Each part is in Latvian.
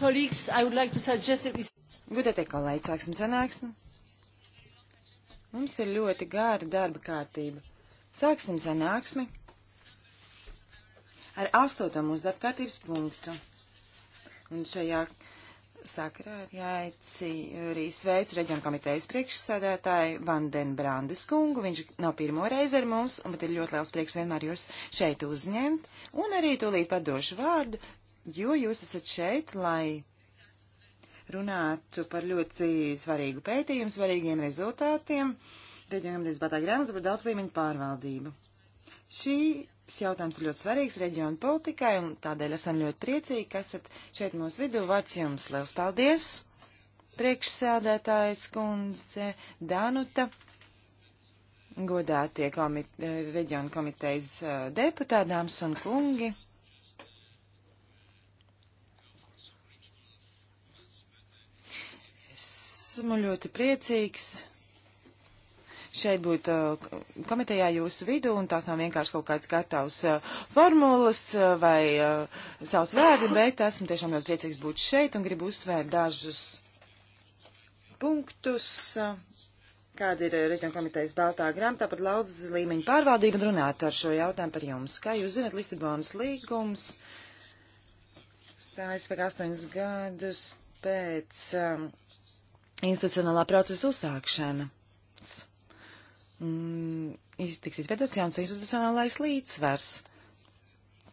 Gudētie kolēģi, sāksim sanāksmi. Mums ir ļoti gāra darba kārtība. Sāksim sanāksmi ar astoto mūsu darba kārtības punktu. Un šajā sakarā jāici arī sveicu reģionu komitejas priekšsādātāju Vanden Brandes kungu. Viņš nav pirmo reizi ar mums, bet ir ļoti liels prieks vienmēr jūs šeit uzņemt. Un arī tūlīt padošu vārdu jo jūs esat šeit, lai runātu par ļoti svarīgu pētījumu, svarīgiem rezultātiem, pēdējām desmitā grāmatu par daudz līmeņu pārvaldību. Šīs jautājums ir ļoti svarīgs reģionu politikai, un tādēļ esam ļoti priecīgi, ka esat šeit mūsu vidū. Vārds jums liels paldies! Priekšsēdētājs kundze Danuta, godātie komite, reģionu komitejas eh, deputādāms un kungi. esmu ļoti priecīgs šeit būt uh, komitejā jūsu vidū, un tās nav vienkārši kaut kāds gatavs uh, formulas uh, vai savs vērdi, bet esmu tiešām ļoti priecīgs būt šeit un gribu uzsvērt dažus punktus, kāda ir reģiona komitejas baltā grāmatā par laudzes līmeņu pārvaldību un runāt ar šo jautājumu par jums. Kā jūs zinat, Lisabonas līgums stājas pēc astoņus gadus pēc um, institucionālā procesa uzsākšanas. Mm, tiks izveidots jauns institucionālais līdzsvars.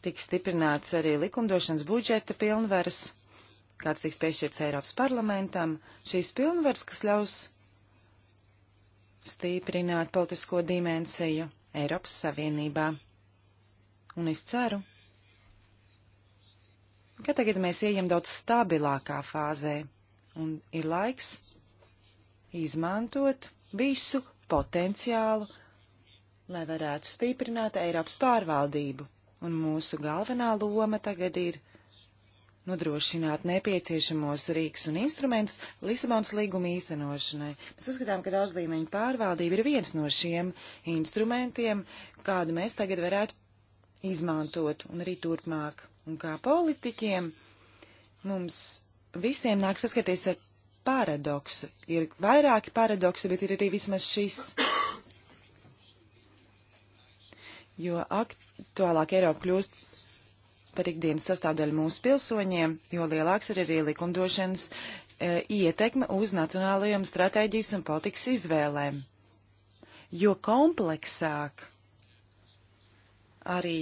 Tiks stiprināts arī likumdošanas budžeta pilnvaras, kāds tiks piešķirts Eiropas parlamentam. Šīs pilnvaras, kas ļaus stiprināt politisko dimensiju Eiropas Savienībā. Un es ceru, ka tagad mēs ejam daudz stabilākā fāzē un ir laiks izmantot visu potenciālu, lai varētu stiprināt Eiropas pārvaldību, un mūsu galvenā loma tagad ir nodrošināt nepieciešamos rīks un instrumentus Lisabonas līguma īstenošanai. Mēs uzskatām, ka daudzlīmeņa pārvaldība ir viens no šiem instrumentiem, kādu mēs tagad varētu izmantot un arī turpmāk. Un kā politiķiem mums visiem nāk saskaties ar paradoksu. Ir vairāki paradoksi, bet ir arī vismaz šis. Jo aktuālāk Eiropa kļūst par ikdienas sastāvdaļu mūsu pilsoņiem, jo lielāks ir arī likumdošanas e, ietekme uz nacionālajiem stratēģijas un politikas izvēlēm. Jo kompleksāk arī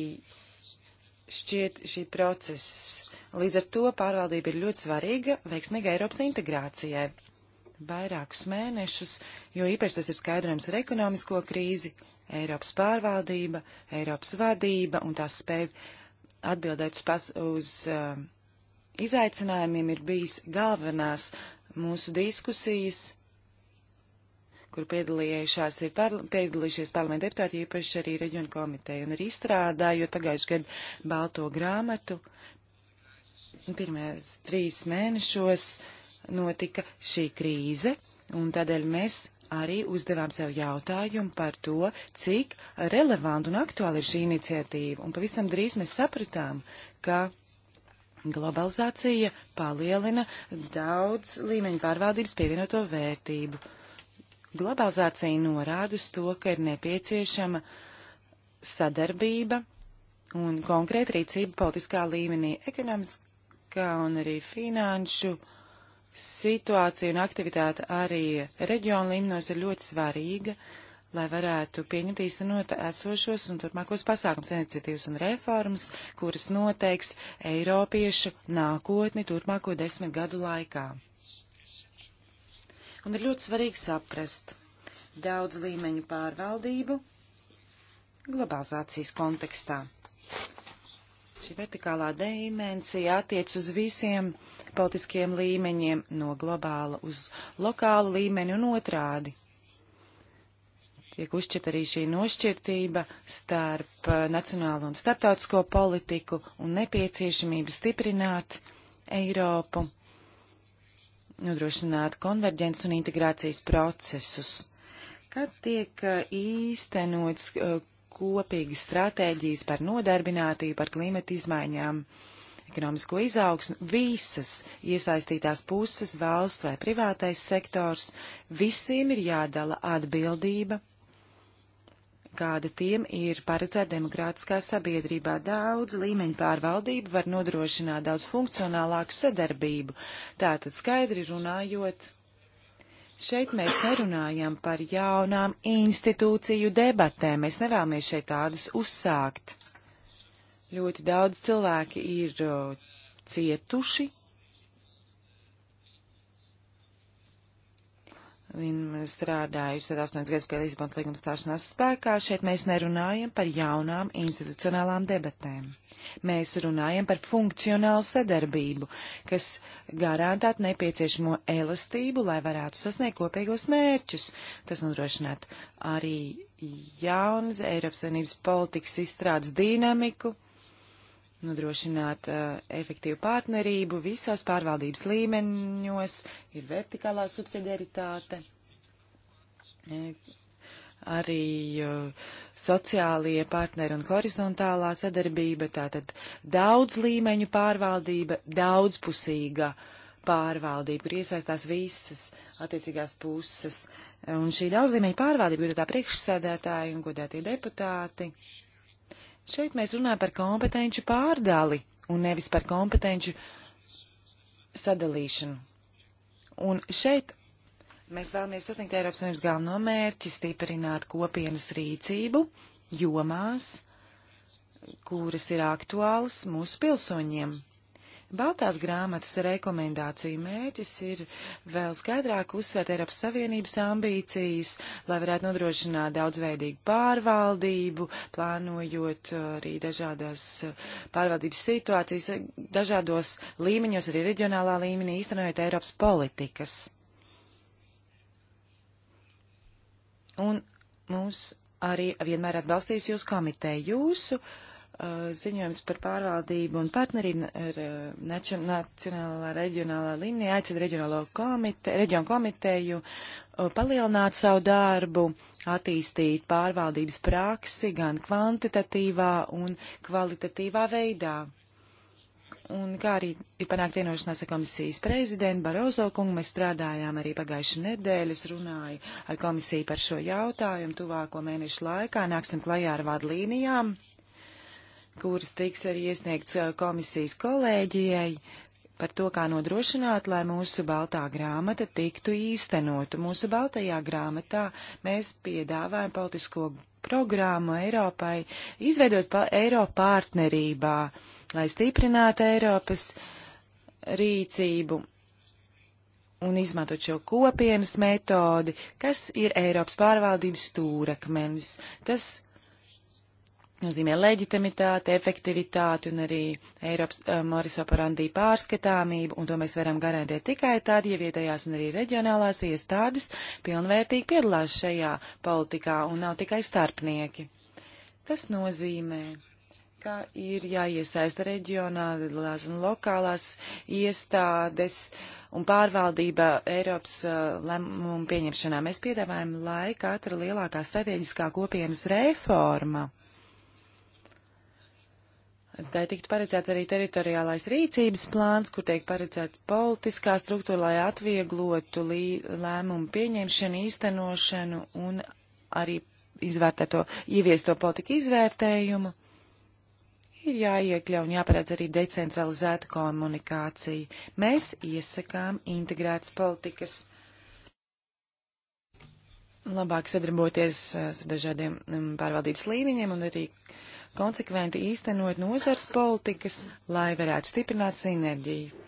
šķiet šī procesa Līdz ar to pārvaldība ir ļoti svarīga veiksmīga Eiropas integrācijai. Vairākus mēnešus, jo īpaši tas ir skaidrojums ar ekonomisko krīzi, Eiropas pārvaldība, Eiropas vadība un tās spēja atbildēt uz, uz uh, izaicinājumiem ir bijis galvenās mūsu diskusijas, kur piedalījušās ir parla piedalījušies parlamenta deputāti, īpaši arī reģionu komiteja, un arī izstrādājot pagājušajā gadu balto grāmatu, Pirmajos trīs mēnešos notika šī krīze, un tādēļ mēs arī uzdevām sev jautājumu par to, cik relevanta un aktuāla ir šī iniciatīva. Un pavisam drīz mēs sapratām, ka globalizācija palielina daudz līmeņu pārvaldības pievienoto vērtību. Globalizācija norāda uz to, ka ir nepieciešama sadarbība un konkrēta rīcība politiskā līmenī. Ekonomisk ekonomikā un arī finanšu situācija un aktivitāte arī reģionu līmenos ir ļoti svarīga, lai varētu pieņemt īstenot esošos un turpmākos pasākums, iniciatīvas un reformas, kuras noteiks Eiropiešu nākotni turpmāko desmit gadu laikā. Un ir ļoti svarīgi saprast daudz līmeņu pārvaldību globalizācijas kontekstā. Šī vertikālā dimensija attiec uz visiem politiskiem līmeņiem, no globāla uz lokālu līmeni un otrādi. Tiek uzšķirt arī šī nošķirtība starp eh, nacionālo un starptautisko politiku un nepieciešamību stiprināt Eiropu, nodrošināt konverģents un integrācijas procesus. Kad tiek eh, īstenots eh, kopīgas stratēģijas par nodarbinātību, par klimata izmaiņām, ekonomisko izaugsmu. Visas iesaistītās puses, valsts vai privātais sektors, visiem ir jādala atbildība, kāda tiem ir paredzēta demokrātiskā sabiedrībā. Daudz līmeņu pārvaldība var nodrošināt daudz funkcionālāku sadarbību. Tātad skaidri runājot Šeit mēs nerunājam par jaunām institūciju debatēm. Mēs nevēlamies šeit tādas uzsākt. Ļoti daudz cilvēki ir cietuši strādājusi tad 8 gadus pie Līsbonas līguma stāšanās spēkā, šeit mēs nerunājam par jaunām institucionālām debatēm. Mēs runājam par funkcionālu sadarbību, kas garantētu nepieciešamo elastību, lai varētu sasniegt kopīgos mērķus. Tas nodrošinātu arī jaunas Eiropas Savienības politikas izstrādes dinamiku, nodrošināt uh, efektīvu partnerību visās pārvaldības līmeņos, ir vertikālā subsidiaritāte, eh, arī uh, sociālie partneri un horizontālā sadarbība, tātad daudz līmeņu pārvaldība, daudzpusīga pārvaldība, kur iesaistās visas attiecīgās puses. Un šī daudzlīmeņa pārvaldība, godātā priekšsēdētāja un godātie deputāti, uh, Šeit mēs runājam par kompetenci pārdali un nevis par kompetenci sadalīšanu. Un šeit mēs vēlamies sasniegt Eiropas Savienības galveno mērķi - stiprināt kopienas rīcību jomās, kuras ir aktuālas mūsu pilsoņiem. Baltās grāmatas rekomendāciju mērķis ir vēl skaidrāk uzsvērt Eiropas Savienības ambīcijas, lai varētu nodrošināt daudzveidīgu pārvaldību, plānojot uh, arī dažādas uh, pārvaldības situācijas, uh, dažādos līmeņos, arī reģionālā līmenī, īstenojot Eiropas politikas. Un mūs arī vienmēr atbalstīs jūs komiteja. Jūsu uh, Uh, ziņojums par pārvaldību un partnerību ar uh, nacionālā reģionālā līmenī aicina reģionālo komite, reģionu komiteju uh, palielināt savu darbu, attīstīt pārvaldības praksi gan kvantitatīvā un kvalitatīvā veidā. Un kā arī ir panākt vienošanās ar komisijas prezidentu Barozo kungu, mēs strādājām arī pagājušajā nedēļā, es runāju ar komisiju par šo jautājumu. Tuvāko mēnešu laikā nāksim klajā ar vadlīnijām kuras tiks arī iesniegts komisijas kolēģijai par to, kā nodrošināt, lai mūsu baltā grāmata tiktu īstenota. Mūsu baltajā grāmatā mēs piedāvājam politisko programmu Eiropai, izveidot pa Eiropu partnerībā, lai stiprinātu Eiropas rīcību un izmantot šo kopienas metodi, kas ir Eiropas pārvaldības stūrakmenis. Tas nozīmē leģitimitāti, efektivitāti un arī Eiropas um, Morisa parandī pārskatāmību, un to mēs varam garantēt tikai tad, ja vietējās un arī reģionālās iestādes pilnvērtīgi piedalās šajā politikā un nav tikai starpnieki. Tas nozīmē, ka ir jāiesaista reģionālās un lokālās iestādes, uh, un pārvaldība Eiropas uh, lēmumu pieņemšanā. Mēs piedāvājam, lai katra lielākā strateģiskā kopienas reforma uh, Tai tiktu paredzēts arī teritoriālais rīcības plāns, kur tiek paredzēts politiskā struktūra, lai atvieglotu lēmumu pieņemšanu, īstenošanu un arī izvērtēto, ieviesto politiku izvērtējumu. Ir jāiekļau un jāparedz arī decentralizēta komunikācija. Mēs iesakām integrētas politikas labāk sadarboties eh, ar dažādiem mm, pārvaldības līmeņiem un arī uh, konsekventi īstenot nozars politikas, lai varētu stiprināt sinerģiju.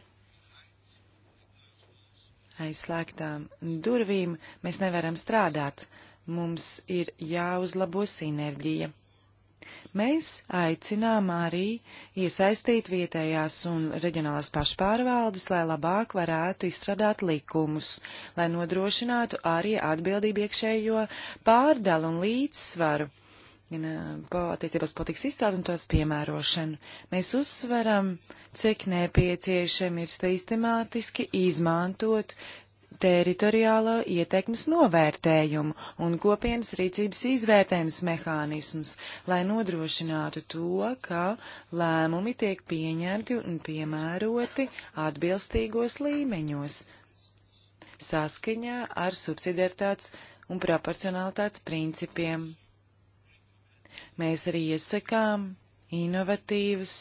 Aizslēgtām durvīm mēs nevaram strādāt, mums ir jāuzlabo sinerģija. Mēs aicinām arī iesaistīt vietējās un reģionālās pašpārvaldes, lai labāk varētu izstrādāt likumus, lai nodrošinātu arī atbildību iekšējo pārdalu un līdzsvaru attiecībās politikas izstrādu un tās piemērošanu. Mēs uzsveram, cik nepieciešami ir sistemātiski izmantot teritoriālo ietekmes novērtējumu un kopienas rīcības izvērtējums mehānismus, lai nodrošinātu to, ka lēmumi tiek pieņemti un piemēroti atbilstīgos līmeņos saskaņā ar subsidiaritātes un proporcionalitātes principiem Mēs arī iesakām inovatīvas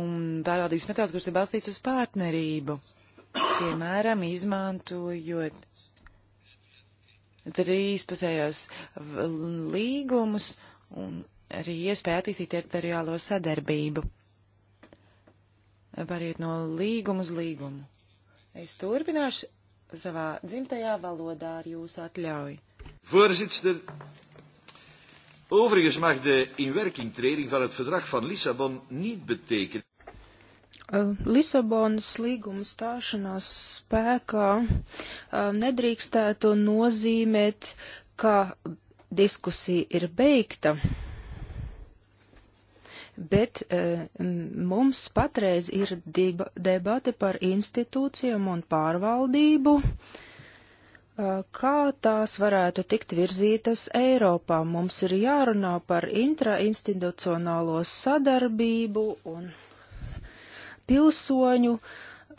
un pārvaldības metodas, kuras ir balstīts uz partnerību. Piemēram, izmantojot trīspusējos līgumus un arī iespēja attīstīt teritoriālo sadarbību. Pāriet no līguma uz līgumu. Es turpināšu savā dzimtajā valodā ar jūsu atļauju. Voorzitter, Overigens mag de inwerkingtreding van het verdrag van Lissabon niet betekenen. Uh, eh, Lisabonas līguma stāšanās spēkā uh, nedrīkstētu nozīmēt, ka diskusija ir beigta, bet uh, mums patreiz ir debate par institūcijām un pārvaldību. Uh, Kā tās varētu tikt virzītas Eiropā? Mums ir jārunā par intrainstitucionālo sadarbību un pilsoņu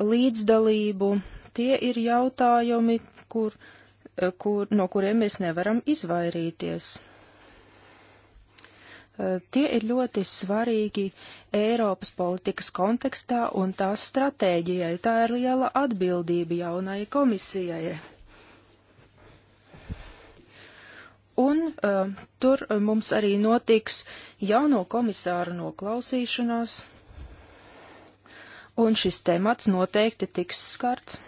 līdzdalību. Tie ir jautājumi, kur, kur, no kuriem mēs nevaram izvairīties. Tie ir ļoti svarīgi Eiropas politikas kontekstā un tās stratēģijai. Tā ir liela atbildība jaunai komisijai. Un uh, tur mums arī notiks jauno komisāru noklausīšanās, un šis temats noteikti tiks skarts,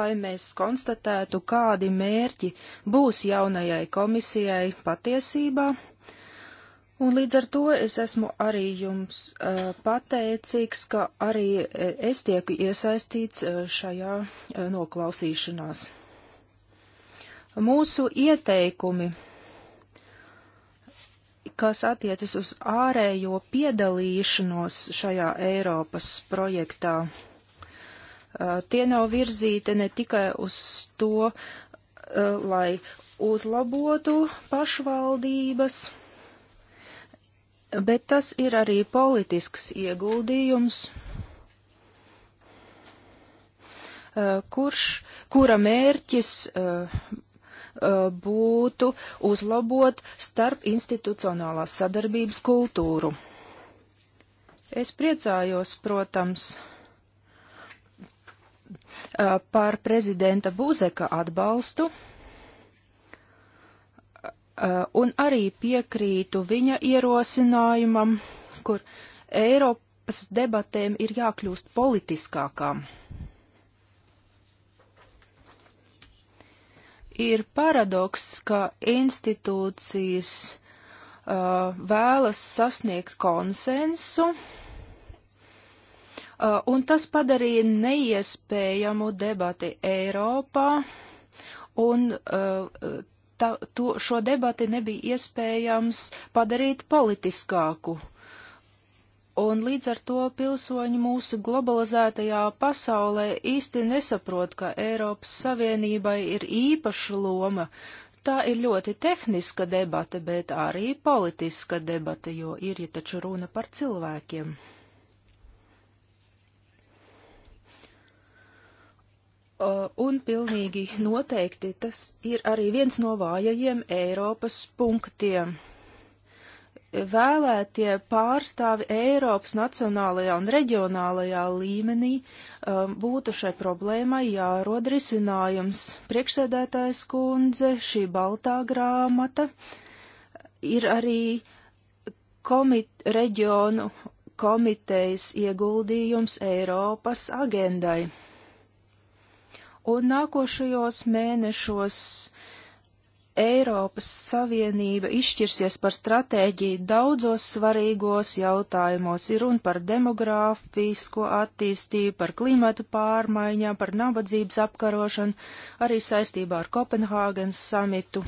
lai mēs konstatētu, kādi mērķi būs jaunajai komisijai patiesībā. Un līdz ar to es esmu arī jums uh, pateicīgs, ka arī e, es tieku iesaistīts uh, šajā uh, noklausīšanās. Mūsu ieteikumi, kas attiecas uz ārējo piedalīšanos šajā Eiropas projektā, tie nav virzīti ne tikai uz to, lai uzlabotu pašvaldības, bet tas ir arī politisks ieguldījums, kurš, kura mērķis Uh, būtu uzlabot starp institucionālās sadarbības kultūru. Es priecājos, protams, uh, par prezidenta Buzeka atbalstu uh, un arī piekrītu viņa ierosinājumam, kur Eiropas debatēm ir jākļūst politiskākām. ir paradoks, ka institūcijas uh, vēlas sasniegt konsensu, uh, un tas padarīja neiespējamu debati Eiropā, un uh, ta, to, šo debati nebija iespējams padarīt politiskāku. Un līdz ar to pilsoņi mūsu globalizētajā pasaulē īsti nesaprot, ka Eiropas Savienībai ir īpaša loma. Tā ir ļoti tehniska debata, bet arī politiska debata, jo ir ja taču runa par cilvēkiem. Un pilnīgi noteikti tas ir arī viens no vājajiem Eiropas punktiem vēlētie pārstāvi Eiropas nacionālajā un reģionālajā līmenī um, būtu šai problēmai jārod risinājums. Priekšsēdētājs kundze, šī baltā grāmata ir arī komit, reģionu komitejas ieguldījums Eiropas agendai. Un nākošajos mēnešos uh, Eiropas Savienība izšķirsies par stratēģiju daudzos svarīgos jautājumos. Ir runa par demogrāfisko attīstību, par klimatu pārmaiņām, par nabadzības apkarošanu, arī saistībā ar Kopenhāgenes samitu.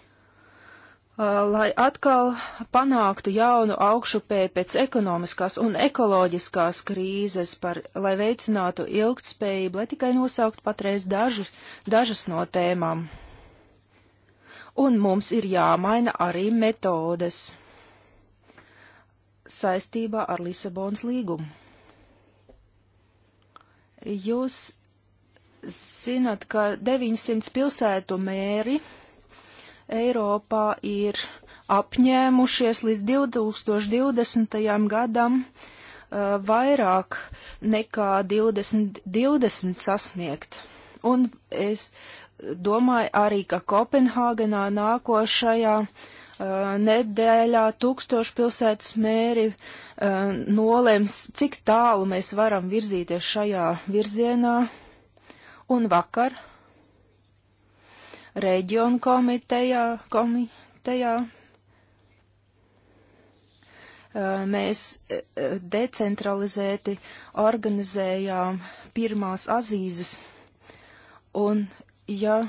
Uh, lai atkal panāktu jaunu augšupēju pēc ekonomiskās un ekoloģiskās krīzes, par, lai veicinātu ilgtspējību, lai tikai nosaukt patreiz daži, dažas no tēmām un mums ir jāmaina arī metodes saistībā ar Lisabonas līgumu. Jūs zinat, ka 900 pilsētu mēri Eiropā ir apņēmušies līdz 2020. gadam uh, vairāk nekā 2020 sasniegt. Un es domāju arī, ka Kopenhāgenā nākošajā uh, nedēļā tūkstošpilsētas mēri uh, nolems, cik tālu mēs varam virzīties šajā virzienā. Un vakar reģionu komitejā, komitejā uh, mēs uh, decentralizēti organizējām pirmās azīzes, un ja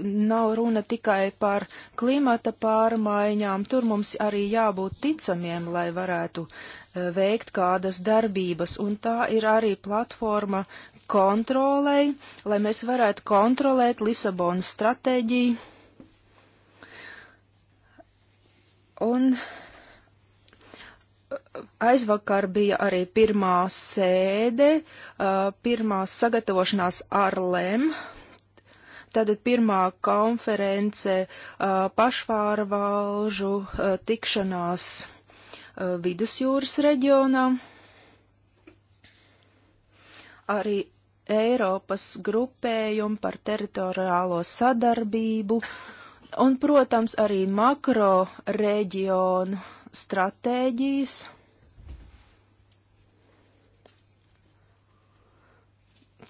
nav runa tikai par klimata pārmaiņām, tur mums arī jābūt ticamiem, lai varētu e, veikt kādas darbības, un tā ir arī platforma kontrolei, lai mēs varētu kontrolēt Lisabonas stratēģiju. Un aizvakar bija arī pirmā sēde, e, pirmās sagatavošanās ar LEM, Tātad pirmā konference pašpārvalžu tikšanās vidusjūras reģionā. Arī Eiropas grupējumu par teritoriālo sadarbību un, protams, arī makro reģionu stratēģijas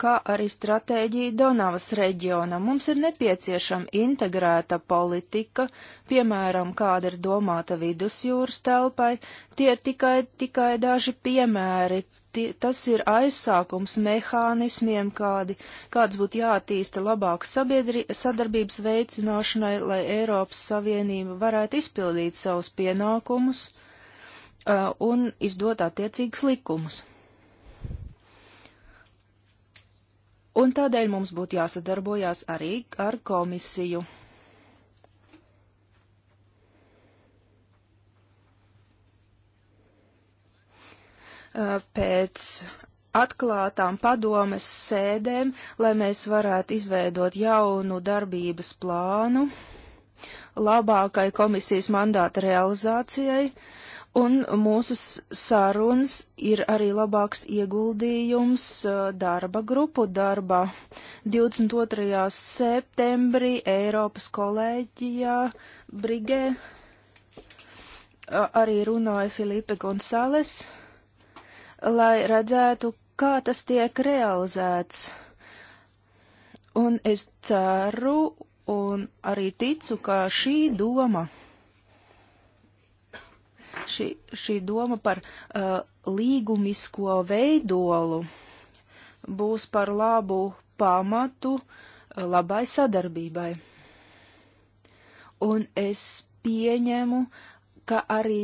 kā arī stratēģija Donavas reģionam. Mums ir nepieciešama integrēta politika, piemēram, kāda ir domāta vidusjūras telpai. Tie ir tikai, tikai daži piemēri. Tie, tas ir aizsākums mehānismiem, kādi, kāds būtu jātīsta labāk sabiedri, sadarbības veicināšanai, lai Eiropas Savienība varētu izpildīt savus pienākumus uh, un izdot attiecīgus likumus. un tādēļ mums būtu jāsadarbojās arī ar komisiju. Pēc atklātām padomes sēdēm, lai mēs varētu izveidot jaunu darbības plānu labākai komisijas mandāta realizācijai, uh, un mūsu sarunas ir arī labāks ieguldījums darba grupu darbā. 22. septembrī Eiropas kolēģijā Brigē arī runāja Filipe Gonzales, lai redzētu, kā tas tiek realizēts. Un es ceru un arī ticu, ka šī doma šī, šī doma par uh, līgumisko veidolu būs par labu pamatu uh, labai sadarbībai. Un es pieņemu, ka arī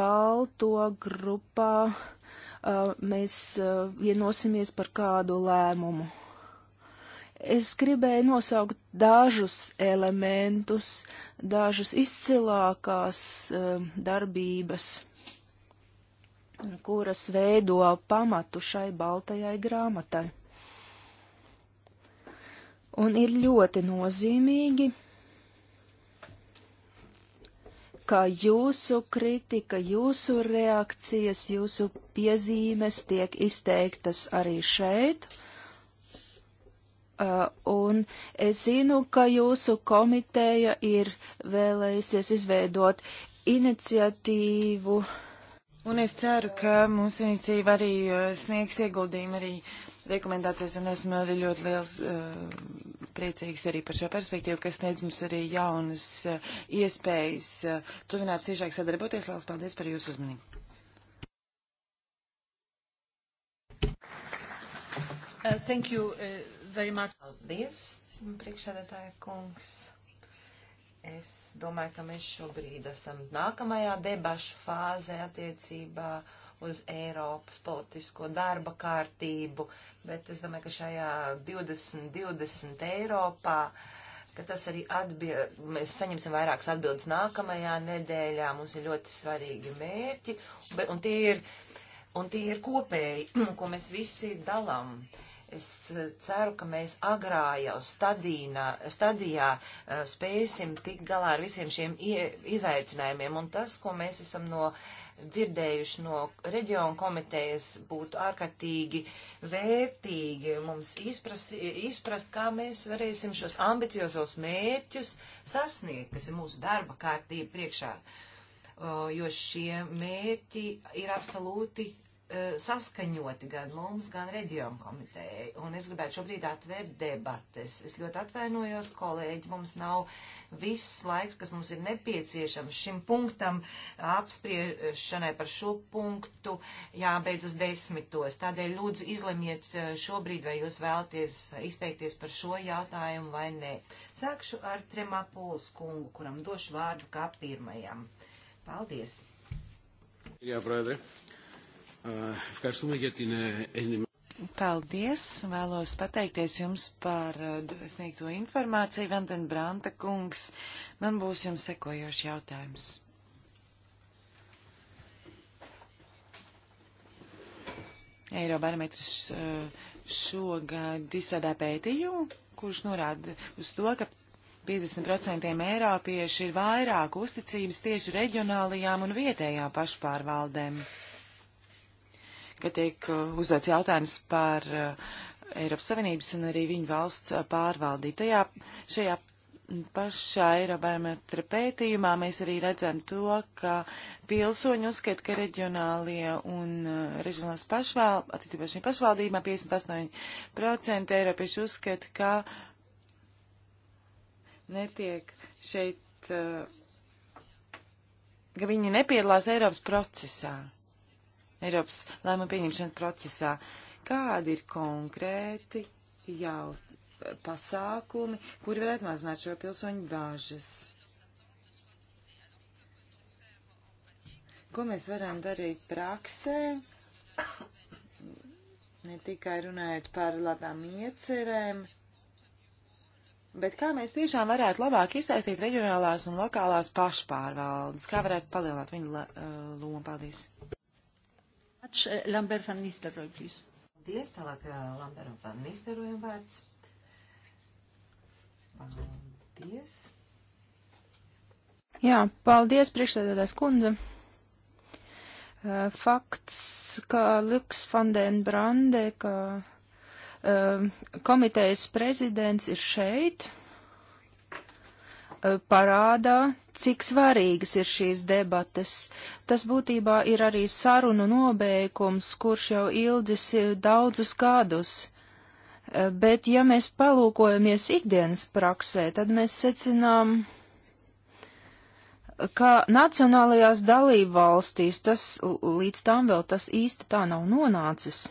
balto grupā uh, mēs uh, vienosimies par kādu lēmumu. Es gribēju nosaukt dažus elementus, dažus izcilākās um, darbības, kuras veido pamatu šai baltajai grāmatai. Un ir ļoti nozīmīgi, ka jūsu kritika, jūsu reakcijas, jūsu piezīmes tiek izteiktas arī šeit Uh, un es zinu, ka jūsu komiteja ir vēlējusies izveidot iniciatīvu. Un es ceru, ka mūsu iniciatīva arī uh, sniegs ieguldījumu arī rekomendācijas, un esmu arī ļoti liels uh, priecīgs arī par šo perspektīvu, kas sniedz mums arī jaunas uh, iespējas uh, tuvināt ciešāk sadarboties. Lielas paldies par jūsu uzmanību. Uh, thank you. Uh very much. Paldies, priekšsēdētāja kungs. Es domāju, ka mēs šobrīd esam nākamajā debašu fāzē attiecībā uz Eiropas politisko darba kārtību, bet es domāju, ka šajā 2020 Eiropā, ka tas arī atbild, mēs saņemsim vairākas atbildes nākamajā nedēļā, mums ir ļoti svarīgi mērķi, bet, un tie ir, un tie ir kopēji, ko mēs visi dalām. Uh, Es eh, ceru, ka mēs agrā jau stadīnā, stadijā eh, spēsim tikt galā ar visiem šiem izaicinājumiem, un tas, ko mēs esam no dzirdējuši no reģionu komitejas, būtu ārkārtīgi vērtīgi mums izprast, izprast, kā mēs varēsim šos ambiciozos mērķus sasniegt, kas ir mūsu darba kārtība priekšā. Jo šie mērķi ir absolūti E, saskaņoti gan mums, gan reģionu komitejai. Un es gribētu šobrīd atvērt debates. Es ļoti atvainojos, kolēģi, mums nav viss laiks, kas mums ir nepieciešams šim punktam apspriešanai par šo punktu jābeidzas desmitos. Tādēļ lūdzu izlemiet e, šobrīd, vai jūs vēlaties izteikties par šo jautājumu vai nē. Sākšu ar Tremā Pūles kungu, kuram došu vārdu kā pirmajam. Paldies! Jā, prādē. Ευχαριστούμε για την ενημέρωση. Paldies! Vēlos pateikties jums par eh, sniegto informāciju, Vanden Branta kungs. Man būs jums sekojošs jautājums. Eirobarometrs eh, šogad izstrādā pētījumu, kurš norāda uz to, ka 50% eiropieši ir vairāk uzticības tieši reģionālajām un vietējām pašpārvaldēm ka tiek uh, uzdots jautājums par uh, Eiropas Savienības un arī viņu valsts uh, pārvaldību. Tajā šajā pašā Eirobarometra pētījumā mēs arī redzam to, ka pilsoņi uzskata, ka reģionālie un uh, reģionālās pašval, attiecībā šīm pašvaldībām 58% eiropieši uzskata, ka netiek šeit, uh, ka viņi nepiedalās Eiropas procesā. Eiropas lēmumu pieņemšanu procesā. Kādi ir konkrēti jau pasākumi, kuri varētu mazināt šo pilsoņu bāžas? Ko mēs varam darīt praksē? Ne tikai runājot par labām iecerēm, bet kā mēs tiešām varētu labāk iesaistīt reģionālās un lokālās pašpārvaldes, kā varētu palielināt viņu uh, lomu. Paldies! Uh, Lambert van Nistelrooy, please. Paldies, tālāk uh, Lambert van Nistelrooy vārds. Paldies. Jā, paldies, priekšsēdētājs kundze. Uh, fakts, ka Liks Fandēn Brande, ka komitejas prezidents ir šeit. Eh, parādā, cik svarīgas ir šīs debates. Tas būtībā ir arī sarunu nobeigums, kurš jau ilgis eh, daudzus gadus. Eh, bet, ja mēs palūkojamies ikdienas praksē, tad mēs secinām, ka nacionālajās dalību valstīs tas līdz tam vēl tas īsti tā nav nonācis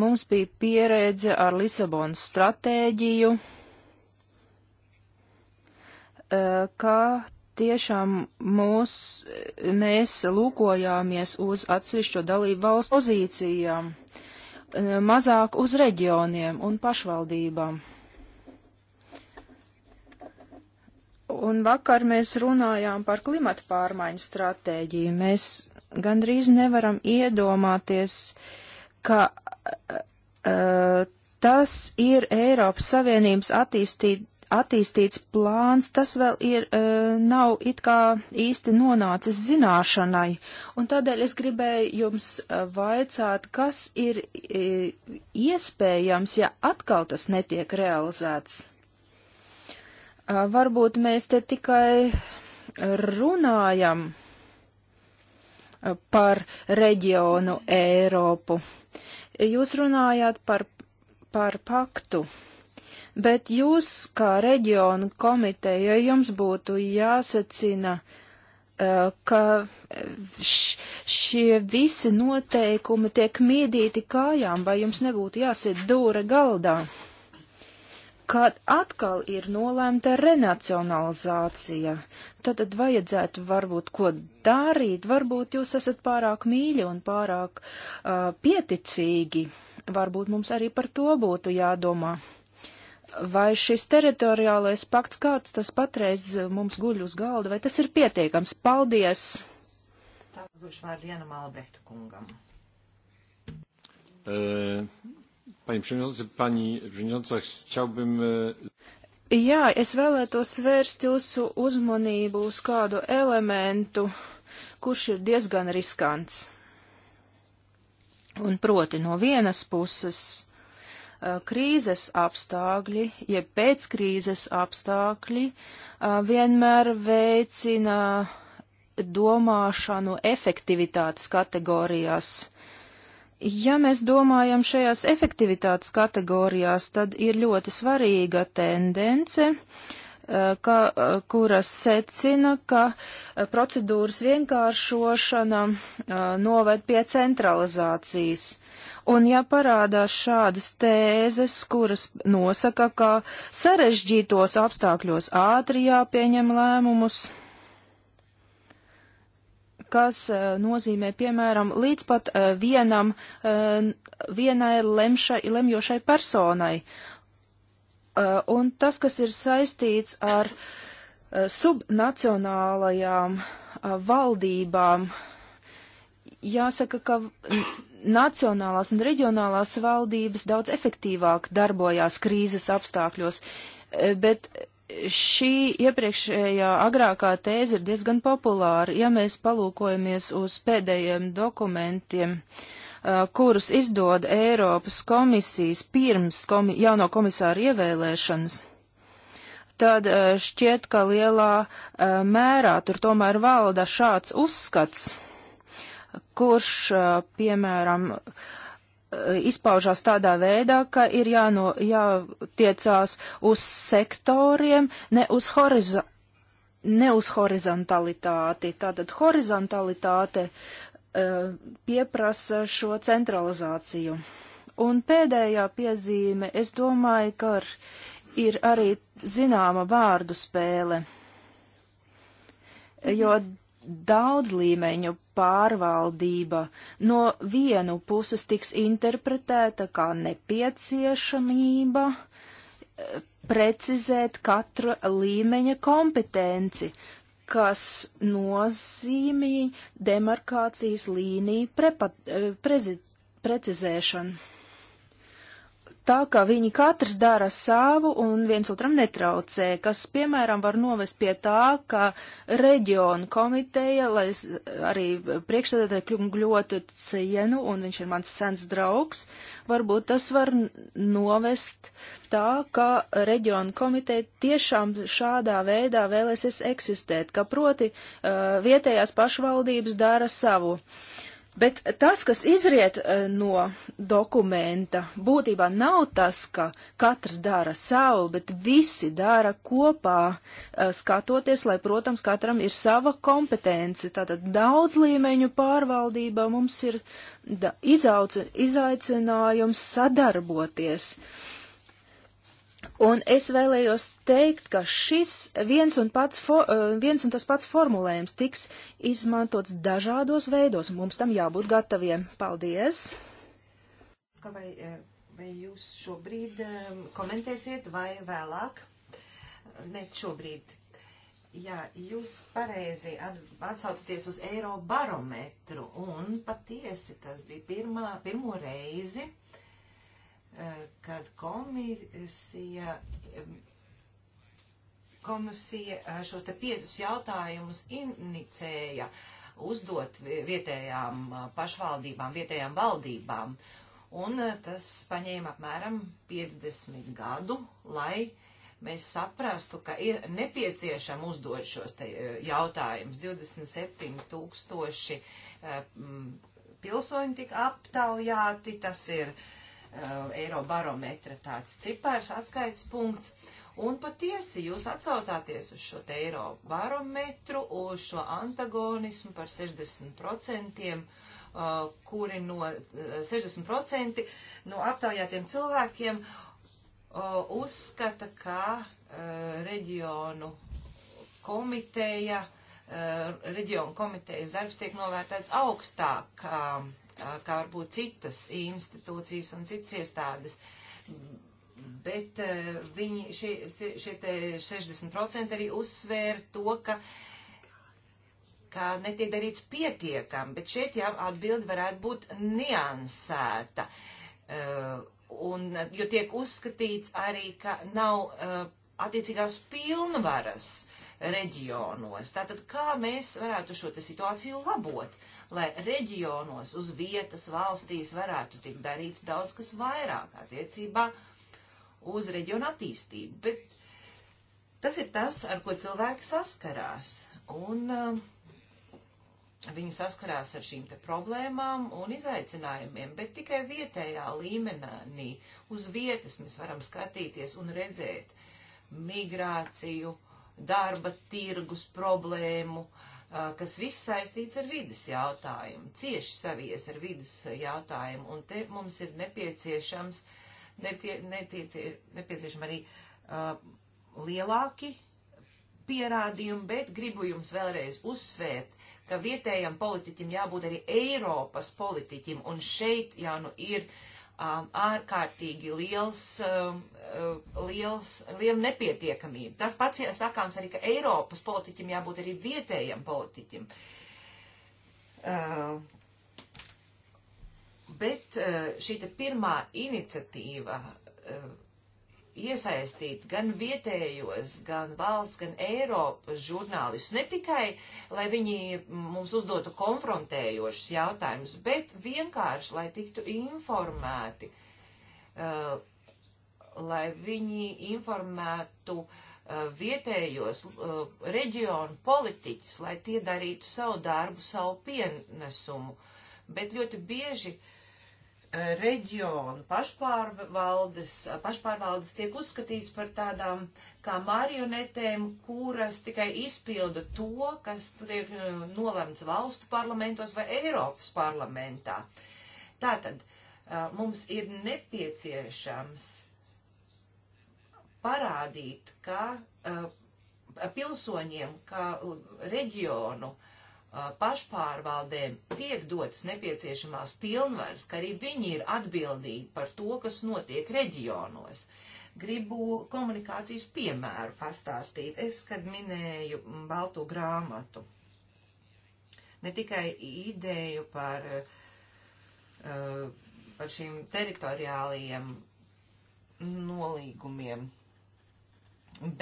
mums bija pieredze ar Lisabonas stratēģiju, Eh, kā tiešām mūs, mēs lūkojāmies uz atsevišķo dalību valstu pozīcijām, eh, mazāk uz reģioniem un pašvaldībām. Un vakar mēs runājām par klimata pārmaiņu stratēģiju. Mēs gandrīz nevaram iedomāties, ka uh, tas ir Eiropas Savienības attīstīt, attīstīts plāns, tas vēl ir, uh, nav it kā īsti nonācis zināšanai. Un tādēļ es gribēju jums uh, vaicāt, kas ir uh, iespējams, ja atkal tas netiek realizēts. Uh, varbūt mēs te tikai runājam uh, par reģionu Eiropu. Jūs runājāt par, par paktu. Uh, bet jūs, kā reģiona komiteja, jums būtu jāsacina, eh, ka eh, šie visi noteikumi tiek mīdīti kājām, vai jums nebūtu jāsit dūra galdā, kad atkal ir nolēmta renacionalizācija. Tad vajadzētu varbūt ko darīt, varbūt jūs esat pārāk mīļi un pārāk uh, pieticīgi. Varbūt mums arī par to būtu jādomā vai šis teritoriālais pakts, kāds tas patreiz mums guļ uz galda, vai tas ir pietiekams? Paldies! Tātad došu vārdu Janam Albrehta kungam. E, pani Przewodnicząca, Pani Przewodnicząca, chciałbym... E, Jā, es vēlētos vērst jūsu uzmanību uz kādu elementu, kurš ir diezgan riskants. Un proti no vienas puses Eh, krīzes apstākļi, jeb pēckrīzes apstākļi eh, vienmēr veicina domāšanu efektivitātes kategorijās. Ja mēs domājam šajās efektivitātes kategorijās, tad ir ļoti svarīga tendence uh, Eh, ka, eh, kuras secina, ka eh, procedūras vienkāršošana noved pie centralizācijas. Un ja parādās šādas tēzes, kuras nosaka, ka sarežģītos apstākļos ātri jāpieņem lēmumus, kas nozīmē, piemēram, līdz pat vienam, vienai lemšai, lemjošai personai, Uh, un tas, kas ir saistīts ar uh, subnacionālajām uh, valdībām, jāsaka, ka nacionālās un reģionālās valdības daudz efektīvāk darbojās krīzes apstākļos, bet šī iepriekšējā agrākā tēze ir diezgan populāra, ja mēs palūkojamies uz pēdējiem dokumentiem. Uh, Uh, kurus izdod Eiropas komisijas pirms komi jauno komisāru ievēlēšanas, tad uh, šķiet, ka lielā uh, mērā tur tomēr valda šāds uzskats, kurš, piemēram, izpaužās tādā veidā, ka ir jāno, jātiecās uz sektoriem, ne uz, horizo, ne uz horizontalitāti. Tātad horizontalitāte Eh, pieprasa šo centralizāciju. Un pēdējā piezīme, es domāju, ka ir arī zināma vārdu spēle, jo daudz līmeņu pārvaldība no vienu puses tiks interpretēta kā nepieciešamība eh, precizēt katra līmeņa kompetenci, kas nozīmī demarkācijas līniju prepat, eh, prezi, precizēšanu tā ka viņi katrs dara savu un viens otram netraucē, kas, piemēram, var novest pie tā, ka reģionu komiteja, lai es arī priekšsēdētāju kļūmu ļoti cienu, un viņš ir mans sens draugs, varbūt tas var novest tā, ka reģionu komiteja tiešām šādā veidā vēlēsies eksistēt, ka proti uh, vietējās pašvaldības dara savu. Uh, Bet tas, kas izriet e, no dokumenta, būtībā nav tas, ka katrs dara savu, bet visi dara kopā, e, skatoties, lai, protams, katram ir sava kompetence. Tātad daudz līmeņu pārvaldībā mums ir izauc, izaicinājums sadarboties. Uh, Un es vēlējos teikt, ka šis viens un, pats fo, eh, viens un tas pats formulējums tiks izmantots dažādos veidos, un mums tam jābūt gataviem. Paldies! Vai, eh, vai jūs šobrīd eh, komentēsiet vai vēlāk? Ne šobrīd. Jā, jūs pareizi atsaucaties uz Eirobarometru, un patiesi tas bija pirmā, pirmo reizi, kad komisija, komisija eh, šos te piecus jautājumus inicēja uzdot vietējām eh, pašvaldībām, vietējām valdībām. Un eh, tas paņēma apmēram 50 gadu, lai mēs saprastu, ka ir nepieciešama uzdot šos jautājumus. 27 tūkstoši pilsoņi tika aptaujāti, tas ir uh, Uh, eiro barometra tāds cipars, atskaits punkts. Un patiesi jūs atsaucāties uz šo te eiro barometru, uz šo antagonismu par 60%, uh, kuri no uh, 60% no aptaujātiem cilvēkiem uh, uzskata, ka uh, reģionu komiteja, uh, reģionu komitejas darbs tiek novērtēts augstāk um, kā varbūt citas institūcijas un citas iestādes. Bet viņi, šie, šie te 60% arī uzsvēra to, ka ka netiek darīts pietiekami, bet šeit jā, atbildi varētu būt niansēta. Uh, un, jo tiek uzskatīts arī, ka nav uh, attiecīgās pilnvaras uh, reģionos. Tātad, kā mēs varētu šo situāciju labot, lai reģionos uz vietas valstīs varētu tikt darīts daudz kas vairāk attiecībā uz reģionu attīstību. Bet tas ir tas, ar ko cilvēki saskarās. Un uh, viņi saskarās ar šīm te problēmām un izaicinājumiem, bet tikai vietējā līmenī uz vietas mēs varam skatīties un redzēt migrāciju darba tirgus problēmu, kas viss saistīts ar vidas jautājumu, cieši savies ar vidas jautājumu, un te mums ir nepieciešams, nepie, netiecie, nepieciešam arī uh, lielāki pierādījumi, bet gribu jums vēlreiz uzsvērt, ka vietējam politiķim jābūt arī Eiropas politiķim, un šeit jau nu ir uh, um, ārkārtīgi liels, um, uh, liels, liela nepietiekamība. Tas pats sakāms arī, ka Eiropas politiķim jābūt arī vietējam politiķim. Uh, bet uh, šī pirmā iniciatīva iesaistīt gan vietējos, gan valsts, gan Eiropas žurnālistus. Ne tikai, lai viņi mums uzdotu konfrontējošus jautājumus, bet vienkārši, lai tiktu informēti, uh, lai viņi informētu uh, vietējos uh, reģionu politiķus, lai tie darītu savu darbu, savu pienesumu. Bet ļoti bieži uh, reģionu pašpārvaldes, pašpārvaldes tiek uzskatīts par tādām kā marionetēm, kuras tikai izpilda to, kas tiek eh, nolemts valstu parlamentos vai Eiropas parlamentā. Tātad eh, mums ir nepieciešams parādīt, ka eh, pilsoņiem, ka reģionu uh, Uh, pašpārvaldēm tiek dotas nepieciešamās pilnvaras, ka arī viņi ir atbildīgi par to, kas notiek reģionos. Gribu komunikācijas piemēru pastāstīt. Es, kad minēju balto grāmatu, ne tikai ideju par, uh, par šīm teritoriālajiem nolīgumiem,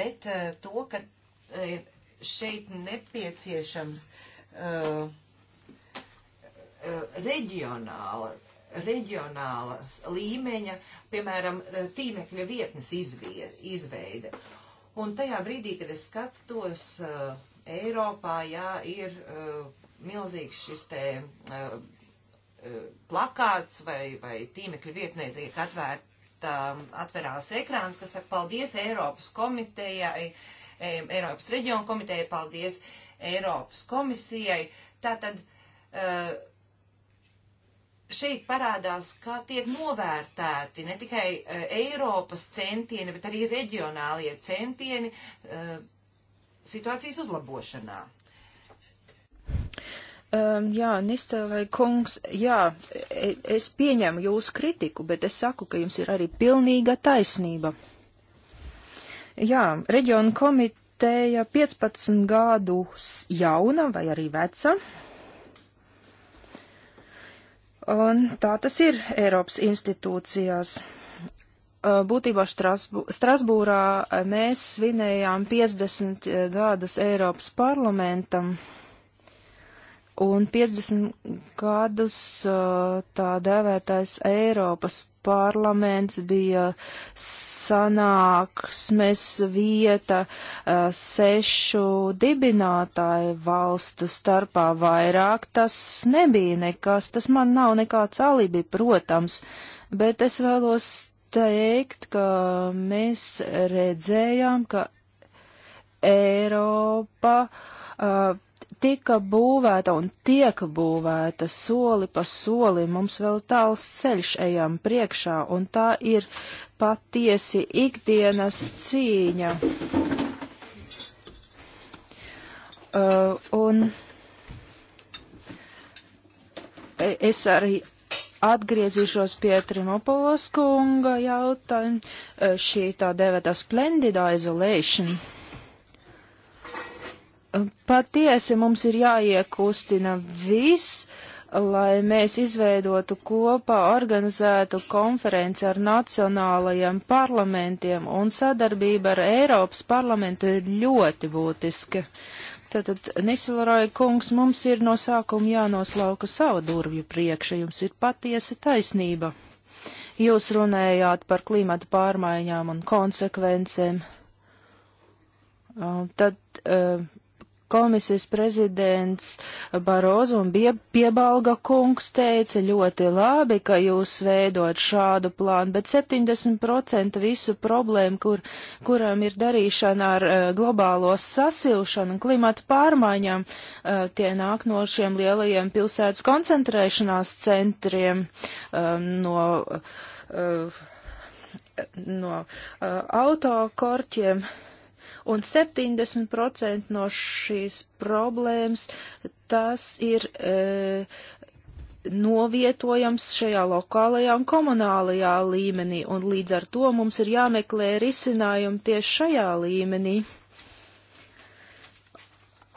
bet uh, to, ka ir eh, šeit nepieciešams uh, uh, reģionāla, reģionāla līmeņa, piemēram, uh, tīmekļa vietnes izvie, izveide. Un tajā brīdī, kad es skatos uh, Eiropā, jā, ir uh, milzīgs šis te uh, uh plakāts vai, vai tīmekļa vietnē tiek atvērta, um, atverās ekrāns, kas saka paldies Eiropas komitejai, Eiropas reģionu komitejai, paldies uh, Eiropas komisijai. Tātad eh, šeit parādās, ka tiek novērtēti ne tikai eh, Eiropas centieni, bet arī reģionālie centieni eh, situācijas uzlabošanā. Um, jā, Nistelai kungs, jā, e, es pieņemu jūsu kritiku, bet es saku, ka jums ir arī pilnīga taisnība. Jā, reģiona komit adoptēja 15 gadus jauna vai arī veca. Un tā tas ir Eiropas institūcijās. Uh, būtībā Strasbū Strasbūrā mēs svinējām 50 eh, gadus Eiropas parlamentam. Uh, un 50 gadus tā dēvētais Eiropas parlaments bija sanāksmes vieta sešu dibinātāju valstu starpā vairāk. Tas nebija nekas, tas man nav nekāds alibi, protams, bet es vēlos teikt, ka mēs redzējām, ka Eiropa uh, tika būvēta un tiek būvēta soli pa solim, mums vēl tāls ceļš ejam priekšā, un tā ir patiesi ikdienas cīņa. Uh, un es arī atgriezīšos pie Trimopolos kunga jautājuma. Uh, šī tā devēta splendid isolation. Uh, Patiesi mums ir jāiekustina viss, lai mēs izveidotu kopā organizētu konferenci ar nacionālajiem parlamentiem, un sadarbība ar Eiropas parlamentu ir ļoti būtiska. Tātad, Nisilroja kungs, mums ir no sākuma jānoslauka savu durvju priekša, jums ir patiesa taisnība. Jūs runējāt par klimata pārmaiņām un konsekvencēm. Uh, tad uh, komisijas prezidents Barozu un bija piebalga kungs teica ļoti labi, ka jūs veidot šādu plānu, bet 70% visu problēmu, kur, kuram ir darīšana ar uh, globālo sasilšanu un klimatu pārmaiņām, uh, tie nāk no šiem lielajiem pilsētas koncentrēšanās centriem, uh, no. Uh, no uh, autokorķiem. Uh, un 70% no šīs problēmas tas ir e, novietojams šajā lokālajā un komunālajā līmenī, un līdz ar to mums ir jāmeklē risinājumi tieši šajā līmenī.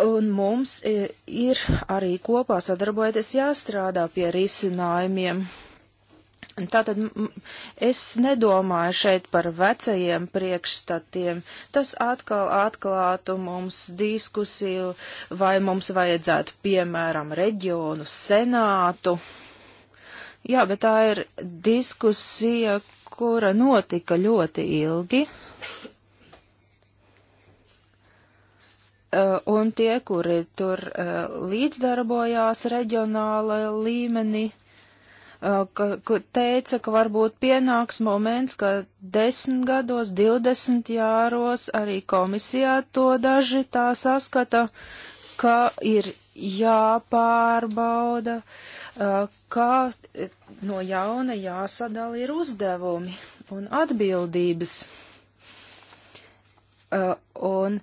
Un mums e, ir arī kopā sadarbojoties jāstrādā pie risinājumiem. Tātad es nedomāju šeit par vecajiem priekšstatiem. Tas atkal atklātu mums diskusiju, vai mums vajadzētu, piemēram, reģionu senātu. Jā, bet tā ir diskusija, kura notika ļoti ilgi. Uh, un tie, kuri tur uh, līdzdarbojās reģionāla līmenī, Eh, ka, ka teica, ka varbūt pienāks moments, ka desmit gados, divdesmit jāros arī komisijā to daži tā saskata, ka ir jāpārbauda, eh, kā eh, no jauna jāsadala ir uzdevumi un atbildības. Un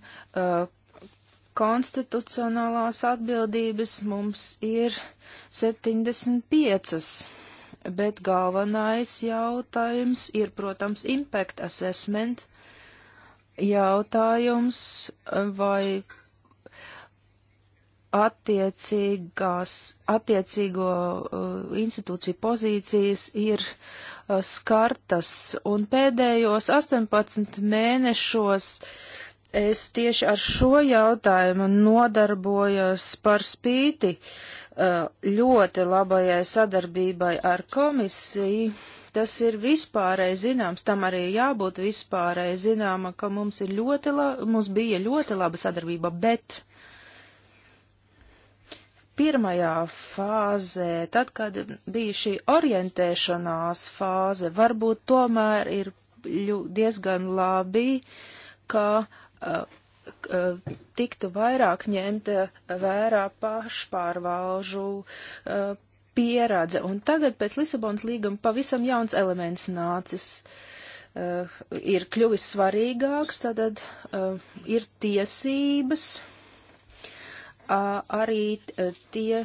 konstitucionālās atbildības mums ir 75 bet galvenais jautājums ir, protams, impact assessment jautājums, vai attiecīgās, attiecīgo uh, institūciju pozīcijas ir uh, skartas. Un pēdējos 18 mēnešos es tieši ar šo jautājumu nodarbojos par spīti Eh, ļoti labajai sadarbībai ar komisiju. Tas ir vispārēji zināms, tam arī jābūt vispārēji zināma, ka mums, ir ļoti la, mums bija ļoti laba sadarbība, bet pirmajā fāzē, tad, kad bija šī orientēšanās fāze, varbūt tomēr ir diezgan labi, ka uh, Eh, tiktu vairāk ņemta eh, vērā pašpārvalžu eh, pieredze. Un tagad pēc Lisabonas līguma pavisam jauns elements nācis. Uh, ir kļuvis svarīgāks, tad uh, ir tiesības uh, arī tie,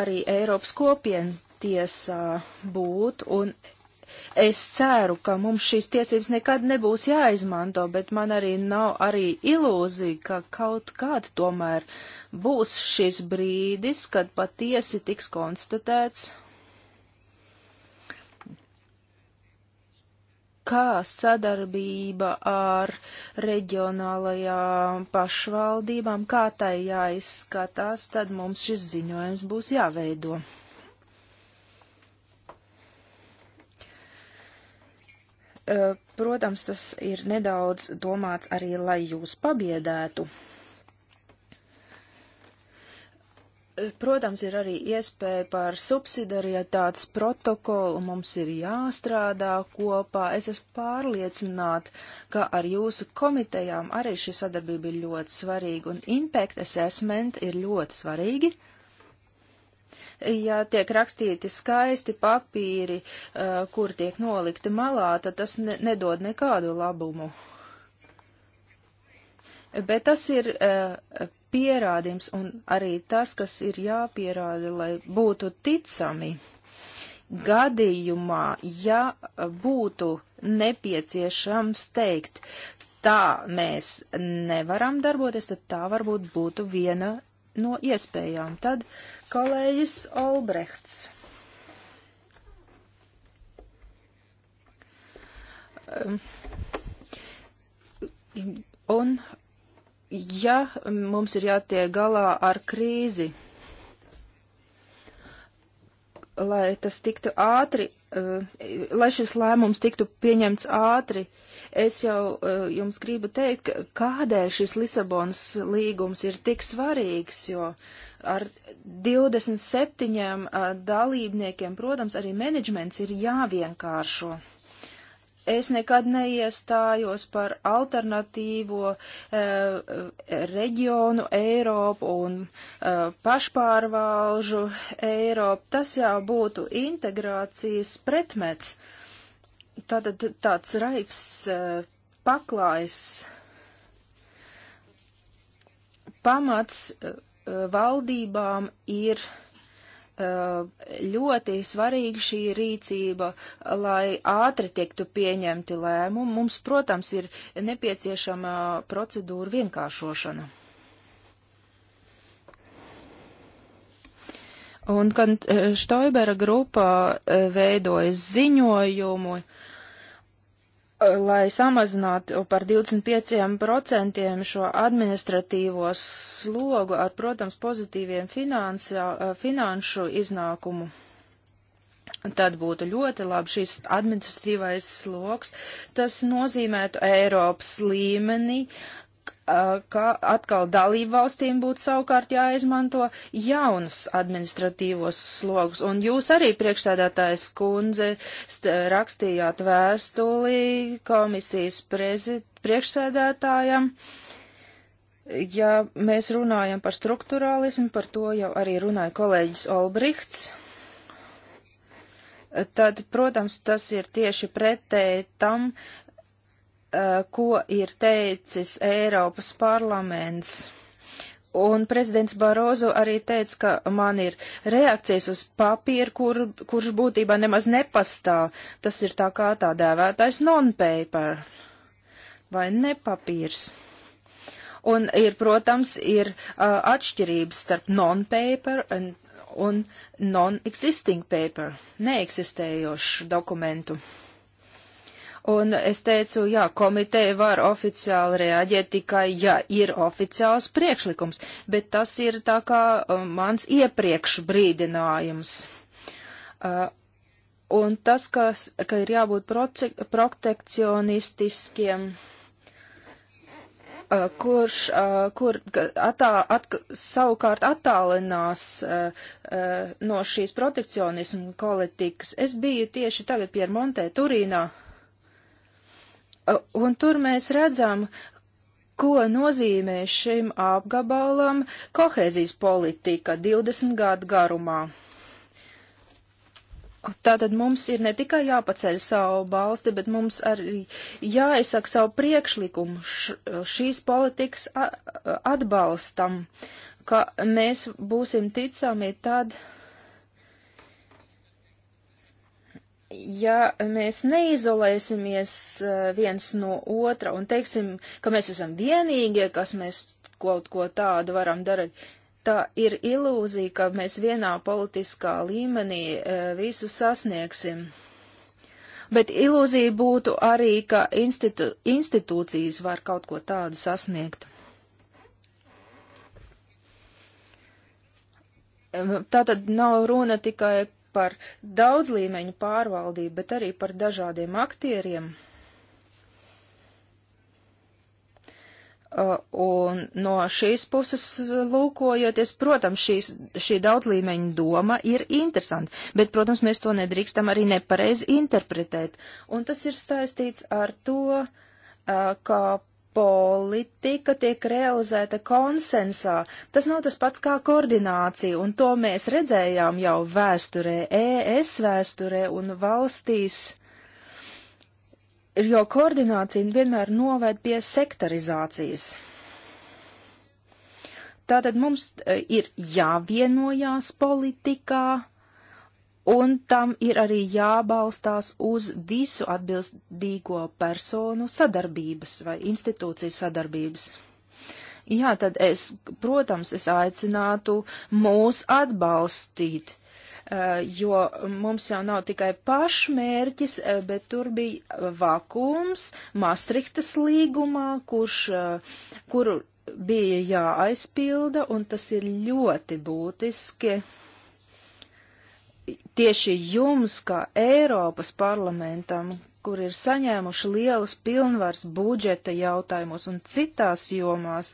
arī Eiropas kopienu tiesā būt, un Es ceru, ka mums šīs tiesības nekad nebūs jāizmanto, bet man arī nav arī ilūzija, ka kaut kād tomēr būs šis brīdis, kad patiesi tiks konstatēts, kā sadarbība ar reģionālajām pašvaldībām, kā tai jāizskatās, tad mums šis ziņojums būs jāveido. Eh, protams, tas ir nedaudz domāts arī, lai jūs pabiedētu. Eh, protams, ir arī iespēja par subsidarietātes protokolu, mums ir jāstrādā kopā. Es esmu pārliecināta, ka ar jūsu komitejām arī šī sadarbība ir ļoti svarīga, un impact assessment ir ļoti svarīgi. Uh, Ja tiek rakstīti skaisti papīri, eh, kur tiek nolikti malā, tad tas ne nedod nekādu labumu. Bet tas ir eh, pierādījums un arī tas, kas ir jāpierāda, lai būtu ticami gadījumā, ja būtu nepieciešams teikt, tā mēs nevaram darboties, tad tā varbūt būtu viena no iespējām. Tad Kolēģis Olbrehts. Ehm, un, ja mums ir jātiek galā ar krīzi, lai tas tiktu ātri Eh, lai šis lēmums tiktu pieņemts ātri, es jau eh, jums gribu teikt, kādēļ šis Lisabonas līgums ir tik svarīgs, jo ar 27 eh, dalībniekiem, protams, arī menedžments ir jāvienkāršo. Es nekad neiestājos par alternatīvo e, reģionu Eiropu un e, pašpārvalžu Eiropu. Tas jau būtu integrācijas pretmets. Tātad tāds raibs e, eh, paklājs pamats e, valdībām ir. E, Uh, ļoti svarīga šī rīcība, lai ātri tiektu pieņemti lēmumi. Mums, protams, ir nepieciešama procedūra vienkāršošana. Un, kad uh, Štoibera grupa uh, veidojas ziņojumu, uh, lai samazinātu par 25% šo administratīvo slogu ar, protams, pozitīviem finansā, eh, finanšu iznākumu. Tad būtu ļoti labi šis administratīvais sloks. Tas nozīmētu Eiropas līmenī Uh, ka atkal dalībvalstīm būtu savukārt jāizmanto jaunus administratīvos slogus. Un jūs arī priekšsēdētājs kundze rakstījāt vēstulī komisijas priekšsēdētājam. Ja mēs runājam par struktūrālismu, par to jau arī runāja kolēģis Olbrihts, tad, protams, tas ir tieši pretēji tam, Eh, ko ir teicis Eiropas parlaments. Un prezidents Barozu arī teica, ka man ir reakcijas uz papīru, kur, kurš būtībā nemaz nepastāv. Tas ir tā kā tā dēvētais non-paper vai nepapīrs. Un ir, protams, ir uh, atšķirības starp non-paper un, un non-existing paper, neeksistējošu dokumentu. Uh, Un es teicu, jā, komiteja var oficiāli reaģēt tikai, ja ir oficiāls priekšlikums, bet tas ir tā kā um, mans iepriekš brīdinājums. Uh, un tas, kas, ka ir jābūt protekcionistiskiem, uh, kurš, uh, kur atā, at, savukārt attālinās uh, uh no šīs protekcionismu politikas. Es biju tieši tagad pie Montē Turīnā, Un tur mēs redzam, ko nozīmē šim apgabalam kohēzijas politika 20 gadu garumā. Tātad mums ir ne tikai jāpaceļ savu balsti, bet mums arī jāizsaka savu priekšlikumu šīs politikas atbalstam, ka mēs būsim ticami tad, uh, ja mēs neizolēsimies eh, viens no otra un teiksim, ka mēs esam vienīgie, kas mēs kaut ko tādu varam darīt, tā ir ilūzija, ka mēs vienā politiskā līmenī eh, visu sasniegsim. Bet ilūzija būtu arī, ka institu institūcijas var kaut ko tādu sasniegt. Tā tad nav runa tikai par daudzlīmeņu pārvaldību, bet arī par dažādiem aktieriem. Uh, un no šīs puses uh, lūkojoties, protams, šīs, šī daudzlīmeņa doma ir interesanta, bet, protams, mēs to nedrīkstam arī nepareizi interpretēt. Un tas ir saistīts ar to, uh, kā politika tiek realizēta konsensā. Tas nav tas pats kā koordinācija, un to mēs redzējām jau vēsturē, ES vēsturē un valstīs, jo koordinācija vienmēr noved pie sektarizācijas. Tātad mums e, ir jāvienojās politikā, un tam ir arī jābalstās uz visu atbildīgo personu sadarbības vai institūciju sadarbības. Jā, tad es, protams, es aicinātu mūs atbalstīt, eh, jo mums jau nav tikai pašmērķis, eh, bet tur bija vakums Maastrichtas līgumā, kurš, eh, kuru bija jāaizpilda, un tas ir ļoti būtiski tieši jums, kā Eiropas parlamentam, kur ir saņēmuši lielas pilnvars budžeta jautājumos un citās jomās,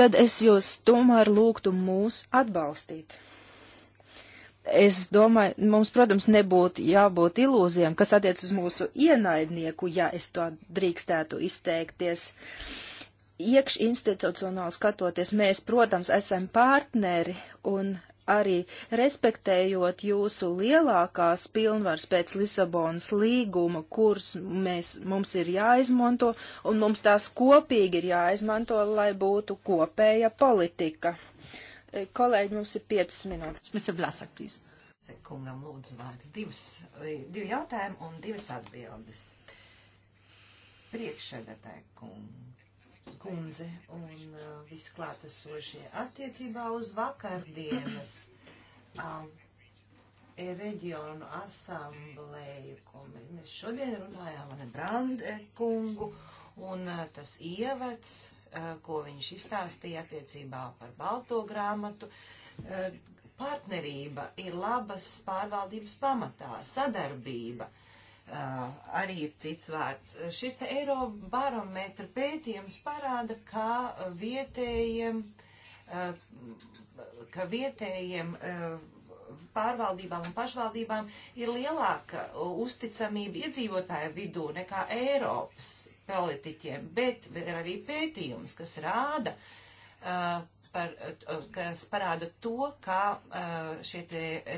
tad es jūs tomēr lūgtu mūs atbalstīt. Es domāju, mums, protams, nebūtu jābūt ilūzijām, kas attiec uz mūsu ienaidnieku, ja es to drīkstētu izteikties. Iekš institucionāli skatoties, mēs, protams, esam partneri un arī respektējot jūsu lielākās pilnvars pēc Lisabonas līguma, kuras mēs, mums ir jāizmanto, un mums tās kopīgi ir jāizmanto, lai būtu kopēja politika. E, kolēģi, mums ir 5 minūtes. Mr. Vlasak, please. Sekundam lūdzu vārds. Divas, e, divi jautājumi un divas atbildes. Priekšsēdētāji kungi kundze un uh, visklātesošie attiecībā uz vakardienas um, e, reģionu asamblēju, ko mēs šodien runājām ar Brande kungu, un uh, tas ievads, uh, ko viņš izstāstīja attiecībā par balto grāmatu, uh, partnerība ir labas pārvaldības pamatā, sadarbība. Uh, Uh, arī ir cits vārds. Šis te Eirobarometra pētījums parāda, ka vietējiem, uh, ka vietējiem uh, pārvaldībām un pašvaldībām ir lielāka uzticamība iedzīvotāju vidū nekā Eiropas politiķiem, bet ir arī pētījums, kas rāda, uh, par, uh, kas parāda to, ka uh, šie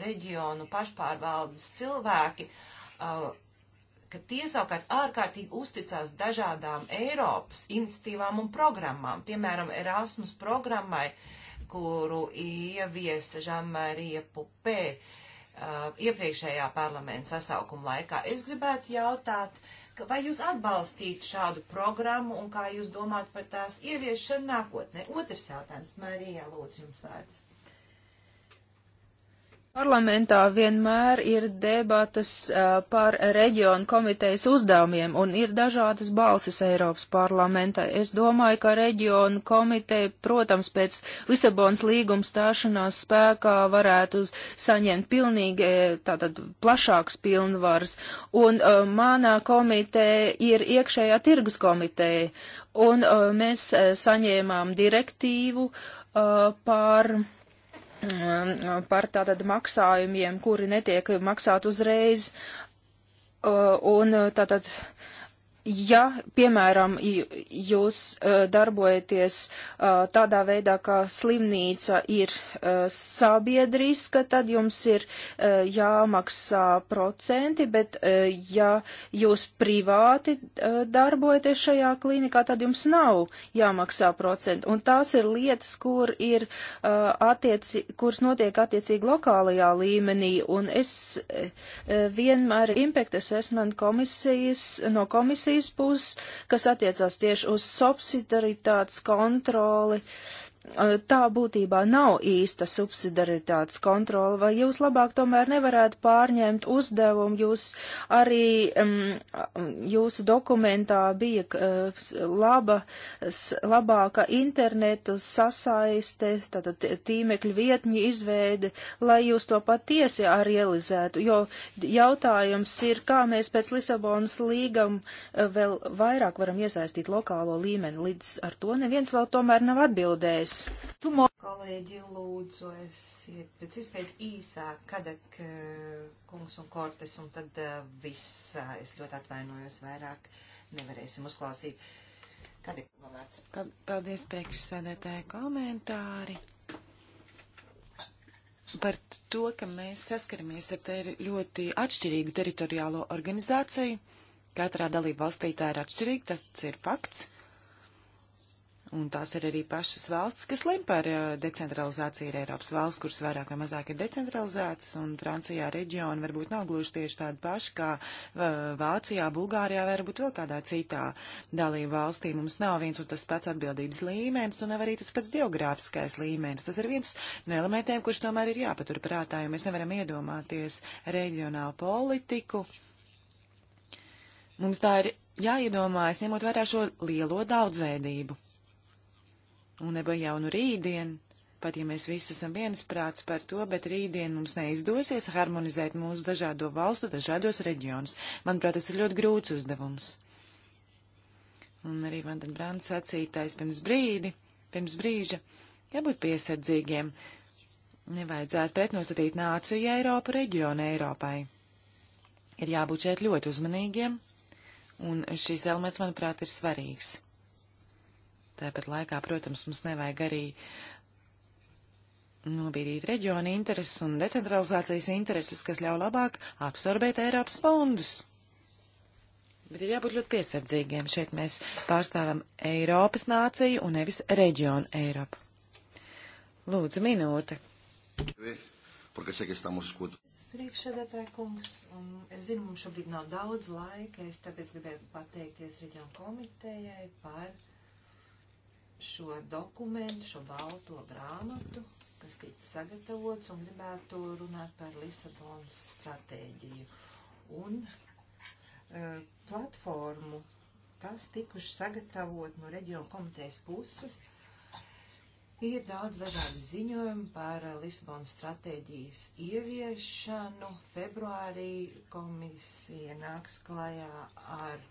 reģionu pašpārvaldes cilvēki ka tie savukārt ārkārtīgi uzticās dažādām Eiropas iniciatīvām un programmām, piemēram, Erasmus programmai, kuru ieviesa Žanmērija Pupē uh, iepriekšējā parlamenta sasaukuma laikā. Es gribētu jautāt, ka vai jūs atbalstītu šādu programmu un kā jūs domājat par tās ieviešanu nākotnē? Otrs jautājums, Mērija, lūdzu jums vārds. Parlamentā vienmēr ir debatas uh, par reģionu komitejas uzdevumiem, un ir dažādas balsis Eiropas parlamentā. Es domāju, ka reģionu komiteja, protams, pēc Lisabonas līguma stāšanās spēkā varētu saņemt pilnīgi tātad plašāks pilnvars, un uh, manā komiteja ir iekšējā tirgus komiteja, un uh, mēs saņēmām direktīvu par Um, par tātad maksājumiem, kuri netiek maksāt uzreiz, uh, un uh, tātad ja, piemēram, jūs e, darbojaties e, tādā veidā, ka slimnīca ir e, sabiedriska, tad jums ir jāmaksā procenti, bet ja jūs privāti darbojaties šajā klīnikā, tad jums nav jāmaksā procenti. Un tās ir lietas, kur ir attieci, kuras notiek attiecīgi lokālajā līmenī. Un es vienmēr Impact Assessment komisijas, no komisijas Polijas puses, kas attiecās tieši uz subsidaritātes kontroli. Uh, tā būtībā nav īsta subsidaritātes kontrola, vai jūs labāk tomēr nevarētu pārņemt uzdevumu, jūs arī um, jūsu dokumentā bija uh, laba, labāka internetu sasaiste, tātad tīmekļu vietņu izveide, lai jūs to patiesi realizētu, jo jautājums ir, kā mēs pēc Lisabonas līgam vēl vairāk varam iesaistīt lokālo līmeni, līdz ar to neviens vēl tomēr nav atbildējis kungs. Tumor. Kolēģi, lūdzu, esiet pēc iespējas īsāk, kadek eh, kungs un kortes, un tad eh, viss, es ļoti atvainojos, vairāk nevarēsim uzklausīt. Kadek, vārds. Paldies, priekšsēdētāji, komentāri. Par to, ka mēs saskaramies ar te ļoti atšķirīgu teritoriālo organizāciju. Katrā dalība valstī tā ir atšķirīga, tas ir fakts. Un tās ir arī pašas valsts, kas lim par decentralizāciju. Ir Eiropas valsts, kuras vairāk vai mazāk ir decentralizētas, un Francijā reģioni varbūt nav gluži tieši tādi paši kā Vācijā, Bulgārijā vai varbūt vēl kādā citā dalību valstī. Mums nav viens un tas pats atbildības līmenis, un nav arī tas pats geogrāfiskais līmenis. Tas ir viens no elementiem, kurš tomēr ir jāpatur prātā, jo mēs nevaram iedomāties reģionālu politiku. Mums tā ir jāiedomājas, ņemot vērā šo lielo daudzveidību un neba jaunu rītdienu. Pat ja mēs visi esam viensprāts par to, bet rītdien mums neizdosies harmonizēt mūsu dažādo valstu, dažādos reģionus. Manuprāt, tas ir ļoti grūts uzdevums. Un arī Vandenbrāns sacītais pirms brīdi, pirms brīža, jābūt piesardzīgiem. Nevajadzētu pretnostatīt nāciju Eiropu reģionu Eiropai. Ir jābūt šeit ļoti uzmanīgiem, un šis elements, manuprāt, ir svarīgs. Tāpat laikā, protams, mums nevajag arī nobīdīt reģiona intereses un decentralizācijas intereses, kas ļauj labāk absorbēt Eiropas fondus. Bet ir jābūt ļoti piesardzīgiem. Šeit mēs pārstāvam Eiropas nāciju un nevis reģionu Eiropu. Lūdzu, minūte. Priekšsēdētāji kungs, es zinu, mums šobrīd nav daudz laika, es tāpēc gribēju pateikties reģionu komitejai par šo dokumentu, šo balto grāmatu, kas tika sagatavots un gribētu runāt par Lisabonas stratēģiju un e, platformu. Tas tikuši sagatavot no reģionu komitejas puses. Ir daudz dažādu ziņojumu par Lisabonas stratēģijas ieviešanu. Februārī komisija nāks klajā ar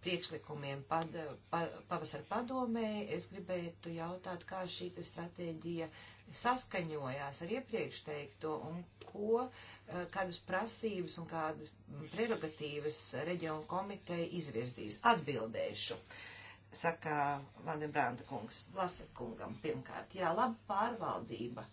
priekšlikumiem pad, pa, pavasar padomē. Es gribētu jautāt, kā šī stratēģija saskaņojās ar iepriekš teikto un ko, eh, kādas prasības un kādas prerogatīvas reģionu komiteja izvirzīs. Atbildēšu. Saka Vandenbrānta kungs, Lasek kungam pirmkārt. Jā, laba pārvaldība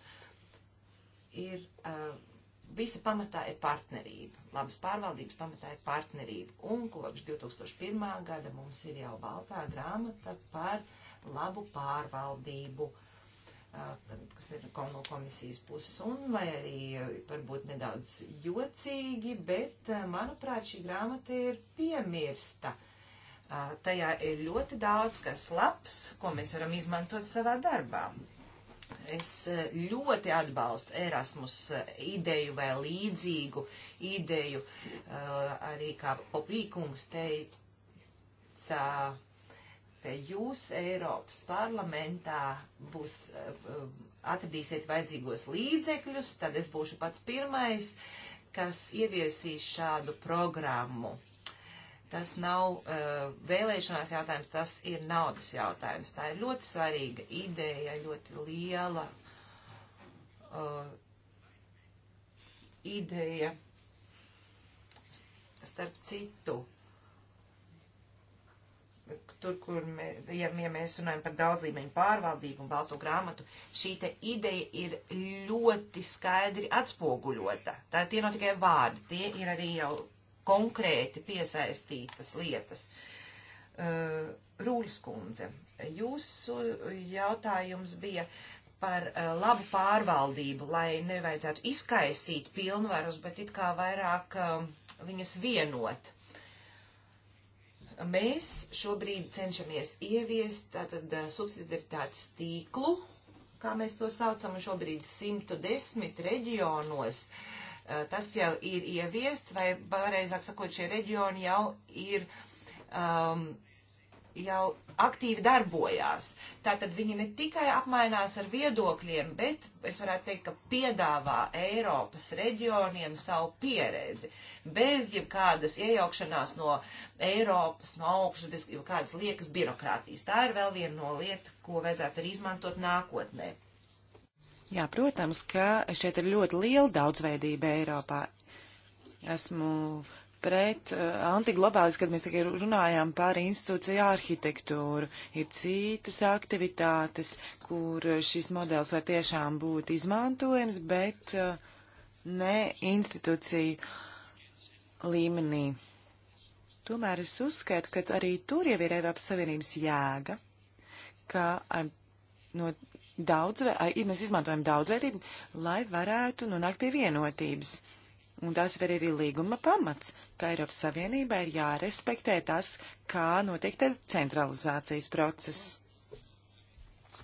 ir. Uh, visa pamatā ir partnerība. Labas pārvaldības pamatā ir partnerība. Un kopš 2001. gada mums ir jau baltā grāmata par labu pārvaldību, kas ir Kongo komisijas puses, un vai arī varbūt nedaudz jocīgi, bet, manuprāt, šī grāmata ir piemirsta. Tajā ir ļoti daudz kas labs, ko mēs varam izmantot savā darbā. Es e, ļoti atbalstu Erasmus e, ideju vai līdzīgu ideju, e, arī kā Popīkungs teica, ka jūs Eiropas parlamentā būs, atradīsiet vajadzīgos līdzekļus, tad es būšu pats pirmais, kas ieviesīs šādu programmu. Tas nav uh, vēlēšanās jautājums, tas ir naudas jautājums. Tā ir ļoti svarīga ideja, ļoti liela uh, ideja. Starp citu, tur, kur mē, ja, ja mēs runājam par daudzlīmeņu pārvaldību un balto grāmatu, šī te ideja ir ļoti skaidri atspoguļota. Tā tie nav tikai vārdi, tie ir arī jau konkrēti piesaistītas lietas. Eh, Rūļas kundze, jūsu jautājums bija par eh, labu pārvaldību, lai nevajadzētu izkaisīt pilnvarus, bet it kā vairāk eh, viņas vienot. Mēs šobrīd cenšamies ieviest tātad subsidiaritātes tīklu, kā mēs to saucam, un šobrīd 110 reģionos uh, Eh, tas jau ir ieviests, vai pareizāk sakot, šie reģioni jau ir. Um, jau aktīvi darbojās. Tātad viņi ne tikai apmainās ar viedokļiem, bet es varētu teikt, ka piedāvā Eiropas reģioniem savu pieredzi. Bez jebkādas iejaukšanās no Eiropas, no augšas, bez jebkādas liekas birokrātijas. Tā ir vēl viena no lieta, ko vajadzētu arī izmantot nākotnē. Jā, protams, ka šeit ir ļoti liela daudzveidība Eiropā. Esmu pret uh, eh, antiglobālis, kad mēs runājām par institūciju arhitektūru. Ir citas aktivitātes, kur šis modelis var tiešām būt izmantojams, bet uh, ne institūciju līmenī. Tomēr es uzskatu, ka arī tur jau ir Eiropas Savienības jēga, ka ar, no daudz, mēs izmantojam daudzveidību, lai varētu nonākt pie vienotības. Un tas ir arī līguma pamats, ka Eiropas Savienībā ir jārespektē tas, kā notiek centralizācijas process.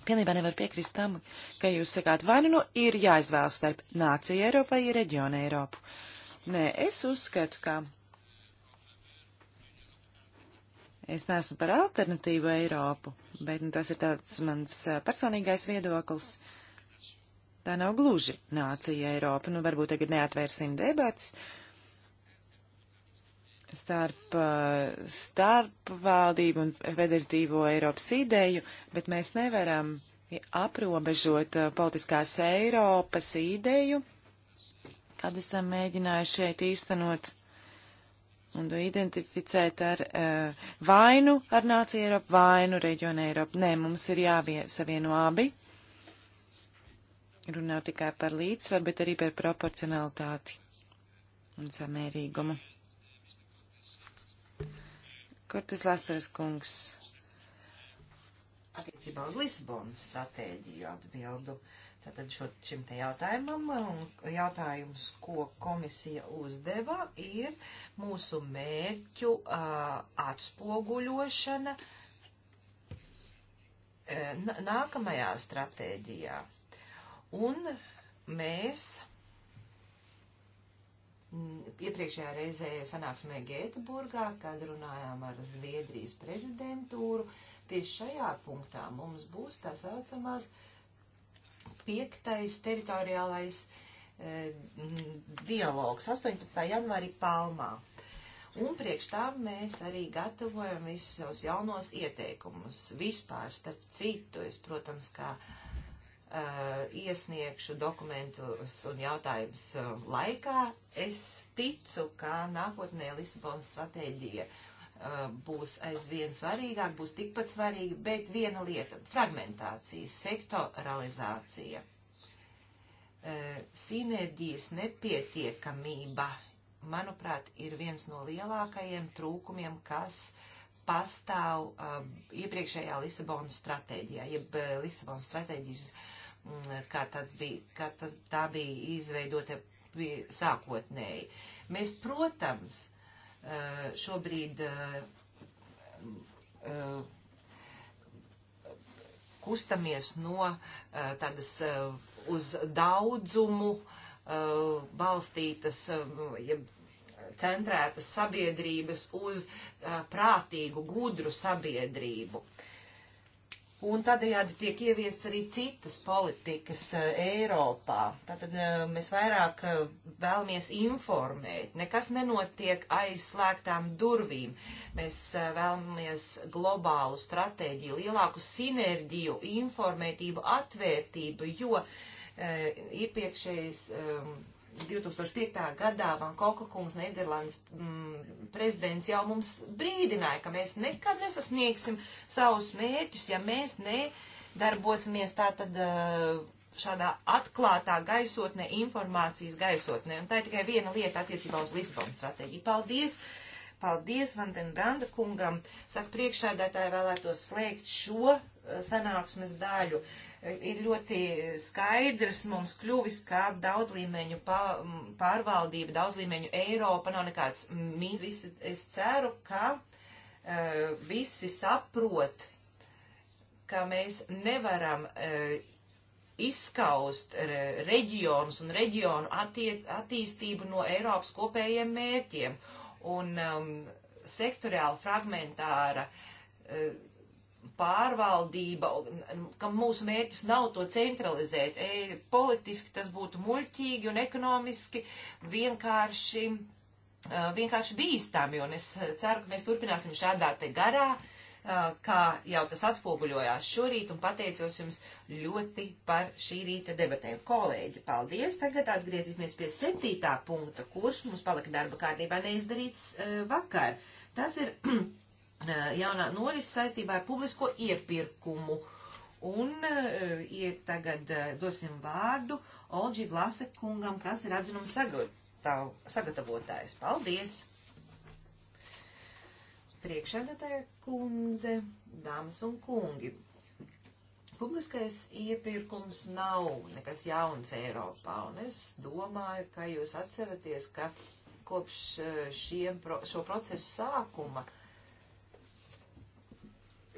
Pilnībā nevar piekrist tam, ka jūs sakāt, vai nu, nu ir jāizvēlas starp nāciju Eiropu vai reģionu Eiropu. Nē, es uzskatu, ka Es neesmu par alternatīvu Eiropu, bet nu, tas ir tāds mans personīgais viedoklis. Tā nav gluži nācija Eiropa. Nu, varbūt tagad neatvērsim debats starp, starp valdību un federatīvo Eiropas ideju, bet mēs nevaram aprobežot politiskās Eiropas ideju, kad esam mēģinājuši šeit īstenot un to identificēt ar uh, vainu ar nāciju Eiropu, vainu reģionu Eiropu. Nē, mums ir jāsavieno abi. Runā tikai par līdzsvaru, bet arī par proporcionalitāti un samērīgumu. Kurtis Lastars kungs. Attiecībā uz Lisabonas stratēģiju atbildu. Uh, Tātad šo, šim te jautājumam, jautājums, ko komisija uzdeva, ir mūsu mērķu uh, atspoguļošana uh, nākamajā stratēģijā. Un mēs iepriekšējā reizē sanāksmē Gēteburgā, kad runājām ar Zviedrijas prezidentūru, tieši šajā punktā mums būs tā saucamās uh, Piektais teritoriālais e, dialogs 18. janvārī Palmā. Un priekš tam mēs arī gatavojam visus savus jaunos ieteikumus. Vispār starp citu, es, protams, kā uh, iesniegšu dokumentus un jautājumus uh, laikā, es ticu, ka nākotnē Lisabonas stratēģija uh, Uh, būs aizvien svarīgāk, būs tikpat svarīga, bet viena lieta - fragmentācija, sektoralizācija, uh, sinerģijas nepietiekamība, manuprāt, ir viens no lielākajiem trūkumiem, kas pastāv uh, iepriekšējā Lisabonas stratēģijā, jeb Lisabonas stratēģijas, mm, kā, bija, kā tas, tā bija izveidota sākotnēji. Mēs, protams, Eh, šobrīd eh, eh, kustamies no tādas uz daudzumu balstītas, ja centrētas sabiedrības uz prātīgu, gudru sabiedrību. Uh, Un tādējādi tiek ieviests arī citas politikas uh, Eiropā. Tātad uh, mēs vairāk uh, vēlamies informēt. Nekas nenotiek aizslēgtām durvīm. Mēs uh, vēlamies globālu stratēģiju, lielāku sinerģiju, informētību, atvērtību, jo uh, iepriekšējais. Um, 2005. gadā Bankoka kungs Nederlandes mm, prezidents jau mums brīdināja, ka mēs nekad nesasniegsim savus mērķus, ja mēs nedarbosimies tātad eh, šādā atklātā gaisotnē, informācijas gaisotnē. Un tā ir tikai viena lieta attiecībā uz Lisbonas stratēģiju. Paldies! Uh, Paldies Vanden Branda kungam. Saka, priekšsēdētāji vēlētos slēgt šo eh, sanāksmes daļu. Eh, ir ļoti skaidrs mums kļuvis, ka daudzlīmeņu pārvaldība, daudzlīmeņu Eiropa nav nekāds mīts. Es ceru, ka uh, visi saprot, ka mēs nevaram uh, izskaust reģionus un reģionu attie, attīstību no Eiropas kopējiem mērķiem un um, sektoriāli fragmentāra uh, pārvaldība, ka mūsu mērķis nav to centralizēt. E, politiski tas būtu muļķīgi un ekonomiski vienkārši, uh, vienkārši bīstami, un es ceru, ka mēs turpināsim šādā te garā. Uh, kā jau tas atspoguļojās šorīt, un pateicos jums ļoti par šī rīta debatēm. Kolēģi, paldies! Tagad atgriezīsimies pie septītā punkta, kurš mums palika darba kārtībā neizdarīts vakar. Tas ir jaunā noris saistībā ar publisko iepirkumu. Un ja tagad dosim vārdu Olģi Vlasek kungam, kas ir atzinums sagatavotājs. Paldies! Priekšēdētāja kundze, dāmas un kungi, publiskais iepirkums nav nekas jauns Eiropā, un es domāju, ka jūs atceraties, ka kopš eh, šiem, šo procesu sākuma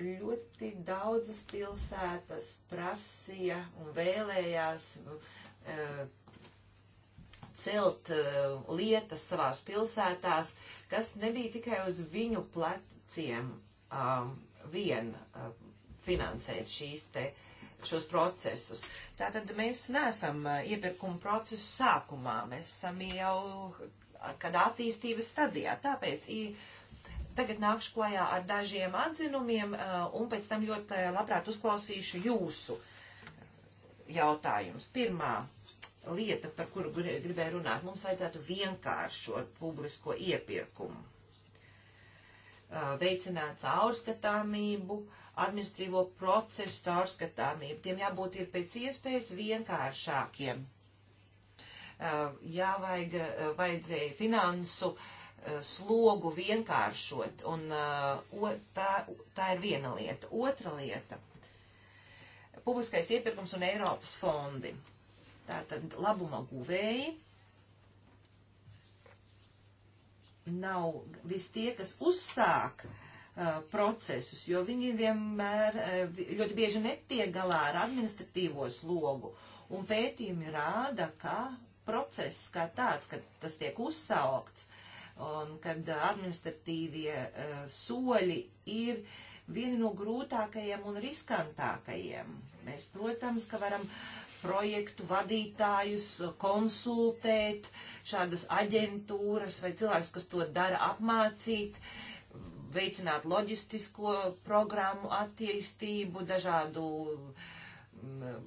ļoti daudzas pilsētas prasīja un vēlējās eh, celt uh, lietas savās pilsētās, kas nebija tikai uz viņu pleciem um, vien uh, finansēt šīs te šos procesus. Tātad mēs neesam eh, iepirkuma procesu sākumā, mēs esam jau kādā attīstības stadijā, tāpēc i, tagad nākšu klajā ar dažiem atzinumiem uh, un pēc tam ļoti labprāt uzklausīšu jūsu jautājumus. Pirmā lieta, par kuru gribēju runāt. Mums vajadzētu vienkāršot publisko iepirkumu, veicināt caurskatāmību, administrīvo procesu caurskatāmību. Tiem jābūt ir pēc iespējas vienkāršākiem. Jāvajag, vajadzēja finansu slogu vienkāršot, un tā, tā ir viena lieta. Otra lieta - publiskais iepirkums un Eiropas fondi. Tātad labuma guvēji nav visi tie, kas uzsāk uh, procesus, jo viņi vienmēr uh, ļoti bieži netiek galā ar administratīvo slogu. Un pētījumi rāda, ka process kā tāds, kad tas tiek uzsaukts un kad administratīvie uh, soļi ir vieni no grūtākajiem un riskantākajiem. Mēs, protams, ka varam uh, projektu vadītājus, eh, konsultēt, šādas aģentūras vai cilvēks, kas to dara, apmācīt, veicināt loģistisko programmu attīstību, dažādu, mm,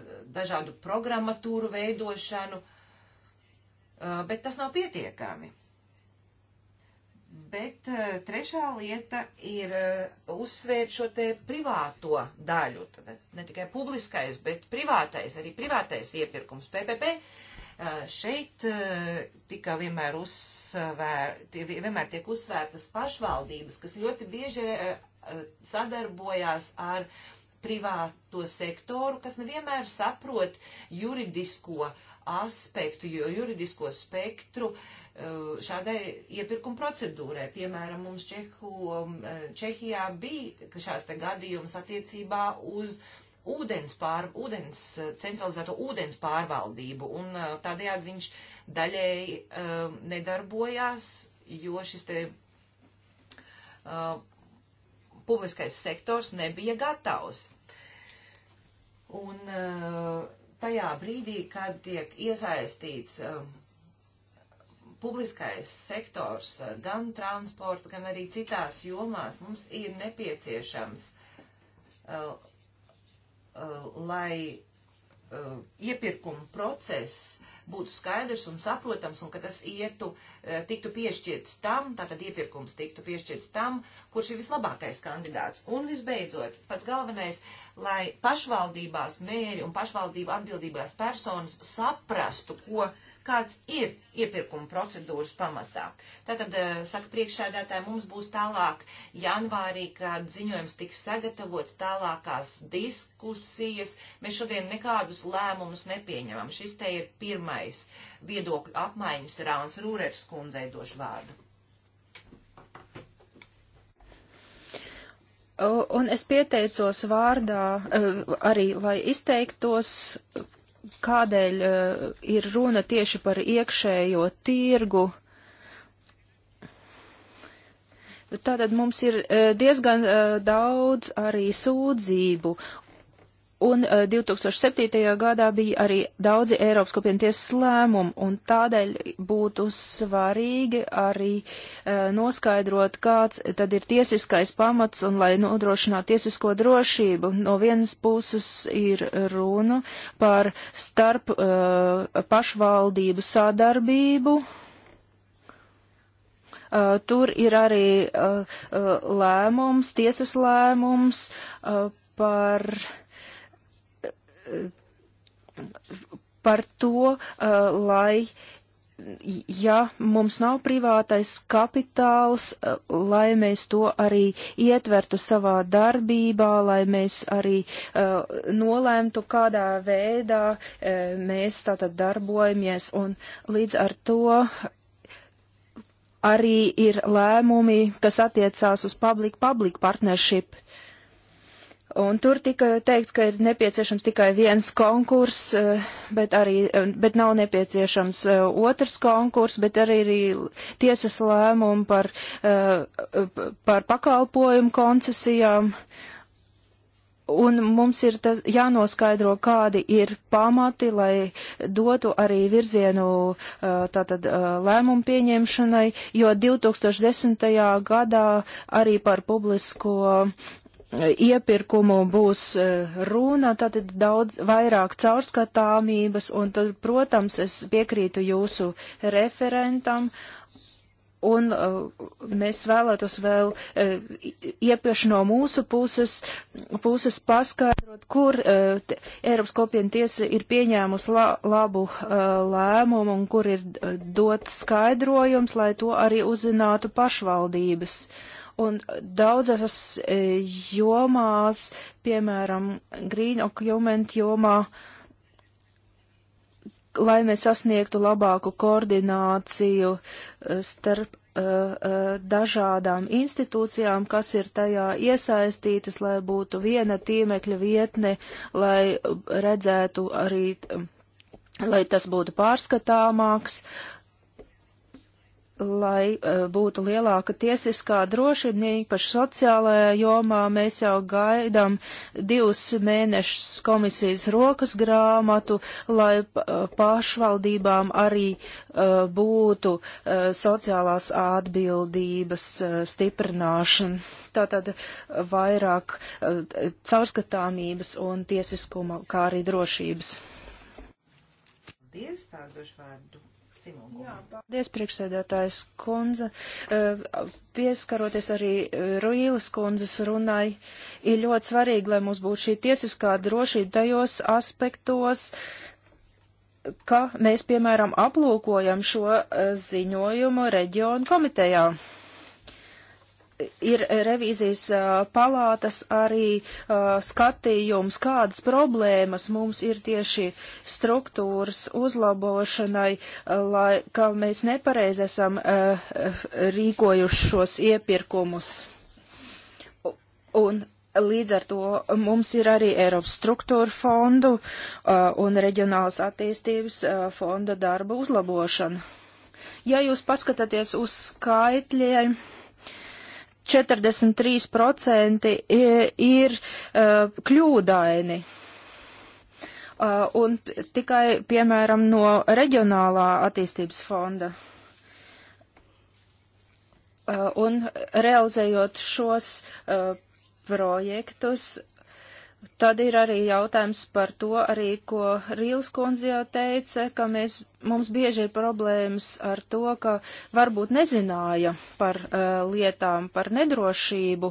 eh, dažādu programmatūru veidošanu, eh, bet tas nav pietiekami Bet eh, trešā lieta ir eh, uzsvērt šo te privāto daļu. Tad eh, ne tikai publiskais, bet privātais, arī privātais iepirkums PPP. Šeit tika vienmēr, uzsvēr, vienmēr tiek uzsvērtas pašvaldības, kas ļoti bieži sadarbojās ar privāto sektoru, kas nevienmēr saprot juridisko aspektu, jo juridisko spektru uh, Eh, šādai iepirkuma procedūrai. Piemēram, mums Čehu, eh, Čehijā bija šāds te gadījums attiecībā uz ūdens pār, ūdens, eh, centralizēto ūdens pārvaldību, un tādējādi viņš daļēji uh, nedarbojās, jo šis te uh, publiskais sektors nebija gatavs. Un uh, tajā brīdī, kad tiek iesaistīts um, publiskais sektors eh, gan transporta, gan arī citās jomās mums ir nepieciešams, eh, eh, lai iepirkuma process būtu skaidrs un saprotams, un ka tas ietu, tiktu piešķirts tam, tātad iepirkums tiktu piešķirts tam, kurš ir vislabākais kandidāts. Un visbeidzot, pats galvenais, lai pašvaldībās mēri un pašvaldību atbildībās personas saprastu, ko kāds ir iepirkuma procedūras pamatā. Tātad, eh, saka priekšsēdētāji, mums būs tālāk janvārī, kad ziņojums tiks sagatavots tālākās diskusijas. Mēs šodien nekādus lēmumus nepieņemam. Šis te ir pirmais viedokļu apmaiņas rauns Rūrērs kundzei došu vārdu. Un es pieteicos vārdā eh, arī, lai izteiktos kādēļ uh, ir runa tieši par iekšējo tirgu. Tātad mums ir uh, diezgan uh, daudz arī sūdzību, Un uh, eh, 2007. gadā bija arī daudzi Eiropas kopienas tiesas lēmumi, un tādēļ būtu svarīgi arī uh, noskaidrot, kāds tad ir tiesiskais pamats, un lai nodrošinātu tiesisko drošību, no vienas puses ir runa par starp uh, pašvaldību sadarbību. Uh, tur ir arī uh, uh, lēmums, tiesas lēmums uh, par uh, par to, uh, lai, ja mums nav privātais kapitāls, uh, lai mēs to arī ietvertu savā darbībā, lai mēs arī uh, nolēmtu, kādā veidā mēs tātad darbojamies, un līdz ar to arī ir lēmumi, kas attiecās uz public-public partnership. Uh, Un tur tika teikts, ka ir nepieciešams tikai viens konkurss, eh, bet, arī, eh, bet nav nepieciešams eh, otrs konkurss, bet arī ir tiesas lēmumu par, par pakalpojumu koncesijām. Un mums ir tas, jānoskaidro, kādi ir pamati, lai dotu arī virzienu tātad lēmumu pieņemšanai, jo 2010. gadā arī par publisko iepirkumu būs e, runa, tad daudz vairāk caurskatāmības, un tad, protams, es piekrītu jūsu referentam, un e, mēs vēlētos vēl e, iepieši no mūsu puses, puses paskaidrot, kur Eiropas kopiena tiesa ir pieņēmusi la, labu lēmumu un kur ir dots skaidrojums, lai to arī uzzinātu pašvaldības. Uh, Un daudzas e, jomās, piemēram, green document jomā, lai mēs sasniegtu labāku koordināciju e, starp e, dažādām institūcijām, kas ir tajā iesaistītas, lai būtu viena tīmekļa vietne, lai redzētu arī, lai tas būtu pārskatāmāks, uh, lai uh, būtu lielāka tiesiskā drošība, ja īpaši sociālajā jomā mēs jau gaidām divus mēnešus komisijas rokas grāmatu, lai e, pašvaldībām arī uh, būtu uh, sociālās atbildības stiprināšana. Tātad vairāk caurskatāmības un tiesiskuma, kā arī drošības. Paldies, tādu vārdu Paldies, priekšsēdētājs kundze. Eh, pieskaroties arī eh, Rīles kundzes runai, ir ļoti svarīgi, lai mums būtu šī tiesiskā drošība tajos aspektos, ka mēs, piemēram, aplūkojam šo eh, ziņojumu reģionu komitejā ir revīzijas palātas arī skatījums, kādas problēmas mums ir tieši struktūras uzlabošanai, lai, ka mēs nepareiz esam rīkojuši šos iepirkumus. Un Līdz ar to mums ir arī Eiropas struktūra fondu uh, un reģionālas attīstības uh, fonda darba uzlabošana. Ja jūs paskatāties uz skaitļiem, uh, 43% ir e, kļūdaini. E, un tikai, piemēram, no reģionālā attīstības fonda. E, un realizējot šos projektus, Tad ir arī jautājums par to, arī, ko Rīls kundze jau teica, ka mēs, mums bieži ir problēmas ar to, ka varbūt nezināja par uh, lietām, par nedrošību.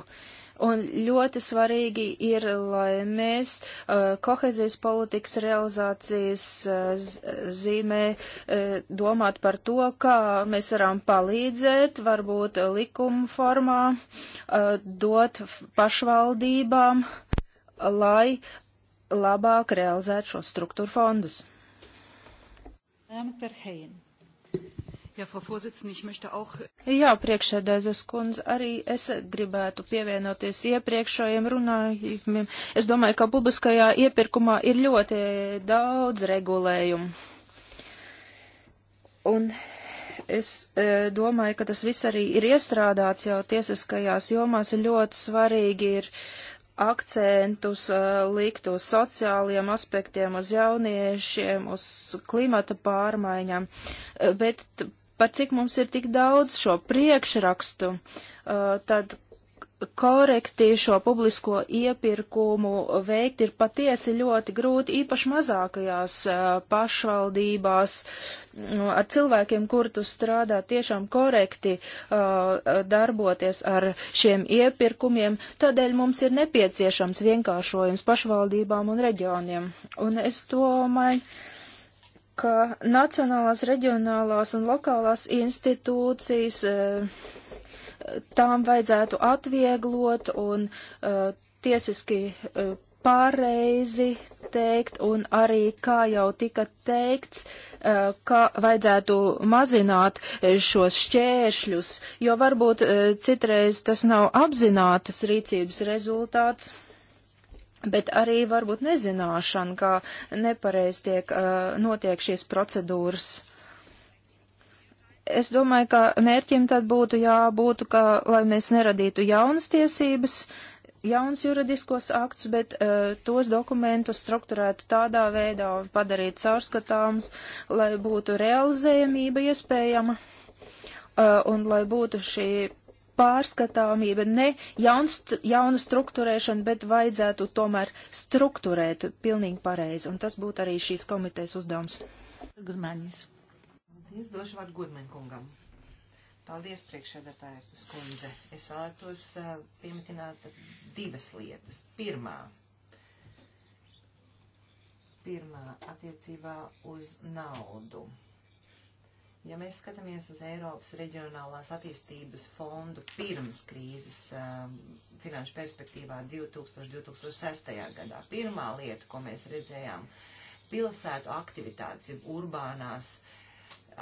Un ļoti svarīgi ir, lai mēs uh, kohezijas politikas realizācijas uh, zīmē uh, domāt par to, kā mēs varam palīdzēt, varbūt likuma formā, uh, dot pašvaldībām uh, lai labāk realizētu šos struktūru fondus. Jā, priekšsēdētājs kundze, arī es gribētu pievienoties iepriekšējiem runājumiem. Es domāju, ka publiskajā iepirkumā ir ļoti daudz regulējumu. Un es e, domāju, ka tas viss arī ir iestrādāts jau tiesiskajās jomās. Ļoti svarīgi ir akcentus uh, likt uz sociāliem aspektiem, uz jauniešiem, uz klimata pārmaiņām, uh, bet par cik mums ir tik daudz šo priekšrakstu, uh, tad korekti šo publisko iepirkumu veikt ir patiesi ļoti grūti, īpaši mazākajās pašvaldībās nu, ar cilvēkiem, kur tu strādā tiešām korekti darboties ar šiem iepirkumiem. Tādēļ mums ir nepieciešams vienkāršojums pašvaldībām un reģioniem. Un es domāju, ka nacionālās, reģionālās un lokālās institūcijas tām vajadzētu atvieglot un uh, tiesiski uh, eh, pareizi teikt, un arī, kā jau tika teikts, eh, ka vajadzētu mazināt šos šķēršļus, jo varbūt citreiz tas nav apzinātas rīcības rezultāts. Bet arī varbūt nezināšana, kā nepareiz tiek, notiek šīs procedūras. Uh, es domāju, ka mērķim tad būtu jābūt, ka, lai mēs neradītu jaunas tiesības, jauns juridiskos akts, bet uh, tos dokumentus strukturētu tādā veidā un padarīt caurskatāms, lai būtu realizējamība iespējama uh, un lai būtu šī pārskatāmība, ne jaun st jauna struktūrēšana, bet vajadzētu tomēr strukturēt pilnīgi pareizi, un tas būtu arī šīs komitejas uzdevums. Gudmanis. Paldies, došu vārdu Gudmenkungam. Paldies, priekšēdētāja skundze. Es vēlētos uh, pieminēt divas lietas. Pirmā. Pirmā attiecībā uz naudu. Ja mēs skatāmies uz Eiropas reģionālās attīstības fondu pirms krīzes uh, finanšu perspektīvā 2000-2006. gadā, pirmā lieta, ko mēs redzējām, pilsētu aktivitātes, urbānās uh,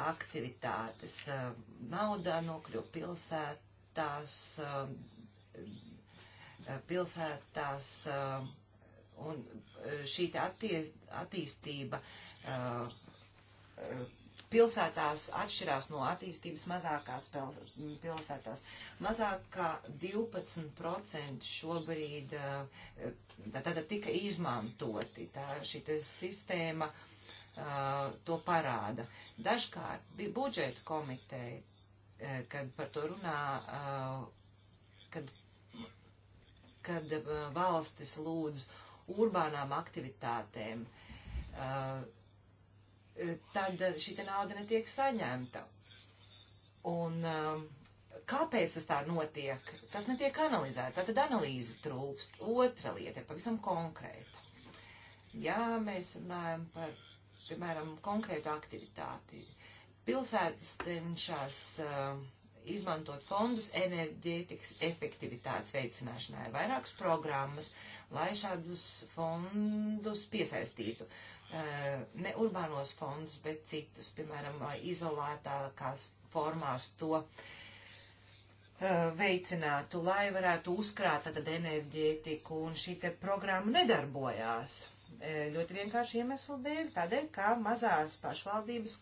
aktivitātes. Eh, naudā nokļuva pilsētās, eh, eh, pilsētās un šī attie, attīstība pilsētās atšķirās no attīstības mazākās pilsētās. Mazāk kā 12% šobrīd tātad tika izmantoti. Tā šī sistēma uh, uh, to parāda. Dažkārt bija budžeta komiteja, uh, kad par to runā, uh, kad, kad uh, valstis lūdz urbānām aktivitātēm, uh, tad šī nauda netiek saņemta. Un uh, kāpēc tas tā notiek, tas netiek analizēts. Tad analīze trūkst. Otra lieta ir pavisam konkrēta. Jā, mēs runājam par piemēram, konkrētu aktivitāti. Pilsētas cenšas uh, izmantot fondus enerģētikas efektivitātes veicināšanai. Ir vairākas programmas, lai šādus fondus piesaistītu. Uh, ne urbānos fondus, bet citus, piemēram, eh, izolētākās formās to uh, veicinātu, lai varētu uzkrāt tad enerģētiku, un šī te programma nedarbojās. E, ļoti vienkārši iemeslu dēļ, tādēļ, kā mazās pašvaldības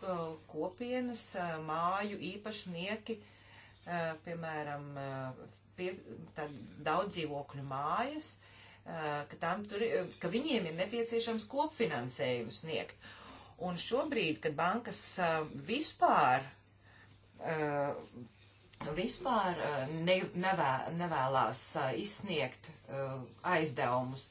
kopienas e, māju īpašnieki, e, piemēram, pie, daudz dzīvokļu mājas, ka, tur, ka viņiem ir nepieciešams kopfinansējumu sniegt. Un šobrīd, kad bankas vispār, vispār ne, nevēlās izsniegt aizdevumus,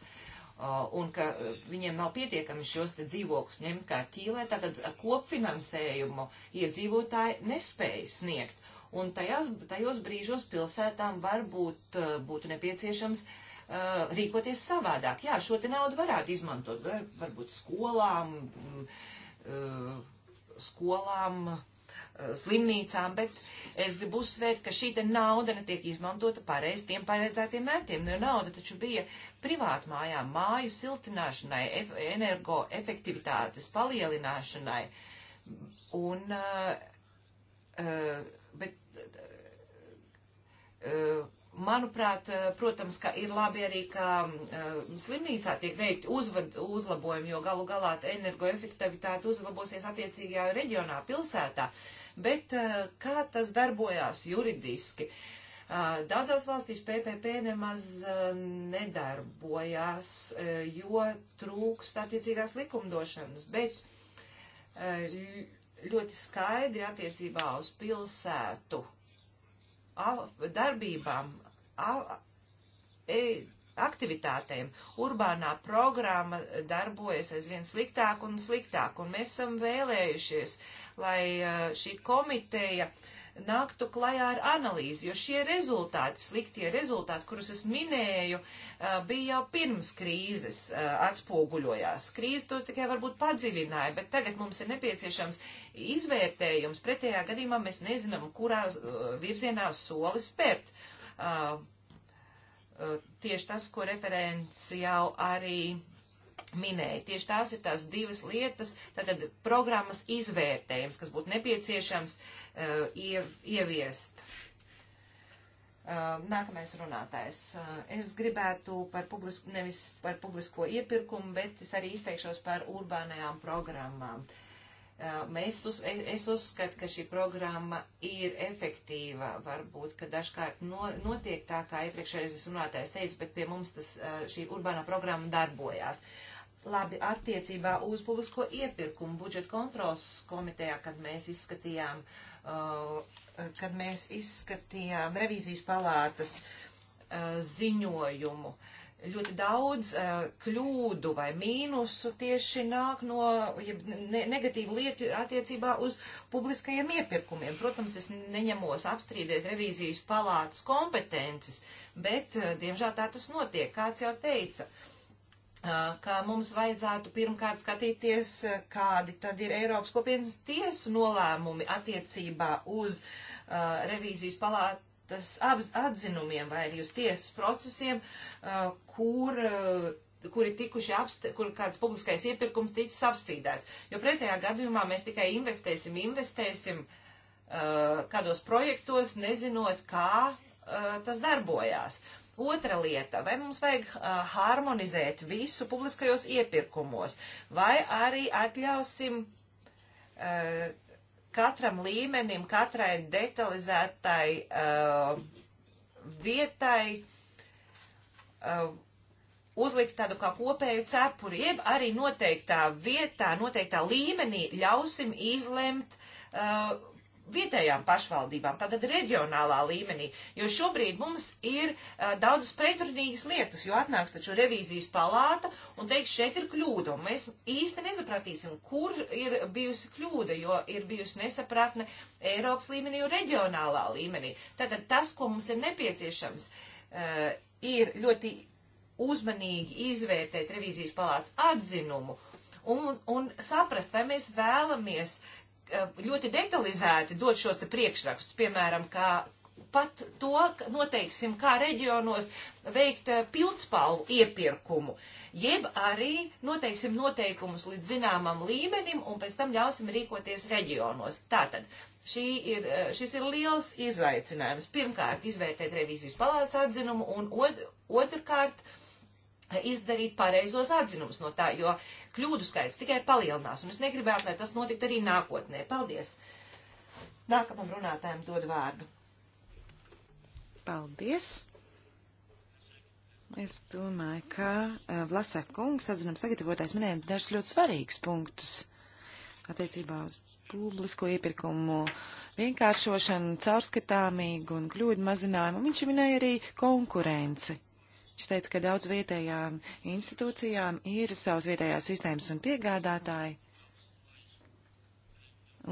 Uh, un ka uh, viņiem nav pietiekami šos te dzīvokļus ņemt kā ķīlē, tātad uh, kopfinansējumu iedzīvotāji nespēja sniegt. Un tajās, tajos brīžos pilsētām varbūt būtu nepieciešams uh, rīkoties savādāk. Jā, šo te naudu varētu izmantot varbūt skolām, mm, uh, skolām, uh, slimnīcām, bet es gribu uzsvērt, ka šī nauda netiek izmantota pareiz tiem paredzētiem mērķiem. Nu, jo nauda taču bija privātu mājām, māju siltināšanai, ef energoefektivitātes palielināšanai. Un, uh, uh, bet, uh, uh, Manuprāt, eh, protams, ka ir labi arī, ka eh, slimnīcā tiek veikti uzvad, uzlabojumi, jo galu galā energoefektivitāte uzlabosies attiecīgajā reģionā, pilsētā. Bet eh, kā tas darbojās juridiski? Daudzās valstīs PPP nemaz nedarbojās, jo trūkst attiecīgās likumdošanas, bet ļoti skaidri attiecībā uz pilsētu darbībām E, aktivitātēm. Urbānā programma darbojas aizvien sliktāk un sliktāk, un mēs esam vēlējušies, lai e, šī komiteja nāktu klajā ar analīzi, jo šie rezultāti, sliktie rezultāti, kurus es minēju, e, bija jau pirms krīzes atspoguļojās. Krīze tos tikai varbūt padziļināja, bet tagad mums ir nepieciešams izvērtējums. Pretējā gadījumā mēs nezinām, kurā virzienā solis spērt uh, uh, tieši tas, ko referents jau arī minēja. Tieši tās ir tās divas lietas, tātad programmas izvērtējums, kas būtu nepieciešams uh, iev, ieviest. Uh, nākamais runātājs. Uh, es gribētu par publisku, nevis par publisko iepirkumu, bet es arī izteikšos par urbānajām programmām. Uh, Mēs uz, es uzskatu, ka šī programma ir efektīva. Varbūt, ka dažkārt no, notiek tā, kā iepriekšējais runātājs teica, bet pie mums tas, šī urbānā programma darbojās. Labi, attiecībā uz publisko iepirkumu budžeta kontrols komitejā, kad mēs izskatījām, kad mēs izskatījām revīzijas palātas ziņojumu. Uh, ļoti daudz uh, kļūdu vai mīnusu tieši nāk no ja ne, negatīvu lietu attiecībā uz publiskajiem iepirkumiem. Protams, es neņemos apstrīdēt revīzijas palātas kompetences, bet, uh, diemžēl, tā tas notiek, kāds jau teica uh, ka mums vajadzētu pirmkārt skatīties, kādi tad ir Eiropas kopienas tiesu nolēmumi attiecībā uz uh, revīzijas palātu lietas abz, atzinumiem vai arī uz tiesas procesiem, uh, kur uh, kuri tikuši apsti, kur kāds publiskais iepirkums ticis apspīdēts. Jo pretējā gadījumā mēs tikai investēsim, investēsim uh, kādos projektos, nezinot, kā uh, tas darbojās. Otra lieta, vai mums vajag uh, harmonizēt visu publiskajos iepirkumos, vai arī atļausim uh, katram līmenim, katrai detalizētai uh, vietai uh, uzlikt tādu kā kopēju cepuri, jeb arī noteiktā vietā, noteiktā līmenī ļausim izlemt uh, vietējām pašvaldībām, tātad reģionālā līmenī, jo šobrīd mums ir uh, daudzas pretrunīgas lietas, jo atnāks taču revīzijas palāta un teiks, šeit ir kļūda, un mēs īsti nesapratīsim, kur ir bijusi kļūda, jo ir bijusi nesapratne Eiropas līmenī un reģionālā līmenī. Tātad tas, ko mums ir nepieciešams, uh, ir ļoti uzmanīgi izvērtēt revīzijas palātas atzinumu un, un saprast, vai mēs vēlamies ļoti detalizēti dot šos te priekšrakstus, piemēram, kā pat to noteiksim, kā reģionos veikt eh, pildspalvu iepirkumu, jeb arī noteiksim noteikumus līdz zināmam līmenim un pēc tam ļausim rīkoties reģionos. Tātad, šī ir, eh, šis ir liels izaicinājums. Pirmkārt, izvērtēt revīzijas palāca atzinumu un od, otrkārt, uh, izdarīt pareizos atzinumus no tā, jo kļūdu skaits tikai palielinās, un es negribētu, lai tas notiktu arī nākotnē. Paldies! Nākamam runātājam dod vārdu. Paldies! Es domāju, ka uh, eh, Vlasāk kungs, atzinam, sagatavotājs minēja dažus ļoti svarīgus punktus attiecībā uz publisko iepirkumu vienkāršošanu, caurskatāmīgu un kļūdu mazinājumu. Viņš minēja arī konkurenci. Viņš teica, ka daudz vietējām institūcijām ir savas vietējās sistēmas un piegādātāji,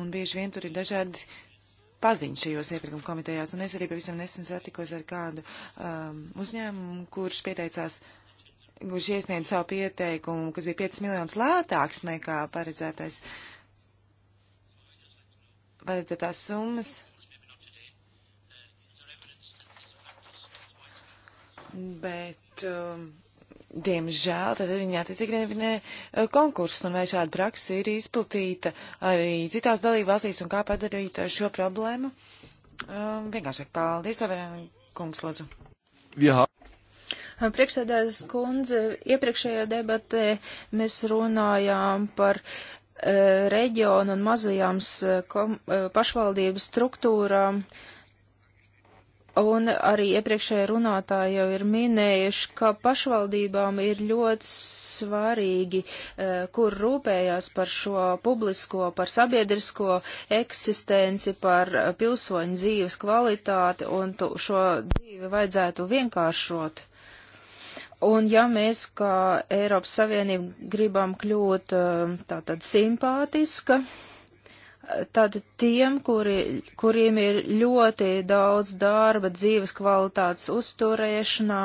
un bieži vien tur ir dažādi paziņu šajos iepirkuma komitejās, un es arī pavisam nesen satikos ar kādu um, uzņēmumu, kurš pieteicās, kurš iesniedz savu pieteikumu, kas bija 5 miljonus lētāks nekā paredzētais, paredzētās summas. Bet, um, diemžēl, tad viņi attiecīgi nevinē uh, konkursus, un vai šāda praksa ir izplatīta arī citās dalībvalstīs, un kā padarīt uh, šo problēmu? Um, vienkārši paldies, Averēna kungs, lūdzu. Jā. Uh, Priekšsēdājas kundze, iepriekšējā debatē mēs runājām par uh, reģionu un mazajām uh, pašvaldības struktūrām. Uh, Un arī iepriekšējā runātāja jau ir minējuši, ka pašvaldībām ir ļoti svarīgi, eh, kur rūpējās par šo publisko, par sabiedrisko eksistenci, par eh, pilsoņu dzīves kvalitāti, un šo dzīvi vajadzētu vienkāršot. Un ja mēs kā Eiropas Savienība gribam kļūt eh, tātad simpātiska, tad tiem, kuri, kuriem ir ļoti daudz darba dzīves kvalitātes uzturēšanā,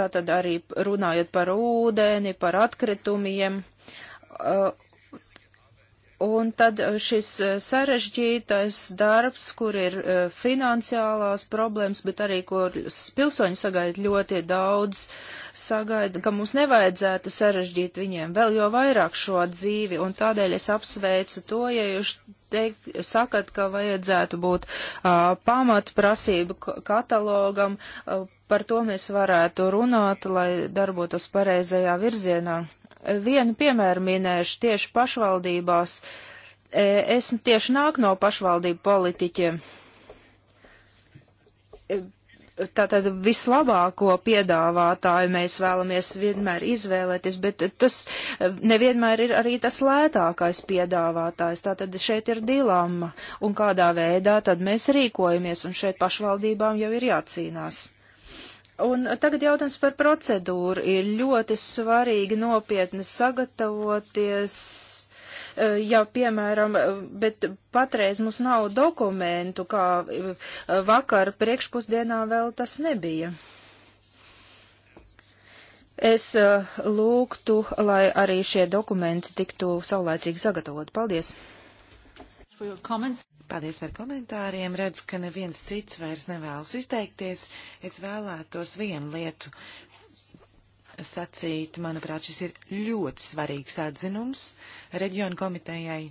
tātad arī runājot par ūdeni, par atkritumiem, uh, Un tad eh, šis eh, sarežģītais darbs, kur ir eh, finansiālās problēmas, bet arī, kur pilsoņi sagaida ļoti daudz, sagaida, ka mums nevajadzētu sarežģīt viņiem vēl jo vairāk šo dzīvi, un tādēļ es apsveicu to, ja jūs teikt, sakat, ka vajadzētu būt uh, pamatprasību katalogam, uh, par to mēs varētu runāt, lai darbotos pareizajā virzienā. Vienu piemēru minēšu tieši pašvaldībās. E, es tieši nāku no pašvaldību politiķiem. E, tātad vislabāko piedāvātāju mēs vēlamies vienmēr izvēlēties, bet tas e, nevienmēr ir arī tas lētākais piedāvātājs. Tātad šeit ir dilemma un kādā veidā tad mēs rīkojamies, un šeit pašvaldībām jau ir jācīnās. Un tagad jautājums par procedūru. Ir ļoti svarīgi nopietni sagatavoties, e, ja piemēram, bet patreiz mums nav dokumentu, kā e, vakar priekšpusdienā vēl tas nebija. Es e, lūgtu, lai arī šie dokumenti tiktu saulēcīgi sagatavot. Paldies! Paldies par komentāriem. Redzu, ka neviens cits vairs nevēlas izteikties. Es vēlētos vienu lietu sacīt. Manuprāt, šis ir ļoti svarīgs atzinums reģionu komitejai.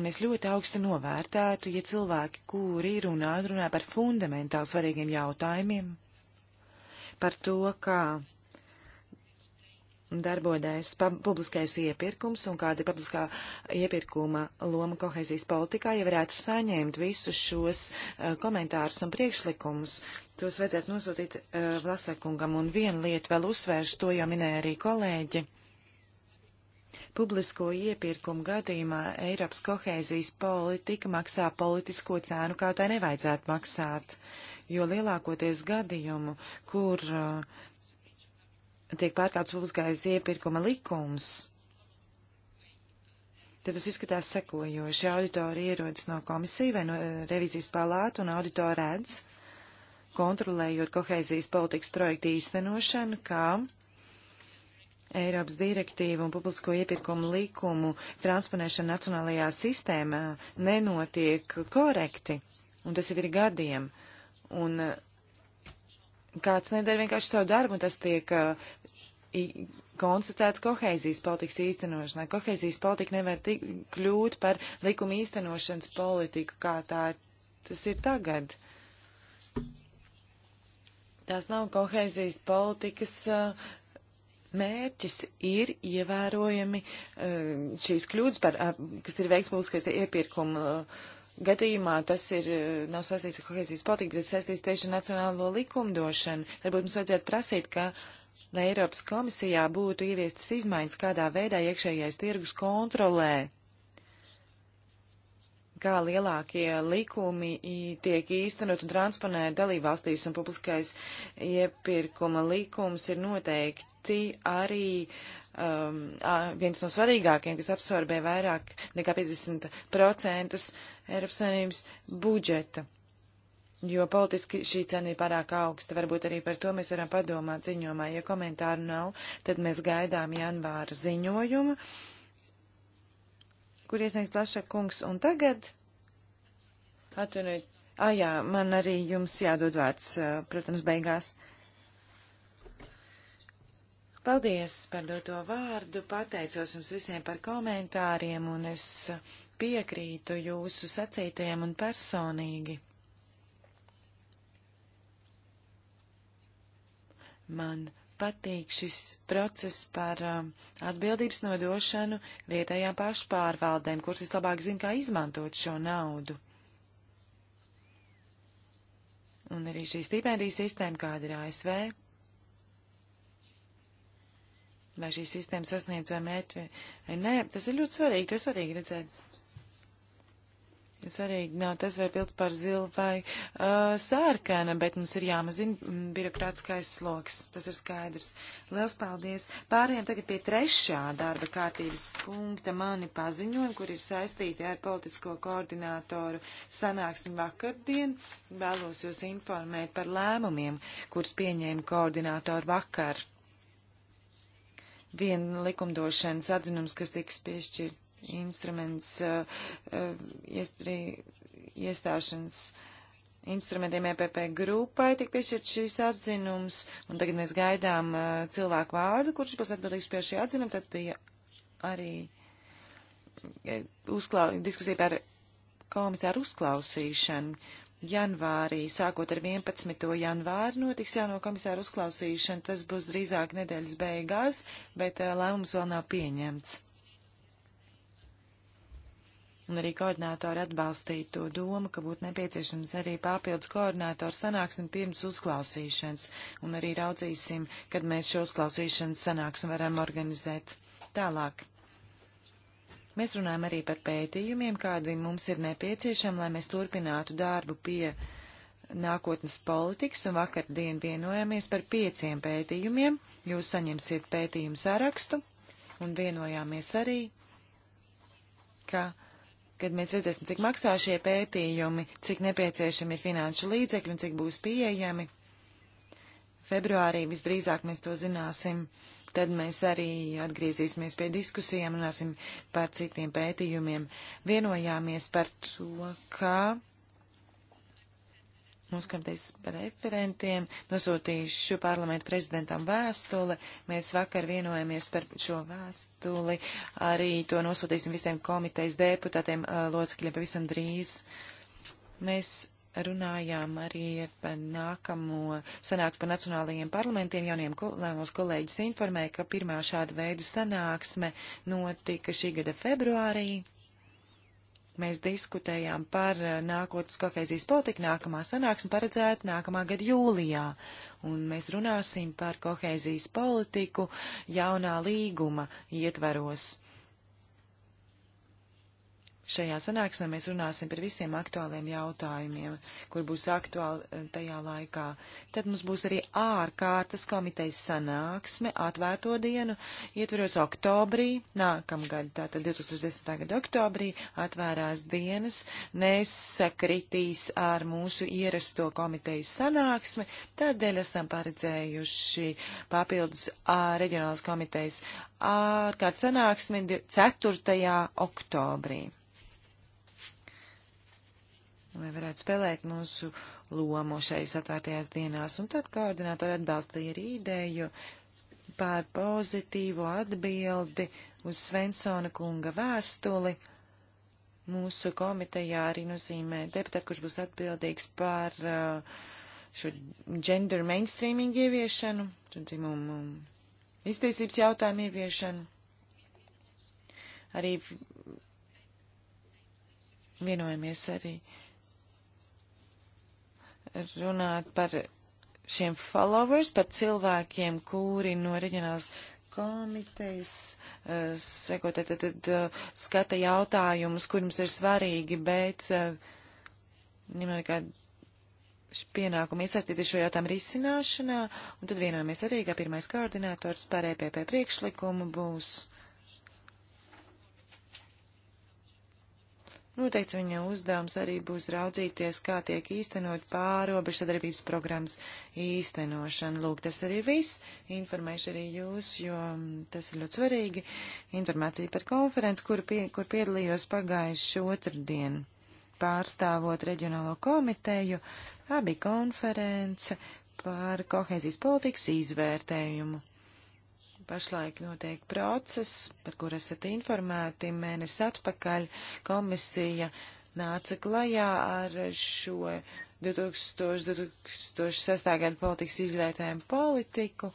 Un es ļoti augstu novērtētu, ja cilvēki, kuri runā, runā par fundamentāli svarīgiem jautājumiem, par to, kā ka darbojas publiskais iepirkums un kāda ir publiskā iepirkuma loma kohēzijas politikā, ja varētu saņemt visus šos uh, komentārus un priekšlikumus. Tos vajadzētu nosūtīt uh, Vlasakungam. Un vienu lietu vēl uzsvēršu, to jau minēja arī kolēģi. Publisko iepirkumu gadījumā Eiropas kohēzijas politika maksā politisko cēnu, kā tai nevajadzētu maksāt, jo lielākoties gadījumu, kur uh, tiek pārkāpts publiskais iepirkuma likums, tad tas izskatās sekojoši. Auditori ierodas no komisija vai no eh, revizijas palāta un auditori redz, kontrolējot kohēzijas politikas projektu īstenošanu, kā Eiropas direktīvu un publisko iepirkumu likumu transponēšana nacionālajā sistēmā nenotiek korekti, un tas jau ir gadiem. Un eh, kāds nedara vienkārši savu darbu, un tas tiek eh, konstatēts kohēzijas politikas īstenošanā. Kohēzijas politika nevar tik, kļūt par likuma īstenošanas politiku, kā tā tas ir tagad. Tās nav kohēzijas politikas uh, mērķis ir ievērojami šīs kļūdas, par, kas ir veiks publiskais iepirkuma gadījumā. Tas ir, nav saistīts ar kohēzijas politiku, bet saistīts tieši ar nacionālo likumdošanu. Varbūt mums vajadzētu prasīt, ka lai Eiropas komisijā būtu ieviestas izmaiņas, kādā veidā iekšējais tirgus kontrolē, kā lielākie likumi tiek īstenot un transponēt dalībvalstīs, un publiskais iepirkuma likums ir noteikti arī um, viens no svarīgākajiem, kas absorbē vairāk nekā 50% Eiropas Savienības budžeta jo politiski šī cena ir pārāk augsta. Varbūt arī par to mēs varam padomāt ziņojumā. Ja komentāru nav, tad mēs gaidām janvāra ziņojumu, kur iesniegs Laša kungs. Un tagad, atvainojiet, ah jā, man arī jums jādod vārds, protams, beigās. Paldies par doto vārdu, pateicos jums visiem par komentāriem un es piekrītu jūsu sacītajiem un personīgi. Man patīk šis process par um, atbildības nodošanu vietējām pašpārvaldēm, kuras vislabāk zina, kā izmantot šo naudu. Un arī šī stipendija sistēma, kāda ir ASV, lai šī sistēma sasniedz vai mērķi vai nē, tas ir ļoti svarīgi, to svarīgi redzēt. Svarīgi nav tas, vai pilts par zilu vai uh, sārkana, bet mums ir jāmazina mm, birokrātiskais sloks. Tas ir skaidrs. Liels paldies. Pārējām tagad pie trešā darba kārtības punkta mani paziņojumi, kur ir saistīti ar politisko koordinātoru sanāksmi vakardien. Vēlos jūs informēt par lēmumiem, kurus pieņēma koordinātori vakar. Viena likumdošanas atzinums, kas tiks piešķirt instruments uh, uh, iestāšanas instrumentiem EPP grupai tik piešķirt šīs atzinums, un tagad mēs gaidām uh, cilvēku vārdu, kurš būs atbildīgs pie šī atzinuma, tad bija arī e, uzklā, diskusija par komisāru uzklausīšanu. Janvārī, sākot ar 11. janvāru, notiks jauno komisāru uzklausīšana. Tas būs drīzāk nedēļas beigās, bet uh, lēmums vēl nav pieņemts un arī koordinātori atbalstīja to domu, ka būtu nepieciešams arī papildus koordinātori sanāksim pirms uzklausīšanas, un arī raudzīsim, kad mēs šo uzklausīšanas sanāksim varam organizēt tālāk. Mēs runājam arī par pētījumiem, kādi mums ir nepieciešami, lai mēs turpinātu darbu pie nākotnes politikas, un vakardien vienojāmies par pieciem pētījumiem. Jūs saņemsiet pētījumu sarakstu, un vienojāmies arī, ka kad mēs redzēsim, cik maksā šie pētījumi, cik nepieciešami ir finanšu līdzekļi un cik būs pieejami. Februārī visdrīzāk mēs to zināsim. Tad mēs arī atgriezīsimies pie diskusijām, runāsim par citiem pētījumiem. Vienojāmies par to, ka Noskaties par referentiem, nosūtīšu parlamentu prezidentam vēstuli. Mēs vakar vienojamies par šo vēstuli. Arī to nosūtīsim visiem komitejas deputātiem, locekļiem pavisam drīz. Mēs runājām arī par nākamo sanāks par nacionālajiem parlamentiem. Jauniem lēmos kolēģis informēja, ka pirmā šāda veida sanāksme notika šī gada februārī Mēs diskutējām par eh, nākotnes kohēzijas politiku. Nākamā sanāksme paredzēta nākamā gada jūlijā. Un mēs runāsim par kohēzijas politiku jaunā līguma ietveros Šajā sanāksmē mēs runāsim par visiem aktuāliem jautājumiem, kur būs aktuāli eh, tajā laikā. Tad mums būs arī ārkārtas komitejas sanāksme atvērto dienu, ietveros oktobrī, nākamgad, tātad 2010. gada oktobrī, atvērās dienas, nesakritīs ar mūsu ierasto komitejas sanāksmi, tādēļ esam paredzējuši papildus reģionālas komitejas ārkārtas sanāksmi 4. oktobrī lai varētu spēlēt mūsu lomu šais atvērtajās dienās. Un tad koordinātori atbalstīja arī ideju pār pozitīvo atbildi uz Svensona kunga vēstuli. Mūsu komitejā arī nozīmē deputāti, kurš būs atbildīgs par uh, šo gender mainstreaming ieviešanu, dzimumu iztiesības jautājumu ieviešanu. Arī vienojamies arī uh, runāt par šiem followers, par cilvēkiem, kuri no reģionālas komitejas uh, seko, tad, tad, tad uh, skata jautājumus, kur mums ir svarīgi, bet eh, ņemot uh, kā pienākumu iesaistīties šo jautājumu risināšanā, un tad vienāmies arī, ka pirmais koordinators par EPP priekšlikumu būs Noteikti viņa uzdevums arī būs raudzīties, kā tiek īstenot pārobežu sadarbības programmas īstenošana. Lūk, tas arī viss. Informēšu arī jūs, jo tas ir ļoti svarīgi. Informācija par konferenci, kur, pie, kur piedalījos pagājuši otrdien, pārstāvot reģionālo komiteju, abi konference par kohēzijas politikas izvērtējumu. Pašlaik notiek process, par kur esat informēti. Mēnesi atpakaļ komisija nāca klajā ar šo 2000, 2006. gada politikas izvērtējumu politiku.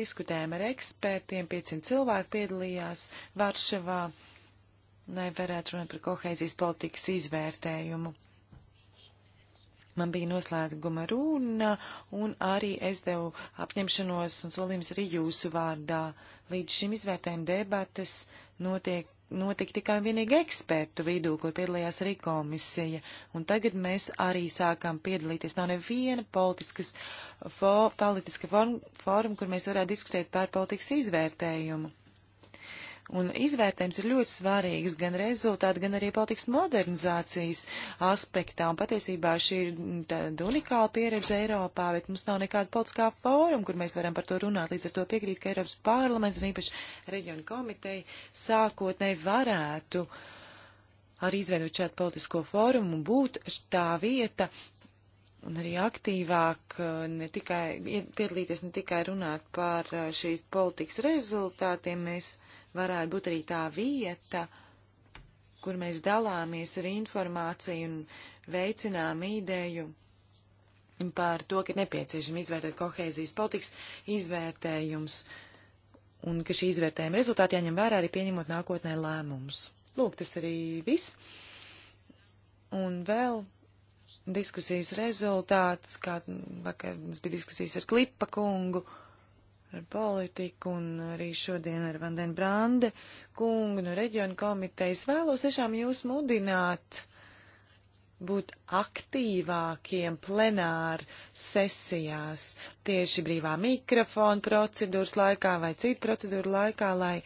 Diskutējām ar ekspertiem, 500 cilvēku piedalījās Varšavā, lai varētu runāt par kohēzijas politikas izvērtējumu. Man bija noslēguma runa, un arī es devu apņemšanos un solījums arī jūsu vārdā. Līdz šim izvērtējuma debates notiek notika tikai un vienīgi ekspertu vidū, kur piedalījās arī komisija, un tagad mēs arī sākām piedalīties. Nav neviena politiskas, fo, politiska forma, forma, kur mēs varētu diskutēt par politikas izvērtējumu. Un izvērtējums ir ļoti svarīgs gan rezultāti, gan arī politikas modernizācijas aspektā. Un patiesībā šī ir mm, tāda unikāla pieredze Eiropā, bet mums nav nekāda politiskā fóruma, kur mēs varam par to runāt. Līdz ar to piekrīt, ka Eiropas parlaments un īpaši reģionu komiteja sākotnēji varētu arī izveidot šādu politisko fórumu un būt tā vieta, un arī aktīvāk eh, ne tikai piedalīties, ne tikai runāt par eh, šīs politikas rezultātiem. Mēs varētu būt arī tā vieta, kur mēs dalāmies ar informāciju un veicinām ideju par to, ka ir nepieciešama izvērtēt kohēzijas politikas izvērtējums un ka šī izvērtējuma rezultāti jāņem vērā arī pieņemot nākotnē lēmumus. Lūk, tas arī viss. Un vēl diskusijas rezultāts, kā vakar mums bija diskusijas ar Klipa kungu. Uh, ar politiku un arī šodien ar Vandenu Brande kungu no reģionu komitejas vēlos tiešām jūs mudināt būt aktīvākiem plenāru sesijās tieši brīvā mikrofona procedūras laikā vai citu procedūru laikā, lai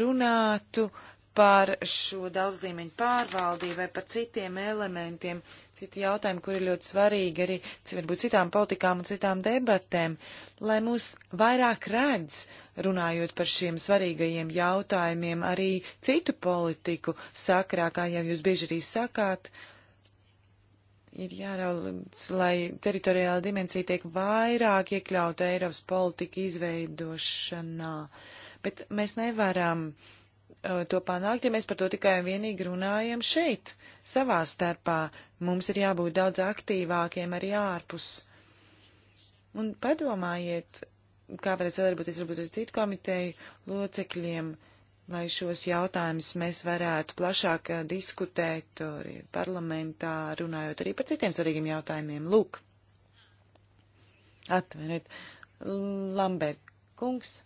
runātu par šo daudzlīmeņu pārvaldību vai par citiem elementiem, uh, citi jautājumi, kur ir ļoti svarīgi arī varbūt citām politikām un citām debatēm, lai mūs vairāk redz, runājot par šiem svarīgajiem jautājumiem, arī citu politiku sakrā, kā jau jūs bieži arī sakāt, ir jāraudz, lai teritoriāla dimensija tiek vairāk iekļauta Eiropas politika izveidošanā. Bet mēs nevaram uh, to panākt, ja mēs par to tikai un vienīgi runājam šeit, savā starpā. Mums ir jābūt daudz aktīvākiem arī ārpus. Un padomājiet, kā varētu sadarboties varbūt ar citu komiteju locekļiem, lai šos jautājumus mēs varētu plašāk eh, diskutēt arī parlamentā, runājot arī par citiem svarīgiem jautājumiem. Lūk, atvainojiet, Lambert kungs.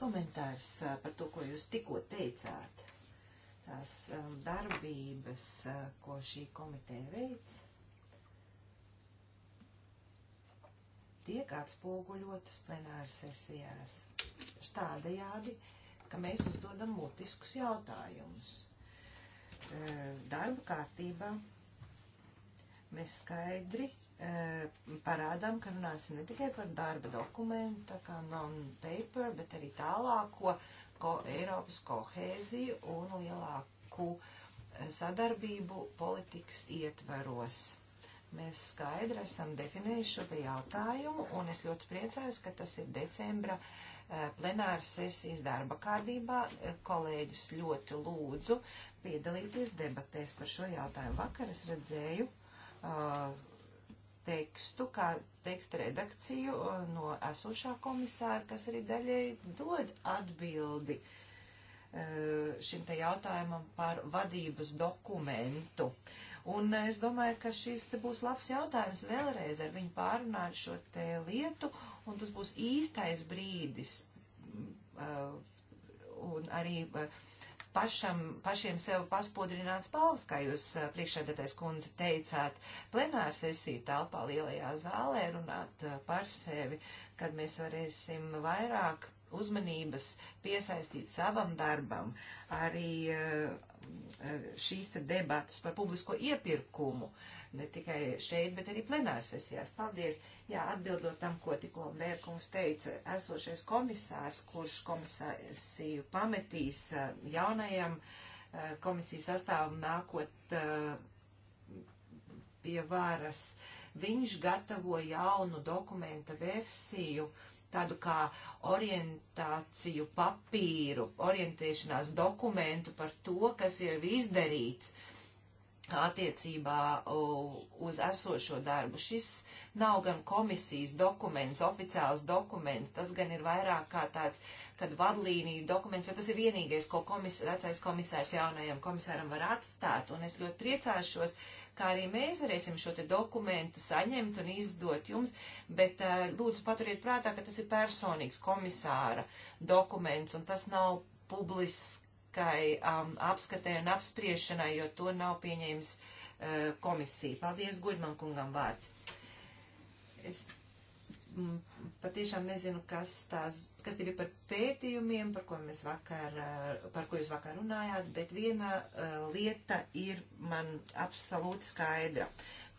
komentārs par to, ko jūs tikko teicāt. Tās darbības, ko šī komiteja veic, tiek atspoguļotas plenāras sesijās. Tādējādi, ka mēs uzdodam mutiskus jautājumus. Darba kārtībā mēs skaidri E, parādām, ka runāsim ne tikai par darba dokumentu, tā kā non-paper, bet arī tālāko ko Eiropas kohēziju un lielāku e, sadarbību politikas ietvaros. Mēs skaidri esam definējuši šo te jautājumu, un es ļoti priecājos, ka tas ir decembra e, plenāras sesijas darba kārtībā. Kolēģis ļoti lūdzu piedalīties debatēs par šo jautājumu. Vakar es redzēju uh, tekstu, kā teksta redakciju no esošā komisāra, kas arī daļēji dod atbildi e, šim te jautājumam par vadības dokumentu. Un es domāju, ka šis te būs labs jautājums vēlreiz ar viņu pārunāt šo te lietu, un tas būs īstais brīdis. E, un arī uh, pašam, pašiem sev paspodrināt spalvas, kā jūs priekšēdētais kundze teicāt, plenāra sesija telpā lielajā zālē runāt par sevi, kad mēs varēsim vairāk uzmanības piesaistīt savam darbam, arī uh, E, šīs debatas par publisko iepirkumu, ne tikai šeit, bet arī plenārsesijās. Paldies! Jā, atbildot tam, ko tikko Mērkungs teica, esošais komisārs, kurš komisārsiju pametīs e, jaunajam e, komisijas sastāvam nākot pie varas, viņš gatavo jaunu dokumenta versiju, uh, tādu kā orientāciju papīru, orientēšanās dokumentu par to, kas ir izdarīts attiecībā uz esošo darbu. Šis nav gan komisijas dokuments, oficiāls dokuments, tas gan ir vairāk kā tāds, kad vadlīniju dokuments, jo tas ir vienīgais, ko komis, vecais komisārs jaunajam komisāram var atstāt, un es ļoti priecāšos, uh, kā arī mēs varēsim šo te dokumentu saņemt un izdot jums, bet uh, lūdzu paturiet prātā, ka tas ir personīgs komisāra dokuments un tas nav publiskai um, apskatē un apspriešanai, jo to nav pieņēmis uh, komisija. Paldies Guļman kungam vārds. Es Mm, patiešām nezinu, kas, tās, kas tie bija par pētījumiem, par ko, mēs vakar, eh, par ko jūs vakar runājāt, bet viena eh, lieta ir man absolūti skaidra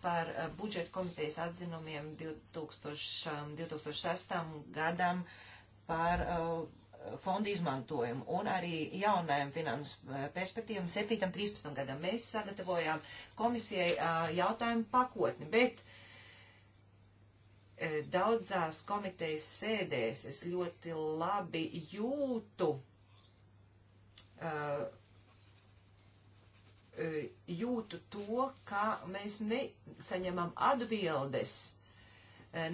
par eh, budžeta komitejas atzinumiem 2000, 2006. gadam par fondu izmantojumu un arī jaunajam finansu perspektīvam 7.13. gadam. Mēs sagatavojām komisijai jautājumu pakotni, bet uh, E, daudzās komitejas sēdēs es ļoti labi jūtu, e, e, jūtu to, ka mēs nesaņemam atbildes,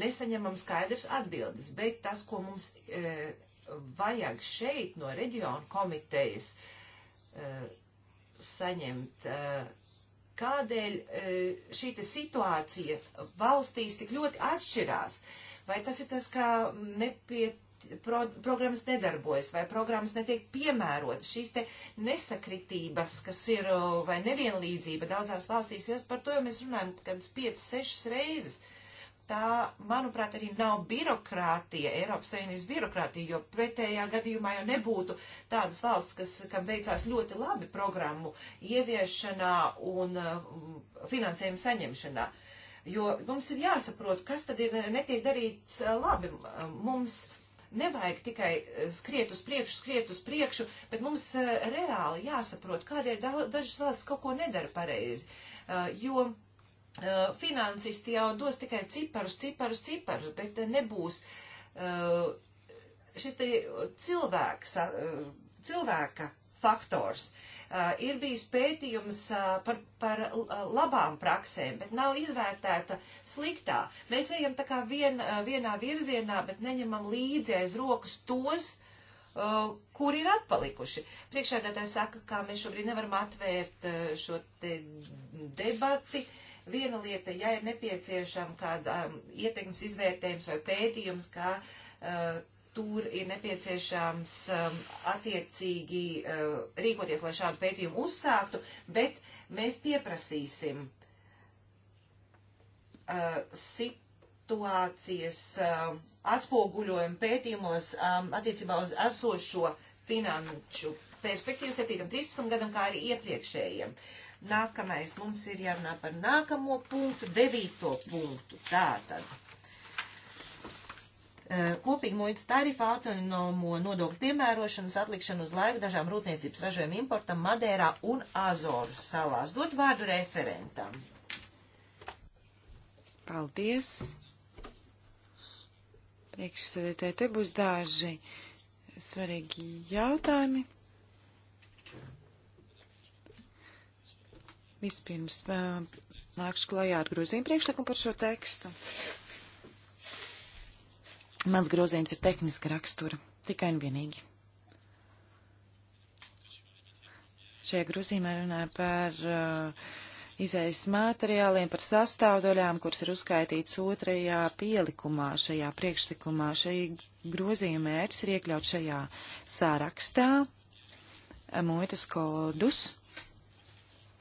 nesaņemam skaidrs atbildes, bet tas, ko mums vajag šeit no reģiona komitejas saņemt kādēļ e, šī situācija valstīs tik ļoti atšķirās. Vai tas ir tas, ka nepiet, pro, programmas nedarbojas vai programmas netiek piemērotas. Šīs te nesakritības, kas ir e, vai nevienlīdzība daudzās valstīs, par to jau mēs runājam kādas 5-6 reizes. Uh, tā, manuprāt, arī nav birokrātija, Eiropas Savienības birokrātija, jo pretējā gadījumā jau nebūtu tādas valsts, kas, kam veicās ļoti labi programmu ieviešanā un um, uh, finansējumu saņemšanā. Jo mums ir jāsaprot, kas tad ir netiek darīts uh, labi. Uh, mums nevajag tikai skriet uz priekšu, skriet uz priekšu, bet mums reāli jāsaprot, kādēļ dažas valsts kaut ko nedara pareizi. Jo Eh, finansisti jau dos tikai ciparus, ciparus, ciparus, bet eh, nebūs eh, šis te cilvēks, cilvēka faktors. Ir bijis pētījums par, par labām praksēm, bet nav izvērtēta sliktā. Mēs ejam tā kā vien, vienā virzienā, bet neņemam līdzi aiz rokas tos, kur ir atpalikuši. Priekšādātājs saka, kā mēs šobrīd nevaram atvērt šo te debati. Uh, Viena lieta, ja ir nepieciešama kāda um, ietekmes izvērtējums vai pētījums, kā uh, tur ir nepieciešams um, attiecīgi uh, rīkoties, lai šādu pētījumu uzsāktu, bet mēs pieprasīsim uh, situācijas uh, atspoguļojumu pētījumos um, attiecībā uz esošo finanšu perspektīvu 7.13. gadam, kā arī iepriekšējiem. Uh, Nākamais mums ir jārunā par nākamo punktu, devīto punktu. Tātad. E, Kopīgi muitas tarifa autonomo nodokļu piemērošanas atlikšanu uz laiku dažām rūpniecības ražojumu importam Madērā un Azoru salās. Dot vārdu referentam. Paldies. Priekšsēdētāji, te būs daži svarīgi jautājumi. Vispirms nākšu klajā ar grozījumu priekšlikumu par šo tekstu. Mans grozījums ir tehniska rakstura, tikai un vienīgi. Šajā grozījumā runāja par uh, izējas materiāliem, par sastāvdaļām, kuras ir uzskaitīts otrajā pielikumā šajā priekšlikumā. Šī grozījuma mērķis ir iekļaut šajā sārakstā muitas kodus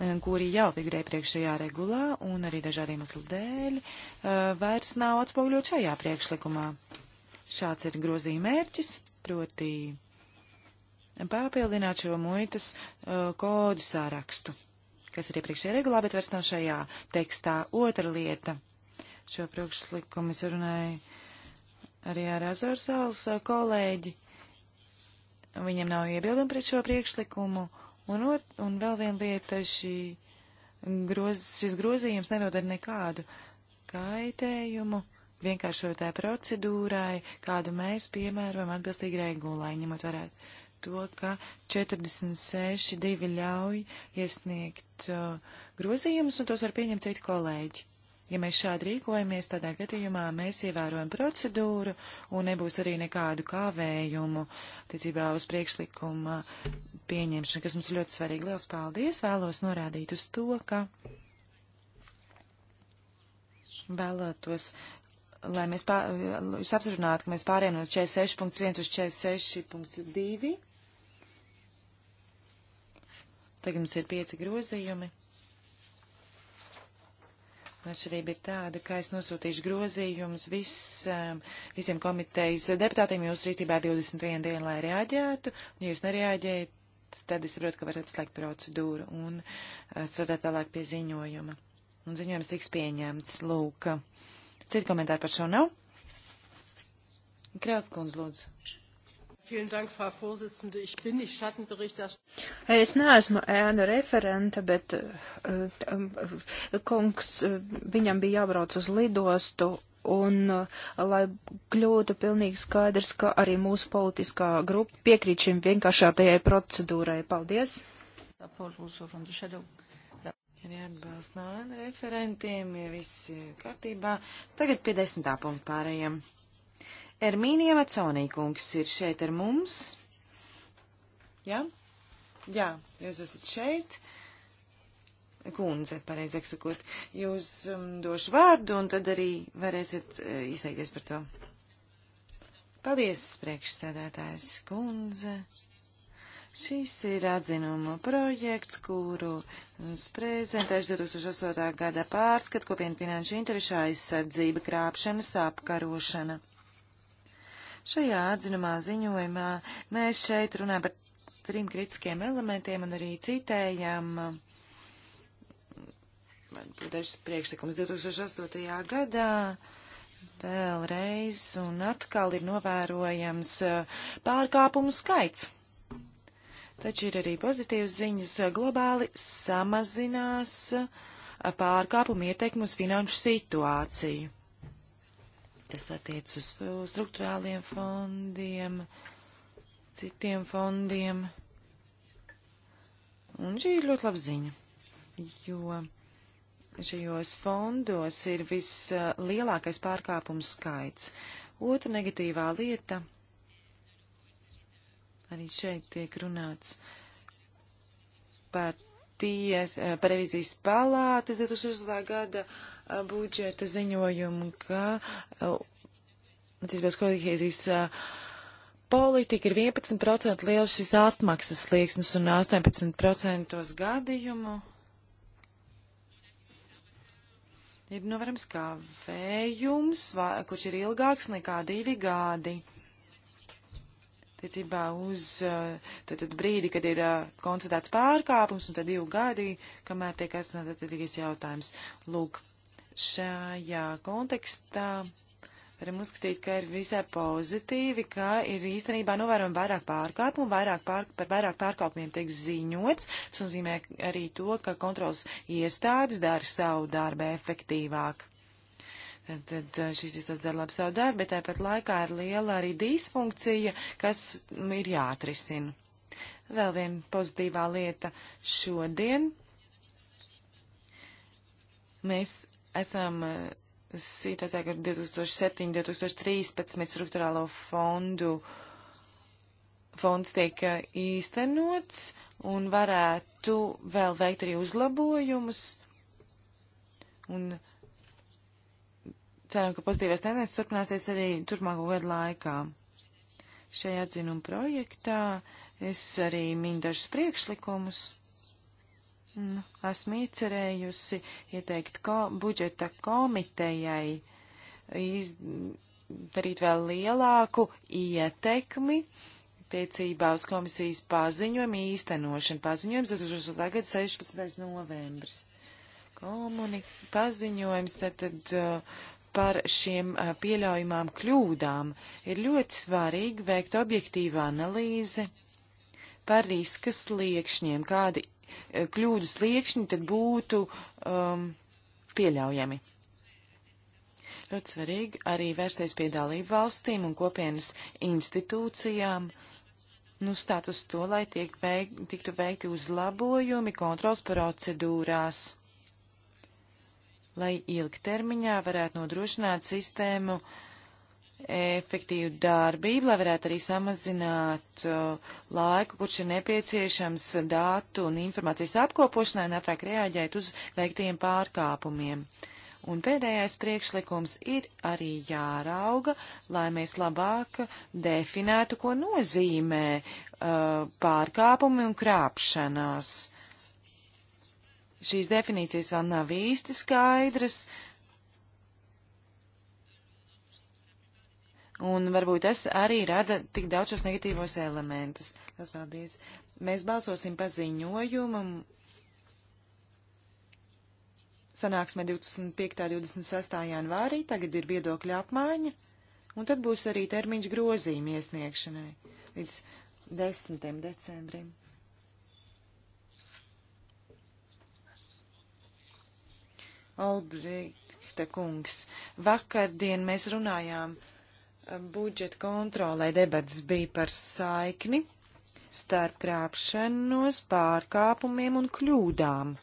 Eh, kuri jau figurē priekšējā regulā un arī dažādiem iemeslu dēļ eh, vairs nav atspoguļot šajā priekšlikumā. Šāds ir grozījuma mērķis, proti papildināt šo muitas eh, kodu sārakstu, kas ir iepriekšējā regulā, bet vairs nav šajā tekstā. Otra lieta. Šo priekšlikumu es runāju arī ar Azorsāls kolēģi. Viņam nav iebildumi pret šo priekšlikumu Un, ot, un vēl viena lieta, šī groz, šis grozījums nedod ar nekādu kaitējumu vienkāršotā procedūrai, kādu mēs piemērojam atbilstīgi regulai, ņemot varētu to, ka 46 divi ļauj iesniegt uh, grozījumus, un tos var pieņemt citi kolēģi. Ja mēs šādi rīkojamies, tādā gadījumā mēs ievērojam procedūru un nebūs arī nekādu kāvējumu ticībā uz priekšlikuma pieņemšanu, kas mums ir ļoti svarīgi. Liels paldies! Vēlos norādīt uz to, ka vēlētos. Lai mēs pār, jūs apzinātu, ka mēs pārējām no 46.1 uz 46.2. Tagad mums ir pieci grozījumi. Atšķirība ir tāda, ka es nosūtīšu grozījumus vis, visiem komitejas deputātiem. Jūs rīcībā ir 21 diena, lai reaģētu. Un, ja jūs nereaģējat, tad es saprotu, ka varat slēgt procedūru un eh, strādāt tālāk pie ziņojuma. Un ziņojums tiks pieņemts. Lūk, citu komentāru par šo nav. Krēls kundze, lūdzu. Es neesmu ēnu referenta, bet uh, kungs, eh, viņam bija jābrauc uz lidostu, un uh, lai kļūtu pilnīgi skaidrs, ka arī mūsu politiskā grupa piekrīt šim vienkāršātajai procedūrai. Paldies! Arī atbalsts no ēnu referentiem, ja viss kārtībā. Tagad pie desmitā punkta pārējiem. Ermīnija Maconīkungs ir šeit ar mums. Jā? Jā, jūs esat šeit. Kundze, pareizāk sakot, jūs um, došu vārdu un tad arī varēsiet uh, izteikties par to. Paldies, priekšstādātājs Kundze. Šis ir atzinuma projekts, kuru mums prezentēšu 2008. gada pārskat kopienu finanšu interešu aizsardzība, krāpšanas apkarošana. Šajā atzinumā ziņojumā mēs šeit runājam par trim kritiskiem elementiem un arī citējam dažas priekšlikums 2008. gadā. Vēlreiz un atkal ir novērojams eh, pārkāpumu skaits. Taču ir arī pozitīvas ziņas. Eh, globāli samazinās eh, pārkāpumu ietekmi uz finanšu situāciju. Tas attiec uz struktūrāliem fondiem, citiem fondiem. Un šī ir ļoti laba ziņa, jo šajos fondos ir vislielākais pārkāpums skaits. Otra negatīvā lieta, arī šeit tiek runāts par ties, eh, par revizijas palātas 2016. gada eh, budžeta ziņojumu, ka Matīs eh, Kohēzijas politika ir 11% liels šis atmaksas slieksnis un 18% gadījumu. Ir novērams nu, kā vējums, kurš ir ilgāks nekā divi gadi tiecībā uz tātad, eh, brīdi, kad ir eh, konstatēts pārkāpums, un tad divi gadi, kamēr tiek atsināts attiecīgais jautājums. Lūk, šajā kontekstā varam uzskatīt, ka ir visai pozitīvi, ka ir īstenībā novērojami vairāk pārkāpumu, vairāk pār, par vairāk pārkāpumiem tiek ziņots. Tas nozīmē arī to, ka kontrols iestādes dara savu darbu efektīvāk. Tad eh, šis sistēmas dara labu savu darbu, bet tāpat laikā ir liela arī disfunkcija, kas ir jāatrisina. Vēl viena pozitīvā lieta šodien. Mēs esam eh, situācijā, ka 2007, 2013 struktūrālo fondu fonds tiek eh, īstenots un varētu vēl veikt arī uzlabojumus. Un Ceram, ka pozitīvais tendences turpināsies arī turpmāko gadu laikā. Šajā atzinuma projektā es arī minu dažus priekšlikumus. Nu, esmu iecerējusi ieteikt ko, budžeta komitejai iz, darīt vēl lielāku ietekmi attiecībā uz komisijas paziņojumu īstenošanu. Paziņojums 2008. gada 16. novembris. Komunik paziņojums, tad, tad par šiem pieļaujumām kļūdām, ir ļoti svarīgi veikt objektīvu analīzi par riska sliekšņiem, kādi kļūdu sliekšņi tad būtu um, pieļaujami. Ļoti svarīgi arī vērsties pie dalību valstīm un kopienas institūcijām, nu status to, lai tiek veik, tiktu veikti uzlabojumi kontrols procedūrās lai ilgtermiņā varētu nodrošināt sistēmu efektīvu darbību, lai varētu arī samazināt uh, laiku, kurš ir nepieciešams datu un informācijas apkopošanai un ātrāk reaģēt uz veiktiem pārkāpumiem. Un pēdējais priekšlikums ir arī jārauga, lai mēs labāk definētu, ko nozīmē uh, pārkāpumi un krāpšanās. Uh, Šīs definīcijas vēl nav īsti skaidras. Un varbūt tas arī rada tik daudz šos negatīvos elementus. Tas paldies. Mēs balsosim pa ziņojumam. Sanāksme 25. un 26. janvārī, tagad ir viedokļa apmaiņa, un tad būs arī termiņš grozījuma iesniegšanai līdz 10. decembrim. Albrigta kungs. Vakardien mēs runājām eh, budžeta kontrolē, debats bija par saikni starp krāpšanos, pārkāpumiem un kļūdām.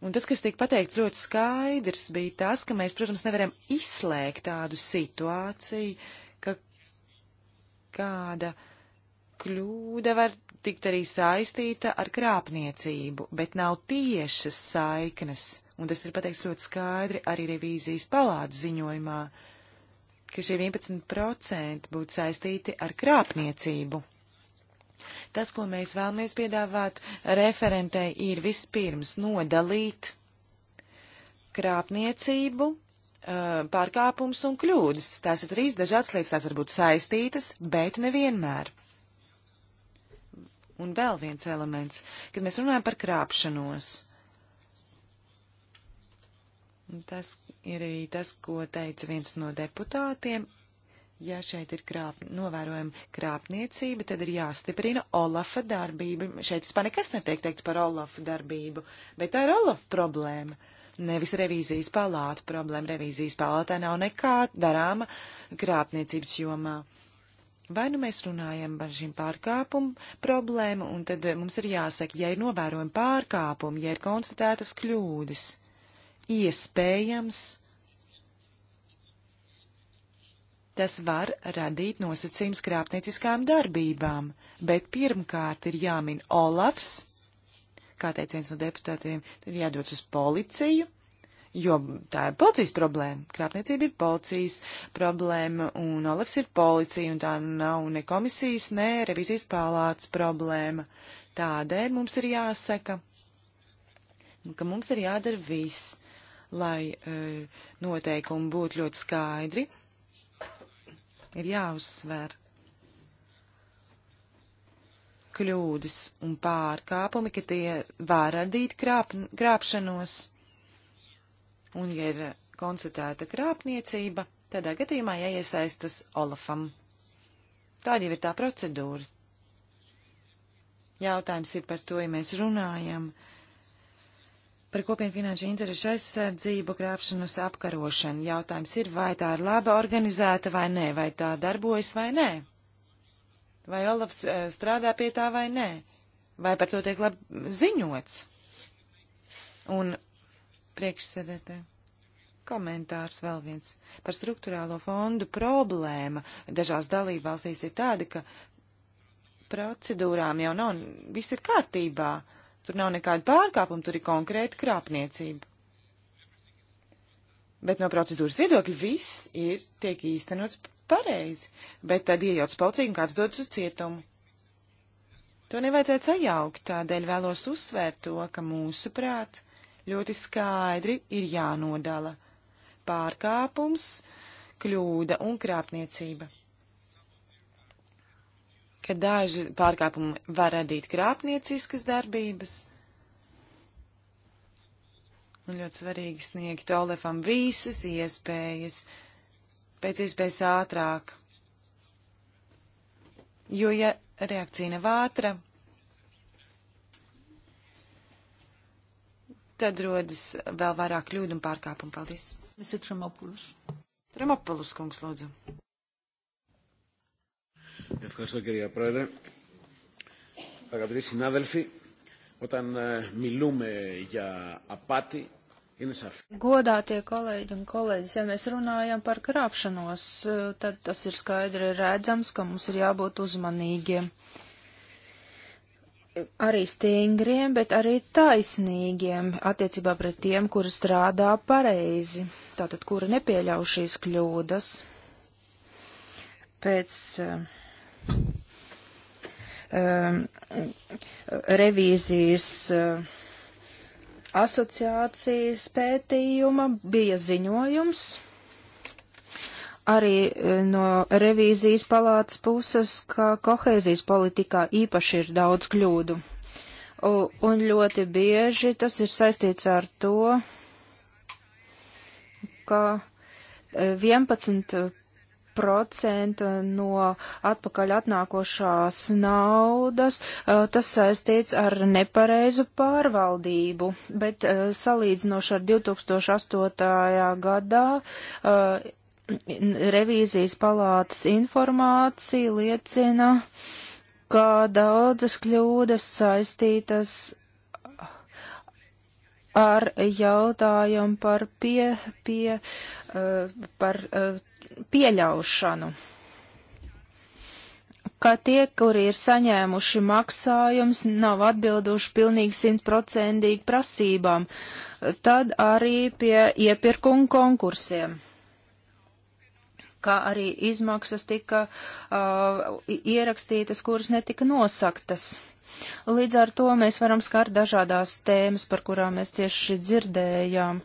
Un tas, kas tika pateikts ļoti skaidrs, bija tas, ka mēs, protams, nevaram izslēgt tādu situāciju, ka kāda kļūda var tikt arī saistīta ar krāpniecību, bet nav tiešas saiknes, un tas ir pateikts ļoti skaidri arī revīzijas palātas ziņojumā, ka šie 11% būtu saistīti ar krāpniecību. Tas, ko mēs vēlamies piedāvāt referentei, ir vispirms nodalīt krāpniecību, pārkāpums un kļūdas. Tās ir trīs dažādas lietas, tās var būt saistītas, bet nevienmēr. Un vēl viens elements, kad mēs runājam par krāpšanos. Un tas ir arī tas, ko teica viens no deputātiem. Ja šeit ir krāp, novērojama krāpniecība, tad ir jāstiprina Olafa darbība. Šeit vispār nekas netiek teikts par Olafa darbību, bet tā ir Olafa problēma. Nevis revīzijas palāta problēma. Revīzijas palātā nav nekā darāma krāpniecības jomā. Uh, Vai nu mēs runājam par šīm pārkāpumu problēmu, un tad eh, mums ir jāsaka, ja ir novērojami pārkāpumi, ja ir konstatētas kļūdas, iespējams, tas var radīt nosacījums krāpnieciskām darbībām, bet pirmkārt ir jāmin Olafs, kā teica viens no deputātiem, ir jādodas uz policiju, jo tā ir policijas problēma. Krāpniecība ir policijas problēma, un Olafs ir policija, un tā nav ne komisijas, ne revizijas palāts problēma. Tādēļ mums ir jāsaka, ka mums ir jādara viss, lai e, noteikumi būtu ļoti skaidri. Ir jāuzsver kļūdas un pārkāpumi, ka tie var radīt krāp, krāpšanos Un, ja ir konstatēta krāpniecība, tādā gadījumā jāiesaistas Olafam. Tā jau ir tā procedūra. Jautājums ir par to, ja mēs runājam par kopienu finanšu interešu aizsardzību, krāpšanas apkarošanu. Jautājums ir, vai tā ir laba organizēta vai nē, vai tā darbojas vai nē. Vai Olafs eh, strādā pie tā vai nē, vai par to tiek labi ziņots. Un Priekšsēdētāji. Komentārs vēl viens. Par struktūrālo fondu problēma dažās dalībvalstīs ir tāda, ka procedūrām jau nav, viss ir kārtībā. Tur nav nekāda pārkāpuma, tur ir konkrēta krāpniecība. Bet no procedūras viedokļa viss ir, tiek īstenots pareizi, bet tad iejauc paucīgi un kāds dodas uz cietumu. To nevajadzētu sajaukt, tādēļ vēlos uzsvērt to, ka mūsuprāt, ļoti skaidri ir jānodala pārkāpums, kļūda un krāpniecība. Ka daži pārkāpumi var radīt krāpnieciskas darbības. Un ļoti svarīgi sniegt Olefam visas iespējas, pēc iespējas ātrāk. Jo, ja reakcija nav ātra, tad rodas vēl vairāk kļūdu un pārkāpumu. Paldies! Mēs ir Tremopulus. Tremopulus, kungs, lūdzu. Ευχαριστώ κυρία Πρόεδρε. Αγαπητοί συνάδελφοι, όταν μιλούμε για απάτη, είναι σαφή. Godātie kolēģi un kolēģis, ja mēs runājam par krāpšanos, tad tas ir skaidri redzams, ka mums ir jābūt uzmanīgiem. Uh, arī stingriem, bet arī taisnīgiem attiecībā pret tiem, kuri strādā pareizi, tātad kuri nepieļauj šīs kļūdas. Pēc uh, um, revīzijas uh, asociācijas pētījuma bija ziņojums arī e, no revīzijas palātas puses, ka kohēzijas politikā īpaši ir daudz kļūdu. Un ļoti bieži tas ir saistīts ar to, ka 11% e, no atpakaļ atnākošās naudas e, tas saistīts ar nepareizu pārvaldību, bet salīdzinoši ar 2008. gadā revīzijas palātas informācija liecina, ka daudzas kļūdas saistītas ar jautājumu par, pie, pie, eh, par eh, pieļaušanu ka tie, kuri ir saņēmuši maksājums, nav atbilduši pilnīgi simtprocentīgi prasībām, tad arī pie iepirkuma konkursiem kā arī izmaksas tika uh, ierakstītas, kuras netika nosaktas. Līdz ar to mēs varam skart dažādās tēmas, par kurām mēs tieši dzirdējām.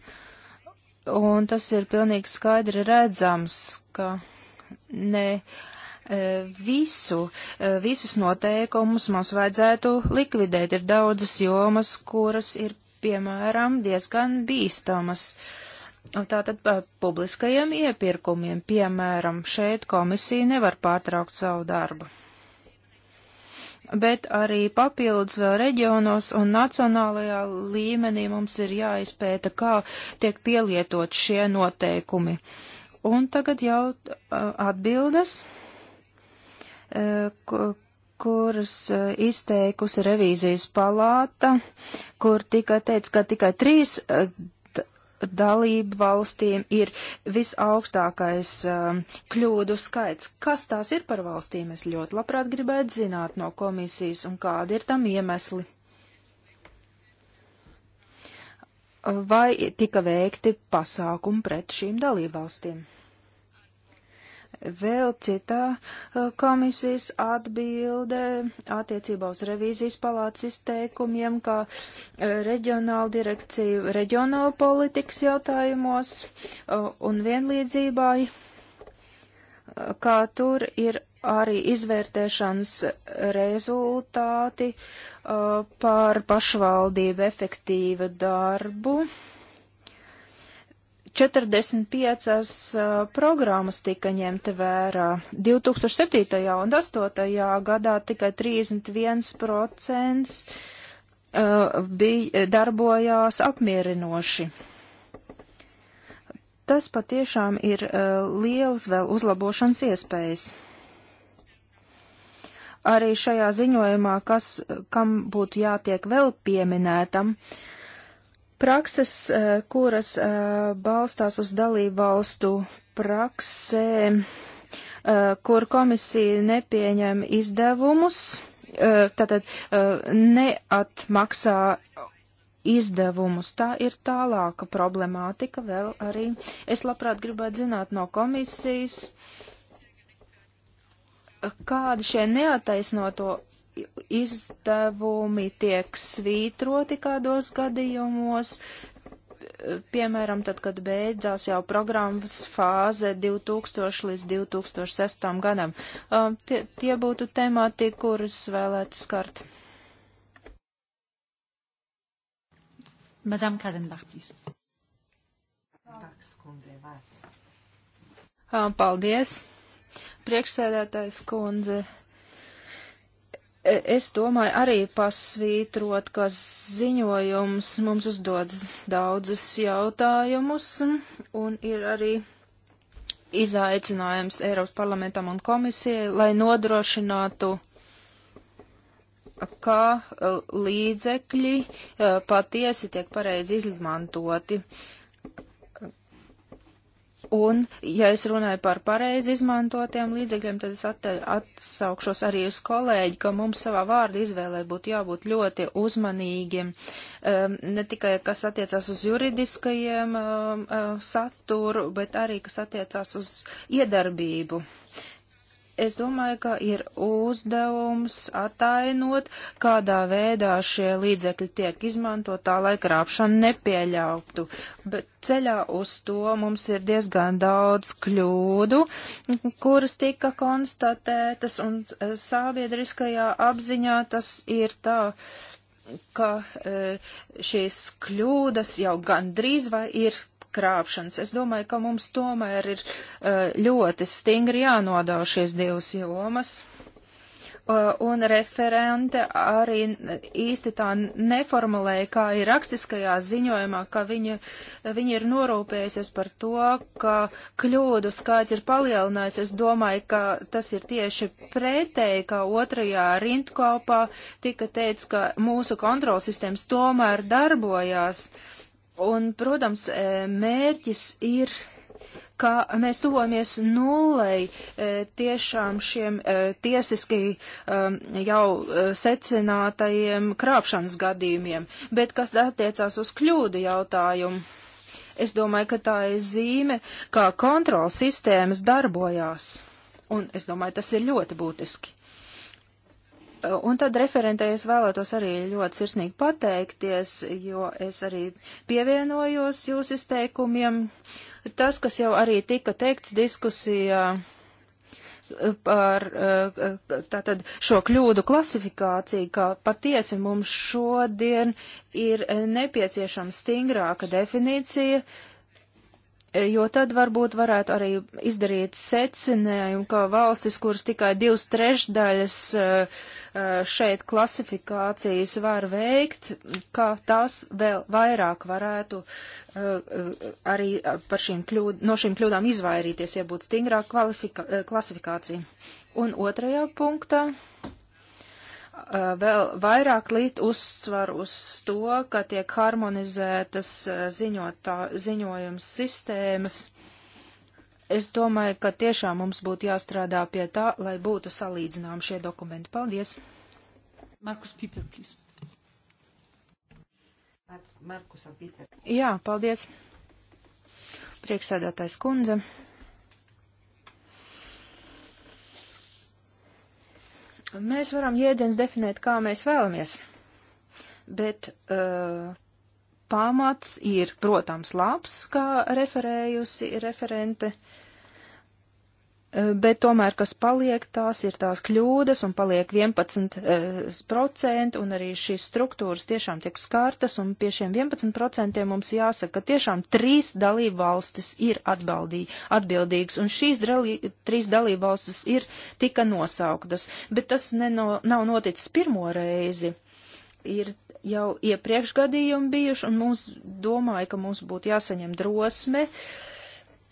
Un tas ir pilnīgi skaidri redzams, ka ne e, visu, e, visus noteikumus mums vajadzētu likvidēt. Ir daudzas jomas, kuras ir, piemēram, diezgan bīstamas. Uh, Tātad eh, publiskajiem iepirkumiem, piemēram, šeit komisija nevar pārtraukt savu darbu. Bet arī papildus vēl reģionos un nacionālajā līmenī mums ir jāizpēta, kā tiek pielietot šie noteikumi. Un tagad jau eh, atbildes, eh, kuras izteikusi revīzijas palāta, kur tika teica, ka tikai trīs dalību valstīm ir visaugstākais um, kļūdu skaits. Kas tās ir par valstīm? Es ļoti labprāt gribētu zināt no komisijas un kādi ir tam iemesli. Vai tika veikti pasākumi pret šīm dalībvalstīm? Vēl citā uh, komisijas atbilde attiecībā uz revīzijas palātas izteikumiem, kā uh, reģionāla direkcija reģionāla politikas jautājumos uh, un vienlīdzībai, kā tur ir arī izvērtēšanas rezultāti par pašvaldību efektīvu darbu. Uh, 45 programmas tika ņemta vērā. 2007. un 2008. gadā tikai 31% bija, darbojās apmierinoši. Tas patiešām ir liels vēl uzlabošanas iespējas arī šajā ziņojumā, kas, kam būtu jātiek vēl pieminētam, Prakses, eh, kuras eh, balstās uz dalību valstu praksēm, eh, kur komisija nepieņem izdevumus, tātad neatmaksā izdevumus. Tā ir tālāka problemātika vēl arī. Es labprāt gribētu zināt no komisijas, kādi šie neataisnoto izdevumi tiek svītroti kādos gadījumos, piemēram, tad, kad beidzās jau programmas fāze 2000 līdz 2006 gadam. Um, tie, tie būtu temati, kurus vēlētu skart. Madame Kadenbach, please. Um, paldies. Priekšsēdētājs kundze, E, es domāju arī pasvītrot, ka ziņojums mums uzdod daudzas jautājumus un ir arī izaicinājums Eiropas parlamentam un komisijai, lai nodrošinātu, ka e, līdzekļi e, patiesi tiek pareizi izmantoti. Uh, Un, ja es runāju par pareizi izmantotiem līdzekļiem, tad es atsaukšos arī uz kolēģi, ka mums savā vārdu izvēlē būtu jābūt ļoti uzmanīgiem, um, ne tikai kas attiecās uz juridiskajiem um, saturu, bet arī kas attiecās uz iedarbību. Uh, Es domāju, ka ir uzdevums atainot, kādā veidā šie līdzekļi tiek izmantot tā, lai krāpšanu nepieļauktu. Bet ceļā uz to mums ir diezgan daudz kļūdu, kuras tika konstatētas, un e, sabiedriskajā apziņā tas ir tā ka e, šīs kļūdas jau gandrīz vai ir krāpšanas. Es domāju, ka mums tomēr ir eh, ļoti stingri jānodauž šīs divas jomas. Eh, un referente arī īsti tā neformulēja, kā ir rakstiskajā ziņojumā, ka viņa, viņa ir norūpējusies par to, ka kļūdu skaits ir palielinājies. Es domāju, ka tas ir tieši pretēji, ka otrajā rindkopā tika teits, ka mūsu kontrolsistēmas tomēr darbojās. Uh, Un, protams, e, mērķis ir, ka mēs tuvojamies nulei e, tiešām šiem e, tiesiski jau secinātajiem krāpšanas gadījumiem, bet kas attiecās uz kļūdu jautājumu. Es domāju, ka tā ir zīme, kā kontrols sistēmas darbojās. Un es domāju, tas ir ļoti būtiski. Un tad referentē es vēlētos arī ļoti sirsnīgi pateikties, jo es arī pievienojos jūsu izteikumiem. Tas, kas jau arī tika teikts diskusijā eh, par eh, tātad šo kļūdu klasifikāciju, ka patiesi mums šodien ir nepieciešama stingrāka definīcija, jo tad varbūt varētu arī izdarīt secinājumu, ka valstis, kuras tikai divas trešdaļas eh, eh, šeit klasifikācijas var veikt, ka tās vēl vairāk varētu eh, arī par šīm kļūd, no šīm kļūdām izvairīties, ja būtu stingrāk klasifikācija. Un otrajā punktā Uh, vēl vairāk līt uzsvar uz to, ka tiek harmonizētas uh, ziņotā, ziņojums sistēmas. Es domāju, ka tiešām mums būtu jāstrādā pie tā, lai būtu salīdzinām šie dokumenti. Paldies! Markus Piper, please. Markus Piper. Jā, paldies. Prieksēdētājs kundze. Mēs varam jēdzienus definēt, kā mēs vēlamies, bet uh, pamats ir, protams, labs, kā referējusi referente. Uh, Eh, bet tomēr, kas paliek, tās ir tās kļūdas un paliek 11%, eh, un arī šīs struktūras tiešām tiek skārtas, un pie šiem 11% mums jāsaka, ka tiešām trīs dalību valstis ir atbaldī, atbildīgas, un šīs drali, trīs dalību valstis ir tika nosauktas, bet tas neno, nav noticis pirmo reizi. Ir jau iepriekš gadījumi bijuši, un mums domāja, ka mums būtu jāsaņem drosme. Uh,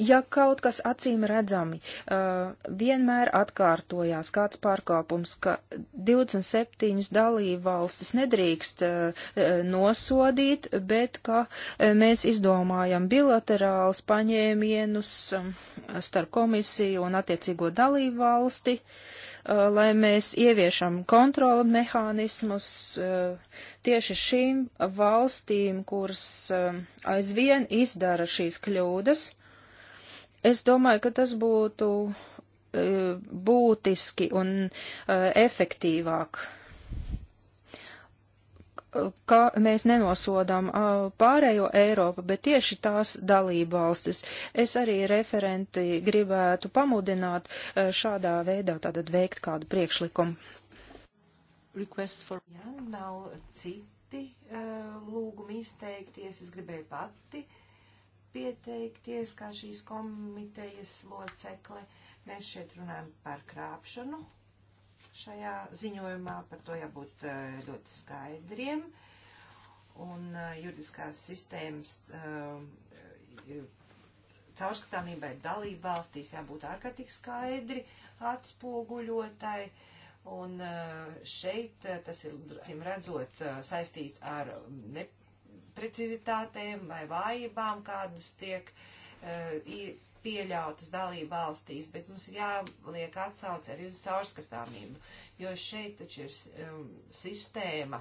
Ja kaut kas acīm redzami uh, vienmēr atkārtojās kāds pārkāpums, ka 27 dalību valstis nedrīkst uh, uh, nosodīt, bet ka uh, mēs izdomājam bilaterāls paņēmienus um, starp komisiju un attiecīgo dalību valsti, uh, lai mēs ieviešam kontrola mehānismus uh, tieši šīm valstīm, kuras uh, aizvien izdara šīs kļūdas. Es domāju, ka tas būtu e, būtiski un e, efektīvāk ka mēs nenosodām e, pārējo Eiropu, bet tieši tās dalību valstis. Es arī referenti gribētu pamudināt šādā veidā tātad veikt kādu priekšlikumu. Request for... Jā, nu, nav citi uh, lūgumi izteikties. Es gribēju pati uh, pieteikties kā šīs komitejas locekli. Mēs šeit runājam par krāpšanu. Šajā ziņojumā par to jābūt eh, ļoti skaidriem. Un eh, juridiskās sistēmas eh, caurskatāmībai dalību valstīs jābūt ārkārtīgi skaidri atspoguļotai. Un šeit tas ir, redzot, saistīts ar ne, neprecizitātēm vai vājībām, kādas tiek uh, pieļautas dalība valstīs, bet mums jāliek atsauce arī uz caurskatāmību, jo šeit taču ir um, sistēma,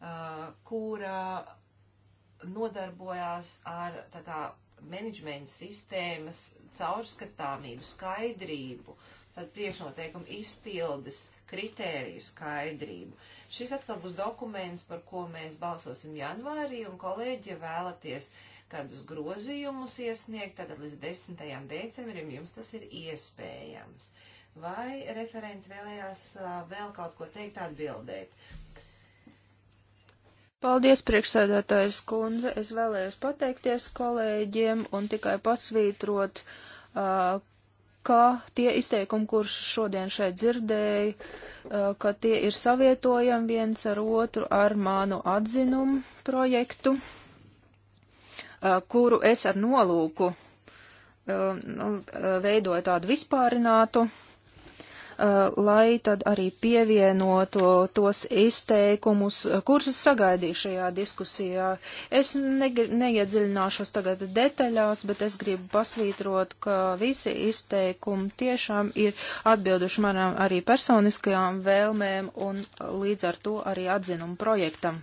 uh, kura nodarbojās ar tā kā menedžmenta sistēmas caurskatāmību, skaidrību, tad priekšnoteikumu izpildes uh, kritēriju skaidrību. Šis atkal būs dokuments, par ko mēs balsosim janvārī, un kolēģi, ja vēlaties kādus grozījumus iesniegt, tad līdz 10. decembrim jums tas ir iespējams. Vai referenti vēlējās vēl kaut ko teikt atbildēt? Paldies, priekšsēdētājs kundze. Es vēlējos pateikties kolēģiem un tikai pasvītrot, uh, ka tie izteikumi, kurus šodien šeit dzirdēju, uh, ka tie ir savietojami viens ar otru ar manu atzinumu projektu, uh, kuru es ar nolūku uh, nu, veidoju tādu vispārinātu Uh, lai tad arī pievienotu tos izteikumus, uh, kurus sagaidīju šajā diskusijā. Es neiedziļināšos tagad detaļās, bet es gribu pasvītrot, ka visi izteikumi tiešām ir atbilduši manām arī personiskajām vēlmēm un līdz ar to arī atzinumu projektam.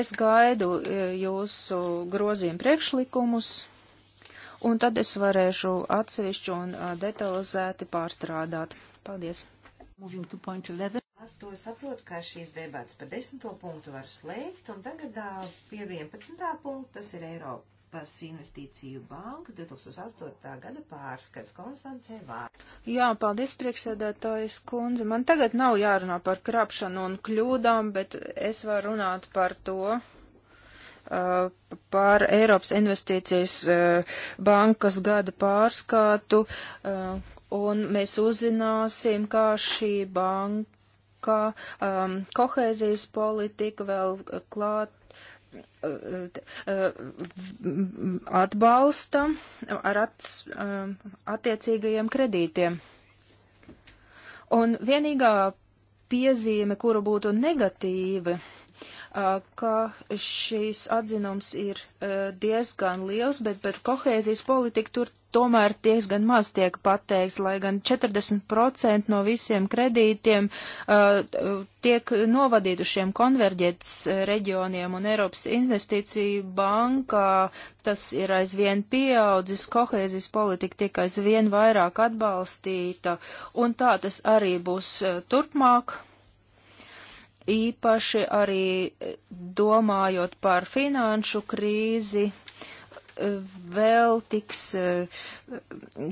Es gaidu uh, jūsu grozījumu priekšlikumus un tad es varēšu atsevišķu un detalizēti pārstrādāt. Paldies! Ar to saprotu, ka šīs debats par desmito punktu var slēgt, un tagad pie 11. punkta tas ir Eiropas investīciju bankas 2008. gada pārskats Konstancē vārds. Jā, paldies priekšsēdētājas kundze. Man tagad nav jārunā par krapšanu un kļūdām, bet es varu runāt par to, Uh, par Eiropas investīcijas uh, bankas gada pārskatu, uh, un mēs uzzināsim, kā šī banka, um, kohēzijas politika vēl klāt atbalsta ar ats, um, attiecīgajiem kredītiem. Un vienīgā piezīme, kura būtu negatīva, Uh, ka šīs atzinums ir uh, diezgan liels, bet par kohēzijas politiku tur tomēr diezgan maz tiek pateikts, lai gan 40% no visiem kredītiem uh, tiek novadīti uz šiem konverģētas uh, reģioniem, un Eiropas investīcija bankā tas ir aizvien pieaudzis, kohēzijas politika tiek aizvien vairāk atbalstīta, un tā tas arī būs uh, turpmāk īpaši arī e, domājot par finanšu krīzi, e, vēl tiks e,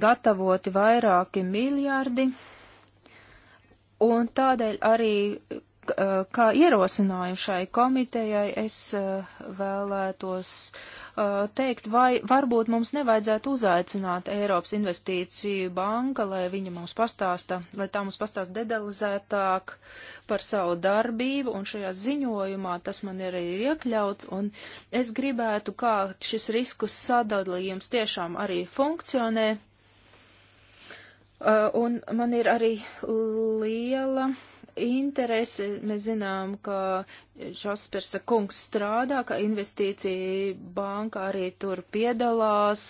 gatavoti vairāki miljardi, un tādēļ arī Eh, kā ierosinājušai komitejai es eh, vēlētos eh, teikt, vai varbūt mums nevajadzētu uzaicināt Eiropas investīciju banka, lai viņa mums pastāsta, lai tā mums pastāsta detalizētāk par savu darbību, un šajā ziņojumā tas man ir arī iekļauts, un es gribētu, kā šis risku sadalījums tiešām arī funkcionē. Un man ir arī liela interesi. Mēs zinām, ka Šaspersa kungs strādā, ka investīcija banka arī tur piedalās,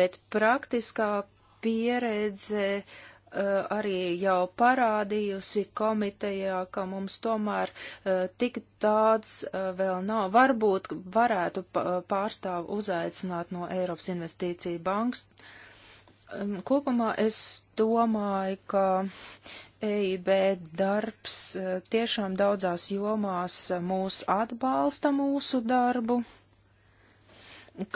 bet praktiskā pieredze uh, arī jau parādījusi komitejā, ka mums tomēr uh, tik tāds uh, vēl nav. Varbūt varētu uh, pārstāvu uzaicināt no Eiropas investīcija bankas. Uh, Kopumā es domāju, ka EIB darbs e, tiešām daudzās jomās e, mūs atbalsta mūsu darbu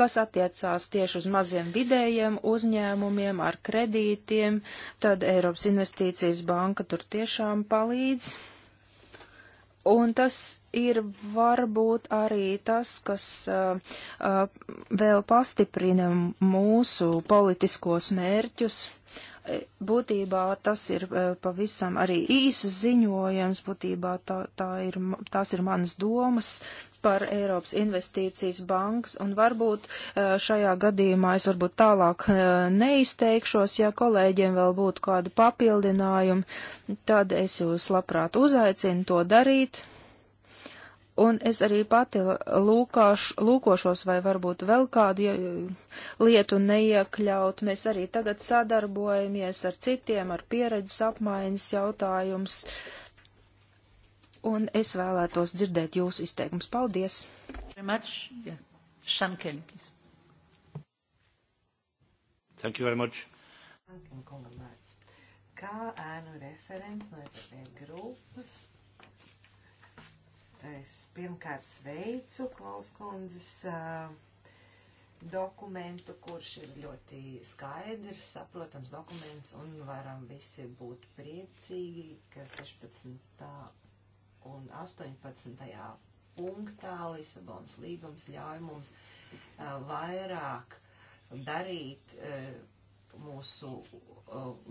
kas attiecās tieši uz maziem vidējiem uzņēmumiem ar kredītiem, tad Eiropas investīcijas banka tur tiešām palīdz. Un tas ir varbūt arī tas, kas uh, uh, vēl pastiprina mūsu politiskos mērķus. E, būtībā tas ir uh, pavisam arī īsas ziņojums, būtībā tā, tā ir, tās ir manas domas, par Eiropas investīcijas bankas, un varbūt eh, šajā gadījumā es varbūt tālāk eh, neizteikšos, ja kolēģiem vēl būtu kādi papildinājumi, tad es jūs labprāt uzaicinu to darīt. Un es arī pati lūkāš, lūkošos, vai varbūt vēl kādu lietu neiekļaut. Mēs arī tagad sadarbojamies ar citiem, ar pieredzes apmaiņas jautājums. Uh, un es vēlētos dzirdēt jūsu izteikums. Paldies! Yeah. Kelly, Thank you very much. Kā ēnu referents no EPP grupas, es pirmkārt sveicu Klauskundzes uh, dokumentu, kurš ir ļoti skaidrs, saprotams dokuments, un varam visi būt priecīgi, ka 16 un 18. punktā Lisabonas līgums ļauj mums vairāk darīt mūsu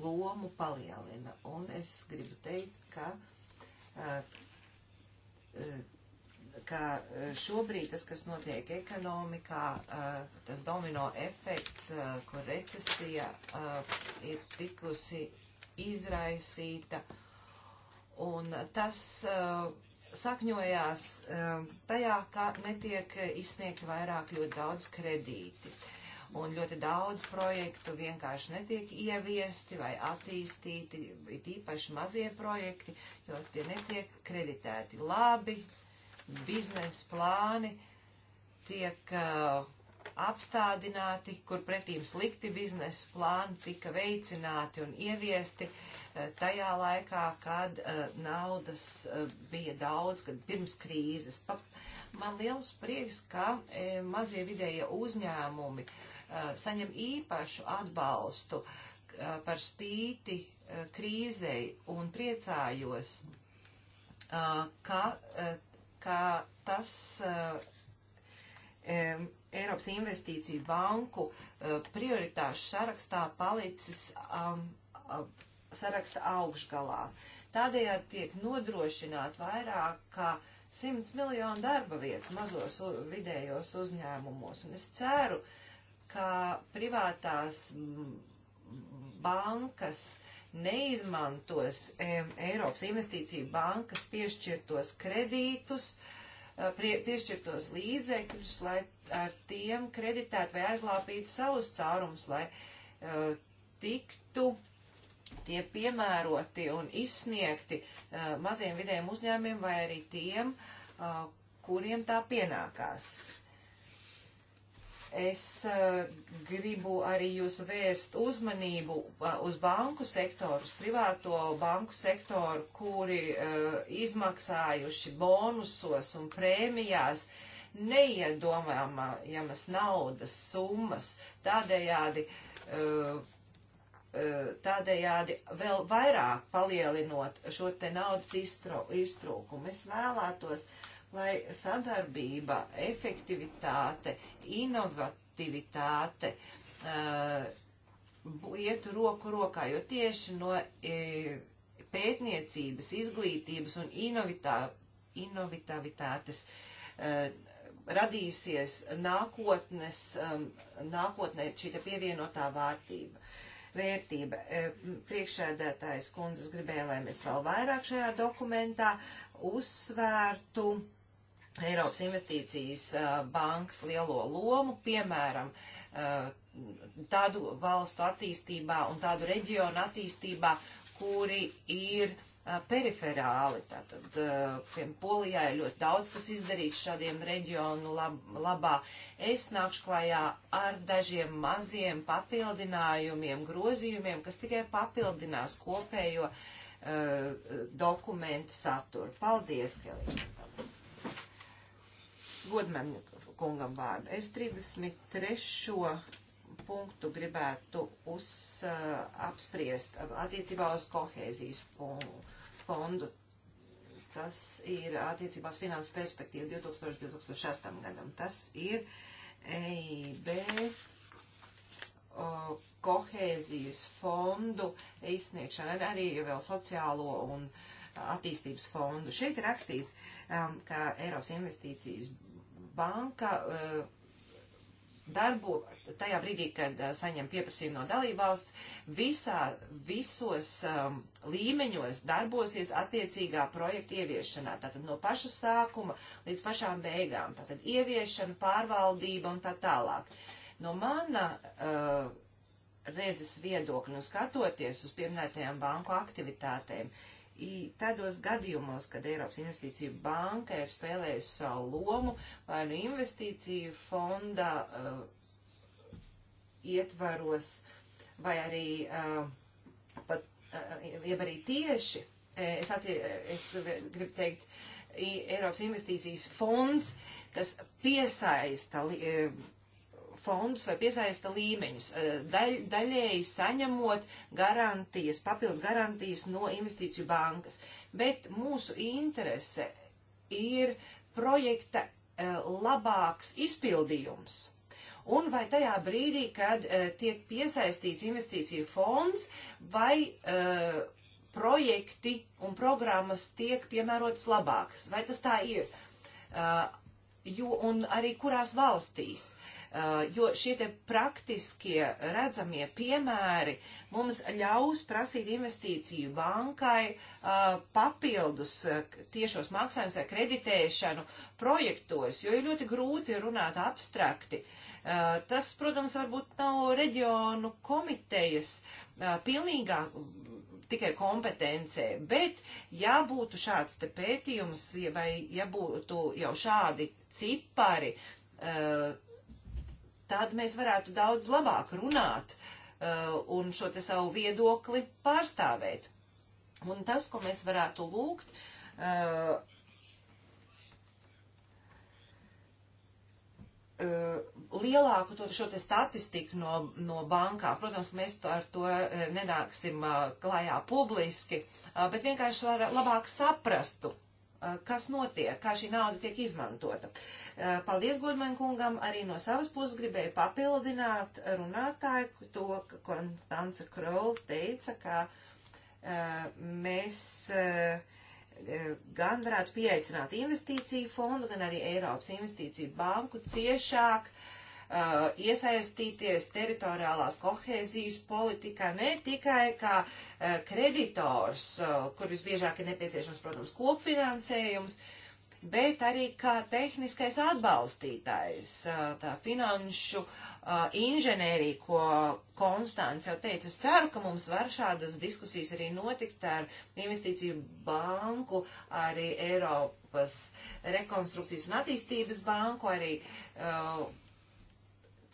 lomu palielina. Un es gribu teikt, ka, ka šobrīd tas, kas notiek ekonomikā, tas domino efekts, kur recesija ir tikusi izraisīta Un tas uh, sakņojās um, tajā, ka netiek izsniegti vairāk ļoti daudz kredīti. Un ļoti daudz projektu vienkārši netiek ieviesti vai attīstīti, ir īpaši mazie projekti, jo tie netiek kreditēti. Labi biznesa plāni tiek uh, apstādināti, kur pretīm slikti biznesa plāni tika veicināti un ieviesti eh, tajā laikā, kad uh, naudas uh, bija daudz, kad pirms krīzes. Pa, man liels prieks, ka uh, mazie vidējie uzņēmumi saņem īpašu atbalstu par spīti krīzei un priecājos, ka, ka tas Eiropas investīciju banku eh, prioritāšu sarakstā palicis um, um, saraksta augšgalā. Tādējādi tiek nodrošināt vairāk kā 100 miljonu darba vietas mazos vidējos uzņēmumos. Un es ceru, ka privātās mm, bankas neizmantos e, Eiropas investīciju bankas piešķirtos kredītus, uh, Uh, prie, piešķirtos līdzekļus, lai ar tiem kreditētu vai aizlāpītu savus caurumus, lai uh, tiktu tie piemēroti un izsniegti uh, maziem vidējiem uzņēmiem vai arī tiem, uh, kuriem tā pienākās. Es eh, gribu arī jūs vērst uzmanību eh, uz banku sektoru, uz privāto banku sektoru, kuri eh, izmaksājuši bonusos un prēmijās neiedomājamas naudas summas. Tādējādi tādējādi vēl vairāk palielinot šo te naudas iztrūkumu. Es vēlētos uh, lai sadarbība, efektivitāte, inovativitāte uh, iet roku rokā, jo tieši no uh, pētniecības, izglītības un inovitā, inovitāvitātes uh, radīsies nākotnes, um, nākotnē šī pievienotā vārtība. Vērtība. E, priekšēdētājs kundzes gribēja, lai mēs vēl vairāk šajā dokumentā uzsvērtu uh, Eiropas investīcijas bankas lielo lomu, piemēram, tādu valstu attīstībā un tādu reģionu attīstībā, kuri ir periferāli. Tātad, piemēram, Polijā ir ļoti daudz, kas izdarīts šādiem reģionu lab labā. Es nākšu klajā ar dažiem maziem papildinājumiem, grozījumiem, kas tikai papildinās kopējo uh, dokumentu saturu. Paldies, Kelija! godmēm kungam vārdu. Es 33. punktu gribētu uz, uh, apspriest attiecībā uz kohēzijas fondu. Tas ir attiecībās finansu perspektīva 2000-2006 gadam. Tas ir EIB uh, kohēzijas fondu izsniegšana, arī vēl sociālo un attīstības fondu. Šeit ir rakstīts, um, ka Eiropas investīcijas banka eh, darbo tajā brīdī, kad eh, saņem pieprasījumu no dalībvalsts, visā, visos um, līmeņos darbosies attiecīgā projekta ieviešanā. Tātad no paša sākuma līdz pašām beigām. Tātad ieviešana, pārvaldība un tā tālāk. No mana uh, redzes viedokļa, nu skatoties uz pieminētajām banku aktivitātēm, uh, tādos gadījumos, kad Eiropas investīcija banka ir spēlējusi savu lomu, vai nu investīciju fonda uh, ietvaros, vai arī uh, pat, uh, jeb arī tieši, e, es, attie, es gribu teikt, Eiropas investīcijas fonds, kas piesaista. Uh, fondus vai piesaista līmeņus, eh, daļ, daļēji saņemot garantijas, papildus garantijas no investīciju bankas. Bet mūsu interese ir projekta eh, labāks izpildījums. Un vai tajā brīdī, kad eh, tiek piesaistīts investīciju fonds, vai projekti un programmas tiek piemērotas labākas. Vai tas tā ir? Uh, jo, un arī kurās valstīs. Eh, jo šie te praktiskie redzamie piemēri mums ļaus prasīt investīciju bankai eh, papildus eh, tiešos maksājumus vai kreditēšanu projektos, jo ir ļoti grūti runāt abstrakti. Tas, protams, varbūt nav reģionu komitejas pilnīgā tikai kompetencē, bet ja būtu šāds te pētījums vai ja būtu jau šādi cipari, uh, tad mēs varētu daudz labāk runāt uh, un šo te savu viedokli pārstāvēt. Un tas, ko mēs varētu lūgt, uh, uh lielāku to, šo te statistiku no, no bankām. Protams, mēs to, ar to uh, nenāksim uh, klajā publiski, bet vienkārši var labāk saprastu, Eh, kas notiek, kā šī nauda tiek izmantota. Eh, paldies Godman kungam, arī no savas puses gribēju papildināt runātāju to, ka Konstance Kroll teica, ka eh, mēs gan varētu pieaicināt investīciju fondu, gan arī Eiropas investīciju banku ciešāk uh, uh, iesaistīties teritoriālās kohēzijas politikā ne tikai kā uh, kreditors, uh, kur visbiežāk ir nepieciešams, protams, kopfinansējums, bet arī kā tehniskais atbalstītājs, uh, tā finanšu uh, inženērija, ko Konstants jau teica. Es ceru, ka mums var šādas diskusijas arī notikt ar investīciju banku, arī Eiropas rekonstrukcijas un attīstības banku, arī uh,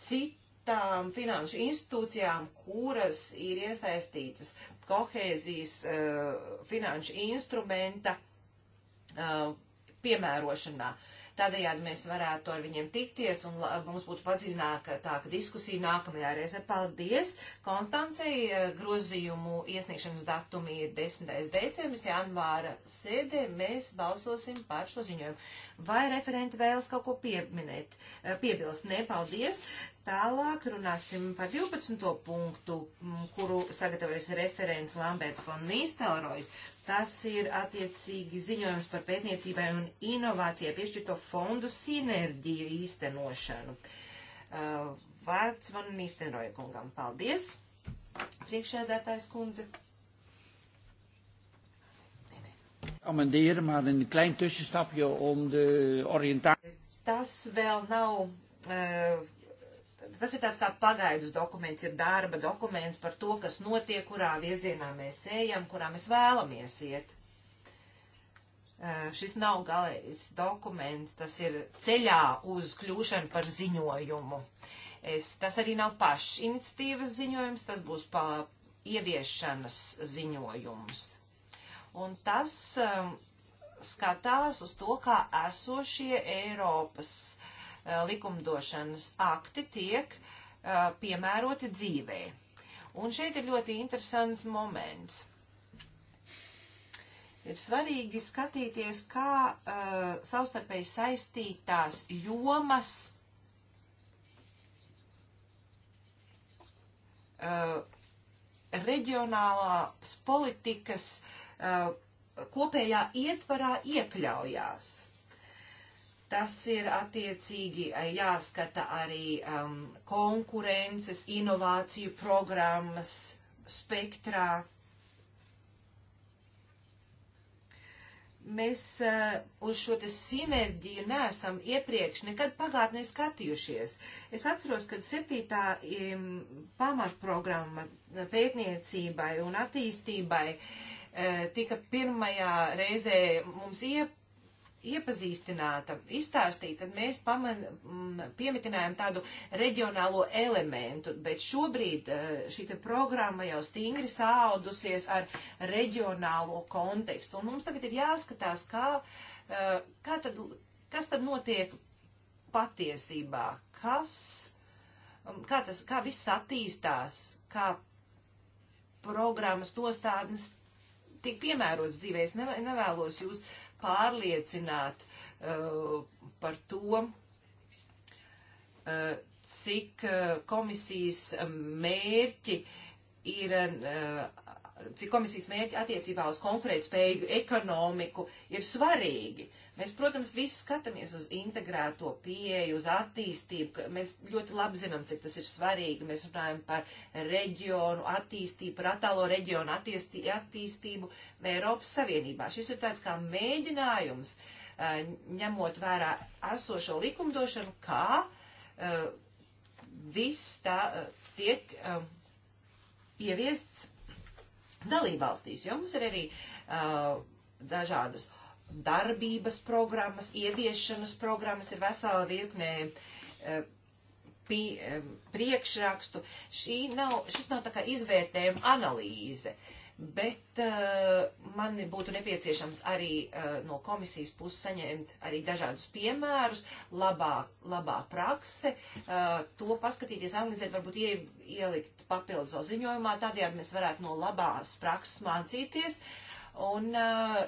citām finanšu institūcijām, kuras ir iesaistītas kohēzijas uh, finanšu instrumenta uh, piemērošanā. Uh, Tādējādi mēs varētu ar viņiem tikties un mums būtu padziļināka tāka diskusija nākamajā reizē. Paldies! Konstancei eh, grozījumu iesniegšanas datumi ir 10. decembris, janvāra sēdē mēs balsosim par šo ziņojumu. Vai referenti vēlas kaut ko pieminēt, eh, piebilst? Nē, paldies! Tālāk runāsim par 12. punktu, kuru sagatavojas referents Lamberts von Nīstelrojs. Tas ir attiecīgi ziņojums par pētniecībai un inovācijai piešķirto fondu sinerģiju īstenošanu. Uh, vārds man īstenoja kungam. Paldies, priekšēdētājs kundze. Amenderen, maar een klein tussenstapje om de oriëntatie. Tas vēl nav uh, tas ir tāds kā pagaidus dokuments, ir darba dokuments par to, kas notiek, kurā virzienā mēs ejam, kurā mēs vēlamies iet. Šis nav galējs dokuments, tas ir ceļā uz kļūšanu par ziņojumu. Es, tas arī nav pašs iniciatīvas ziņojums, tas būs pa ieviešanas ziņojums. Un tas um, skatās uz to, kā esošie Eiropas Eh, likumdošanas akti tiek eh, piemēroti dzīvē. Un šeit ir ļoti interesants moments. Ir svarīgi skatīties, kā uh, savstarpēji saistītās jomas uh, reģionālās politikas uh, kopējā ietvarā iekļaujās. Tas ir attiecīgi eh, jāskata arī um, konkurences, inovāciju programmas spektrā. Mēs uh, uz šo te sinerģiju neesam iepriekš nekad pagātnē skatījušies. Es atceros, ka septītā um, pamatprogramma eh, pētniecībai un attīstībai uh, tika pirmajā reizē mums iep iepazīstināta, izstāstīta, tad mēs paman, m, piemetinājām tādu reģionālo elementu, bet šobrīd e, šī programma jau stingri sāudusies ar reģionālo kontekstu. Un mums tagad ir jāskatās, kā, e, kā tad, kas tad notiek patiesībā, kas, kā, tas, kā viss attīstās, kā programmas nostādnes tiek piemērotas dzīvē. Es nevēlos jūs uh, pārliecināt uh, par to, uh, cik uh, komisijas mērķi ir uh, cik komisijas mērķi attiecībā uz konkurētspēju ekonomiku ir svarīgi. Mēs, protams, visi skatāmies uz integrēto pieeju, uz attīstību. Mēs ļoti labi zinām, cik tas ir svarīgi. Mēs runājam par reģionu attīstību, par attālo reģionu attīstī, attīstību Eiropas Savienībā. Šis ir tāds kā mēģinājums eh, ņemot vērā esošo likumdošanu, kā uh, viss tā uh, tiek uh, ieviests dalībvalstīs, jo mums ir arī uh, dažādas darbības programmas, ieviešanas programmas, ir vesela virknē uh, pi, uh, priekšrakstu. Šī nav, šis nav tā kā izvērtējuma analīze. Uh, bet uh, eh, man būtu nepieciešams arī uh, no komisijas puses saņemt arī dažādus piemērus, labā, labā prakse, uh, to paskatīties, analizēt, varbūt ie, ielikt papildus vēl ziņojumā, tādējādi mēs varētu no labās prakses mācīties. Un uh,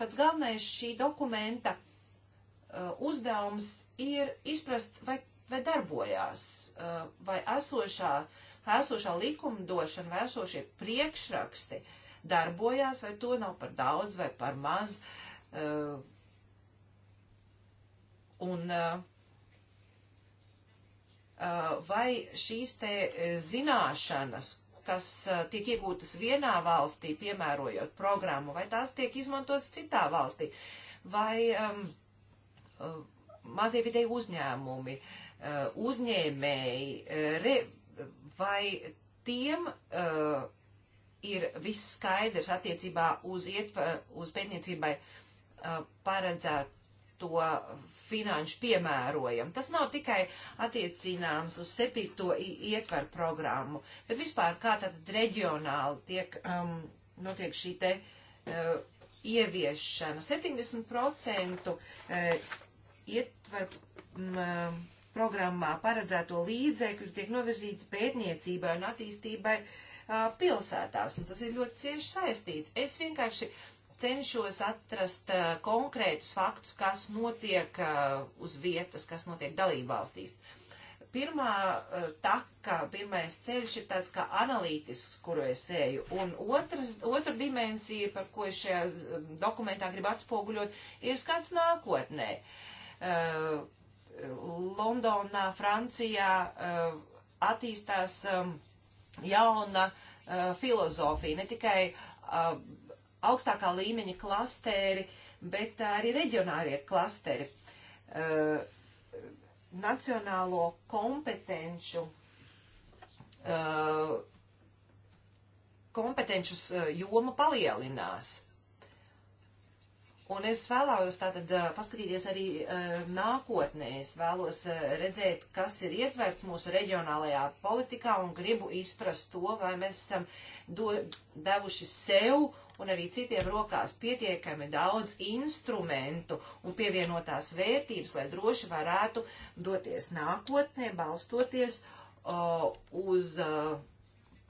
pats galvenais šī dokumenta uh, uzdevums ir izprast, vai, vai darbojās, uh, vai esošā uh, esošā likumdošana vai esošie priekšraksti darbojās, vai to nav par daudz vai par maz. Uh, un uh, vai šīs te zināšanas, kas tiek iegūtas vienā valstī, piemērojot programmu, vai tās tiek izmantotas citā valstī, vai um, mazie vidēji uzņēmumi, uzņēmēji, re, vai tiem uh, ir viss skaidrs attiecībā uz, ietver, uz pētniecībai uh, eh, paredzētu to finanšu piemērojam. Tas nav tikai attiecināms uz septīto ietveru programmu, bet vispār kā tad reģionāli tiek, um, notiek šī te uh, ieviešana. 70% uh, ietver um, programmā paredzēto līdzekļu tiek novirzīti pētniecībai un attīstībai a, pilsētās, un tas ir ļoti cieši saistīts. Es vienkārši cenšos atrast a, konkrētus faktus, kas notiek a, uz vietas, kas notiek dalībvalstīs. Pirmā taka, pirmais ceļš ir tāds kā analītisks, kuru es eju, un otras, otra dimensija, par ko es šajā dokumentā gribu atspoguļot, ir skats nākotnē. Uh, Londonā, Francijā eh, attīstās eh, jauna eh, filozofija, ne tikai augstākā līmeņa klasteri, bet arī reģionālie klasteri. Nacionālo kompetenču kompetenču joma palielinās. Un es vēlos tātad paskatīties arī nākotnē. Es vēlos redzēt, kas ir ietverts mūsu reģionālajā politikā un gribu izprast to, vai mēs esam do, devuši sev un arī citiem rokās pietiekami daudz instrumentu un pievienotās vērtības, lai droši varētu doties nākotnē, balstoties o, uz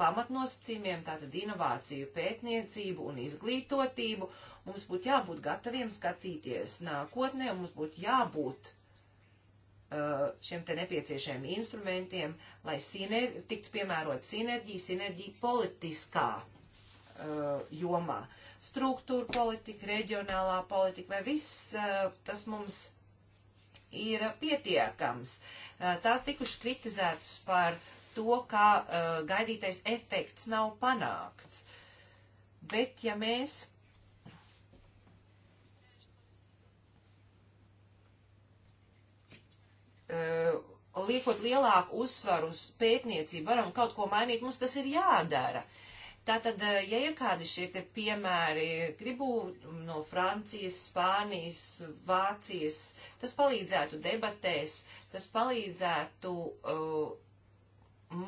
pamatnosacījumiem, tātad inovāciju, pētniecību un izglītotību. Uh, Mums būtu jābūt gataviem skatīties nākotnē, un mums būtu jābūt uh, šiem te nepieciešajiem instrumentiem, lai siner, tiktu piemērot sinerģija, sinerģija politiskā uh, jomā. Struktūra politika, reģionālā politika, vai viss uh, tas mums ir pietiekams. Uh, tās tikuši kritizētas par to, ka uh, gaidītais efekts nav panākts. Bet ja mēs Uh, liekot lielāku uzsvaru uz pētniecību, varam kaut ko mainīt, mums tas ir jādara. Tātad, uh, ja ir kādi šie te piemēri, gribu no Francijas, Spānijas, Vācijas, tas palīdzētu debatēs, tas palīdzētu uh,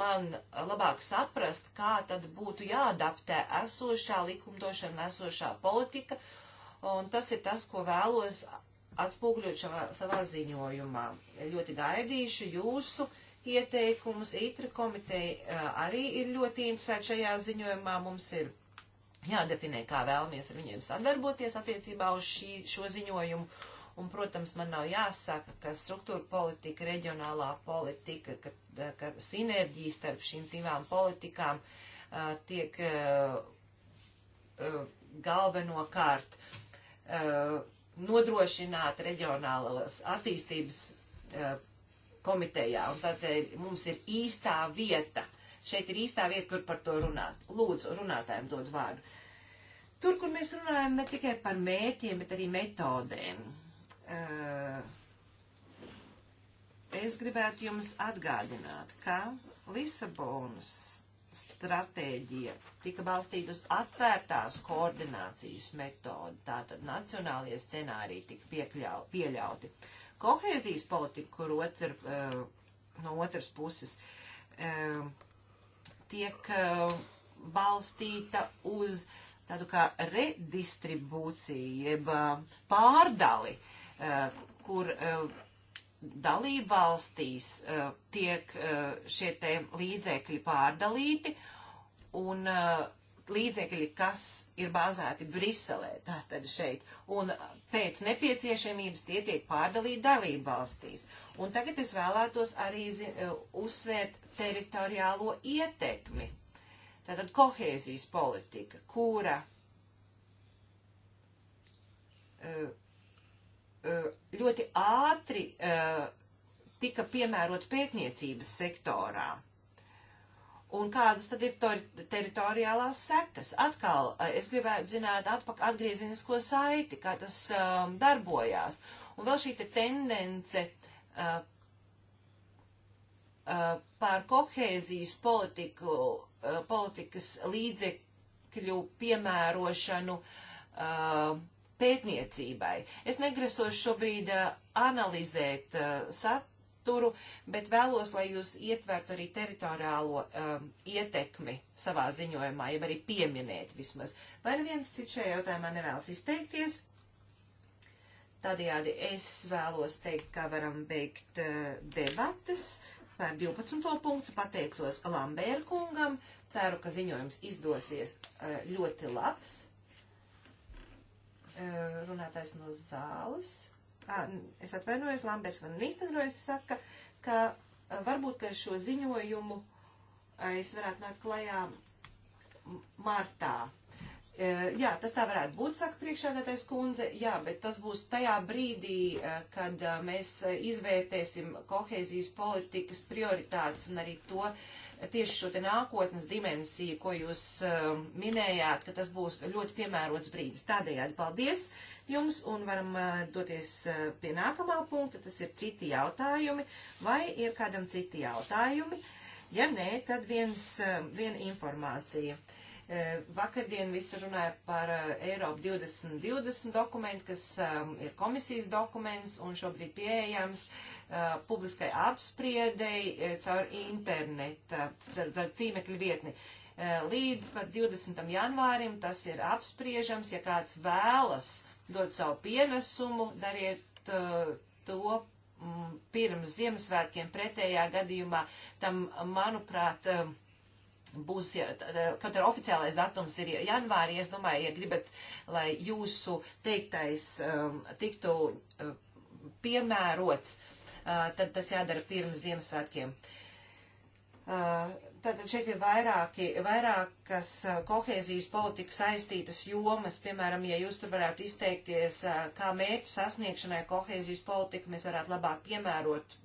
man labāk saprast, kā tad būtu jāadaptē esošā likumdošana, esošā politika, un tas ir tas, ko vēlos atspūgļot šavā, savā ziņojumā. Ļoti gaidīšu jūsu ieteikumus. ITRA komiteja arī ir ļoti interesēta šajā ziņojumā. Mums ir jādefinē, kā vēlamies ar viņiem sadarboties attiecībā uz šī, šo ziņojumu. Un, protams, man nav jāsaka, ka struktūra politika, reģionālā politika, ka, ka sinerģija starp šīm divām politikām uh, tiek uh, uh, galvenokārt uh, nodrošināt reģionālās attīstības uh, komitejā. Un tātad eh, mums ir īstā vieta. Šeit ir īstā vieta, kur par to runāt. Lūdzu, runātājiem dod vārdu. Tur, kur mēs runājam ne tikai par mēķiem, bet arī metodēm. Uh, es gribētu jums atgādināt, ka Lisabonas stratēģija tika balstīta uz atvērtās koordinācijas metodu, tātad nacionālie scenāriji tika piekļau, pieļauti. Kohēzijas politika, kur otr, eh, no otras puses eh, tiek eh, balstīta uz tādu kā redistribūciju, jeb pārdali, kur dalību valstīs uh, eh, tiek uh, šie te līdzekļi pārdalīti un uh, līdzekļi, kas ir bāzēti Briselē, tātad šeit, un pēc nepieciešamības tie tiek pārdalīti dalību valstīs. Un tagad es vēlētos arī uzsvērt teritoriālo ietekmi, tātad kohēzijas politika, kura uh, Eh, ļoti ātri eh, tika piemērot pētniecības sektorā. Un kādas tad ir teritoriālās sektas? Atkal eh, es gribētu zināt atpak, atgriezinisko saiti, kā tas um, darbojās. Un vēl šī te tendence uh, uh, pār kohēzijas politiku, uh, politikas līdzekļu piemērošanu uh, pētniecībai. Es negrasos šobrīd eh, analizēt eh, saturu, bet vēlos, lai jūs ietvertu arī teritoriālo um, ietekmi savā ziņojumā, ja arī pieminēt vismaz. Vai neviens cits šajā jautājumā nevēlas izteikties? Tādējādi es vēlos teikt, ka varam beigt uh, debatas par 12. punktu. Pateicos Lambērkungam. Ceru, ka ziņojums izdosies uh, ļoti labs. Eh, runātājs no zāles. À, ah. es atvainojos, Lambers man īstenrojas, saka, ka eh, varbūt, ka šo ziņojumu eh, es varētu nākt klajā martā. Jā, tas tā varētu būt, saka priekšādātais kundze, jā, bet tas būs tajā brīdī, kad mēs izvērtēsim kohēzijas politikas prioritātes un arī to, uh, tieši šo te nākotnes dimensiju, ko jūs um, minējāt, ka tas būs ļoti piemērots brīdis. Tādējādi paldies jums un varam uh, doties uh, pie nākamā punkta, tas ir citi jautājumi, vai ir kādam citi jautājumi. Ja nē, tad viens, uh, viena informācija. Uh, vakardien visi runāja par uh, Eiropu 2020 dokumentu, kas um, ir komisijas dokuments un šobrīd pieejams. Uh, uh, publiskai apspriedei uh, caur interneta, caur, caur tīmekļa vietni. Uh, līdz pat 20. janvārim tas ir apspriežams, ja kāds vēlas dot savu pienesumu, dariet uh, to mm, pirms Ziemassvētkiem pretējā gadījumā. Tam, manuprāt, uh, būs, ja, kaut arī oficiālais datums ir janvārī, es domāju, ja gribat, lai jūsu teiktais um, tiktu um, piemērots, uh, tad tas jādara pirms Ziemassvētkiem. Tātad šeit ir vairāki, vairākas kohēzijas politikas saistītas jomas, piemēram, ja jūs tur varētu izteikties, kā mērķu sasniegšanai kohēzijas politika mēs varētu labāk piemērot,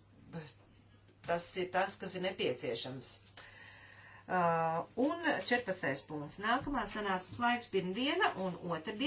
tas ir tas, kas ir nepieciešams. Uh, un 14. punkts. Nākamā sanāca laiks pirmdiena un otrdien.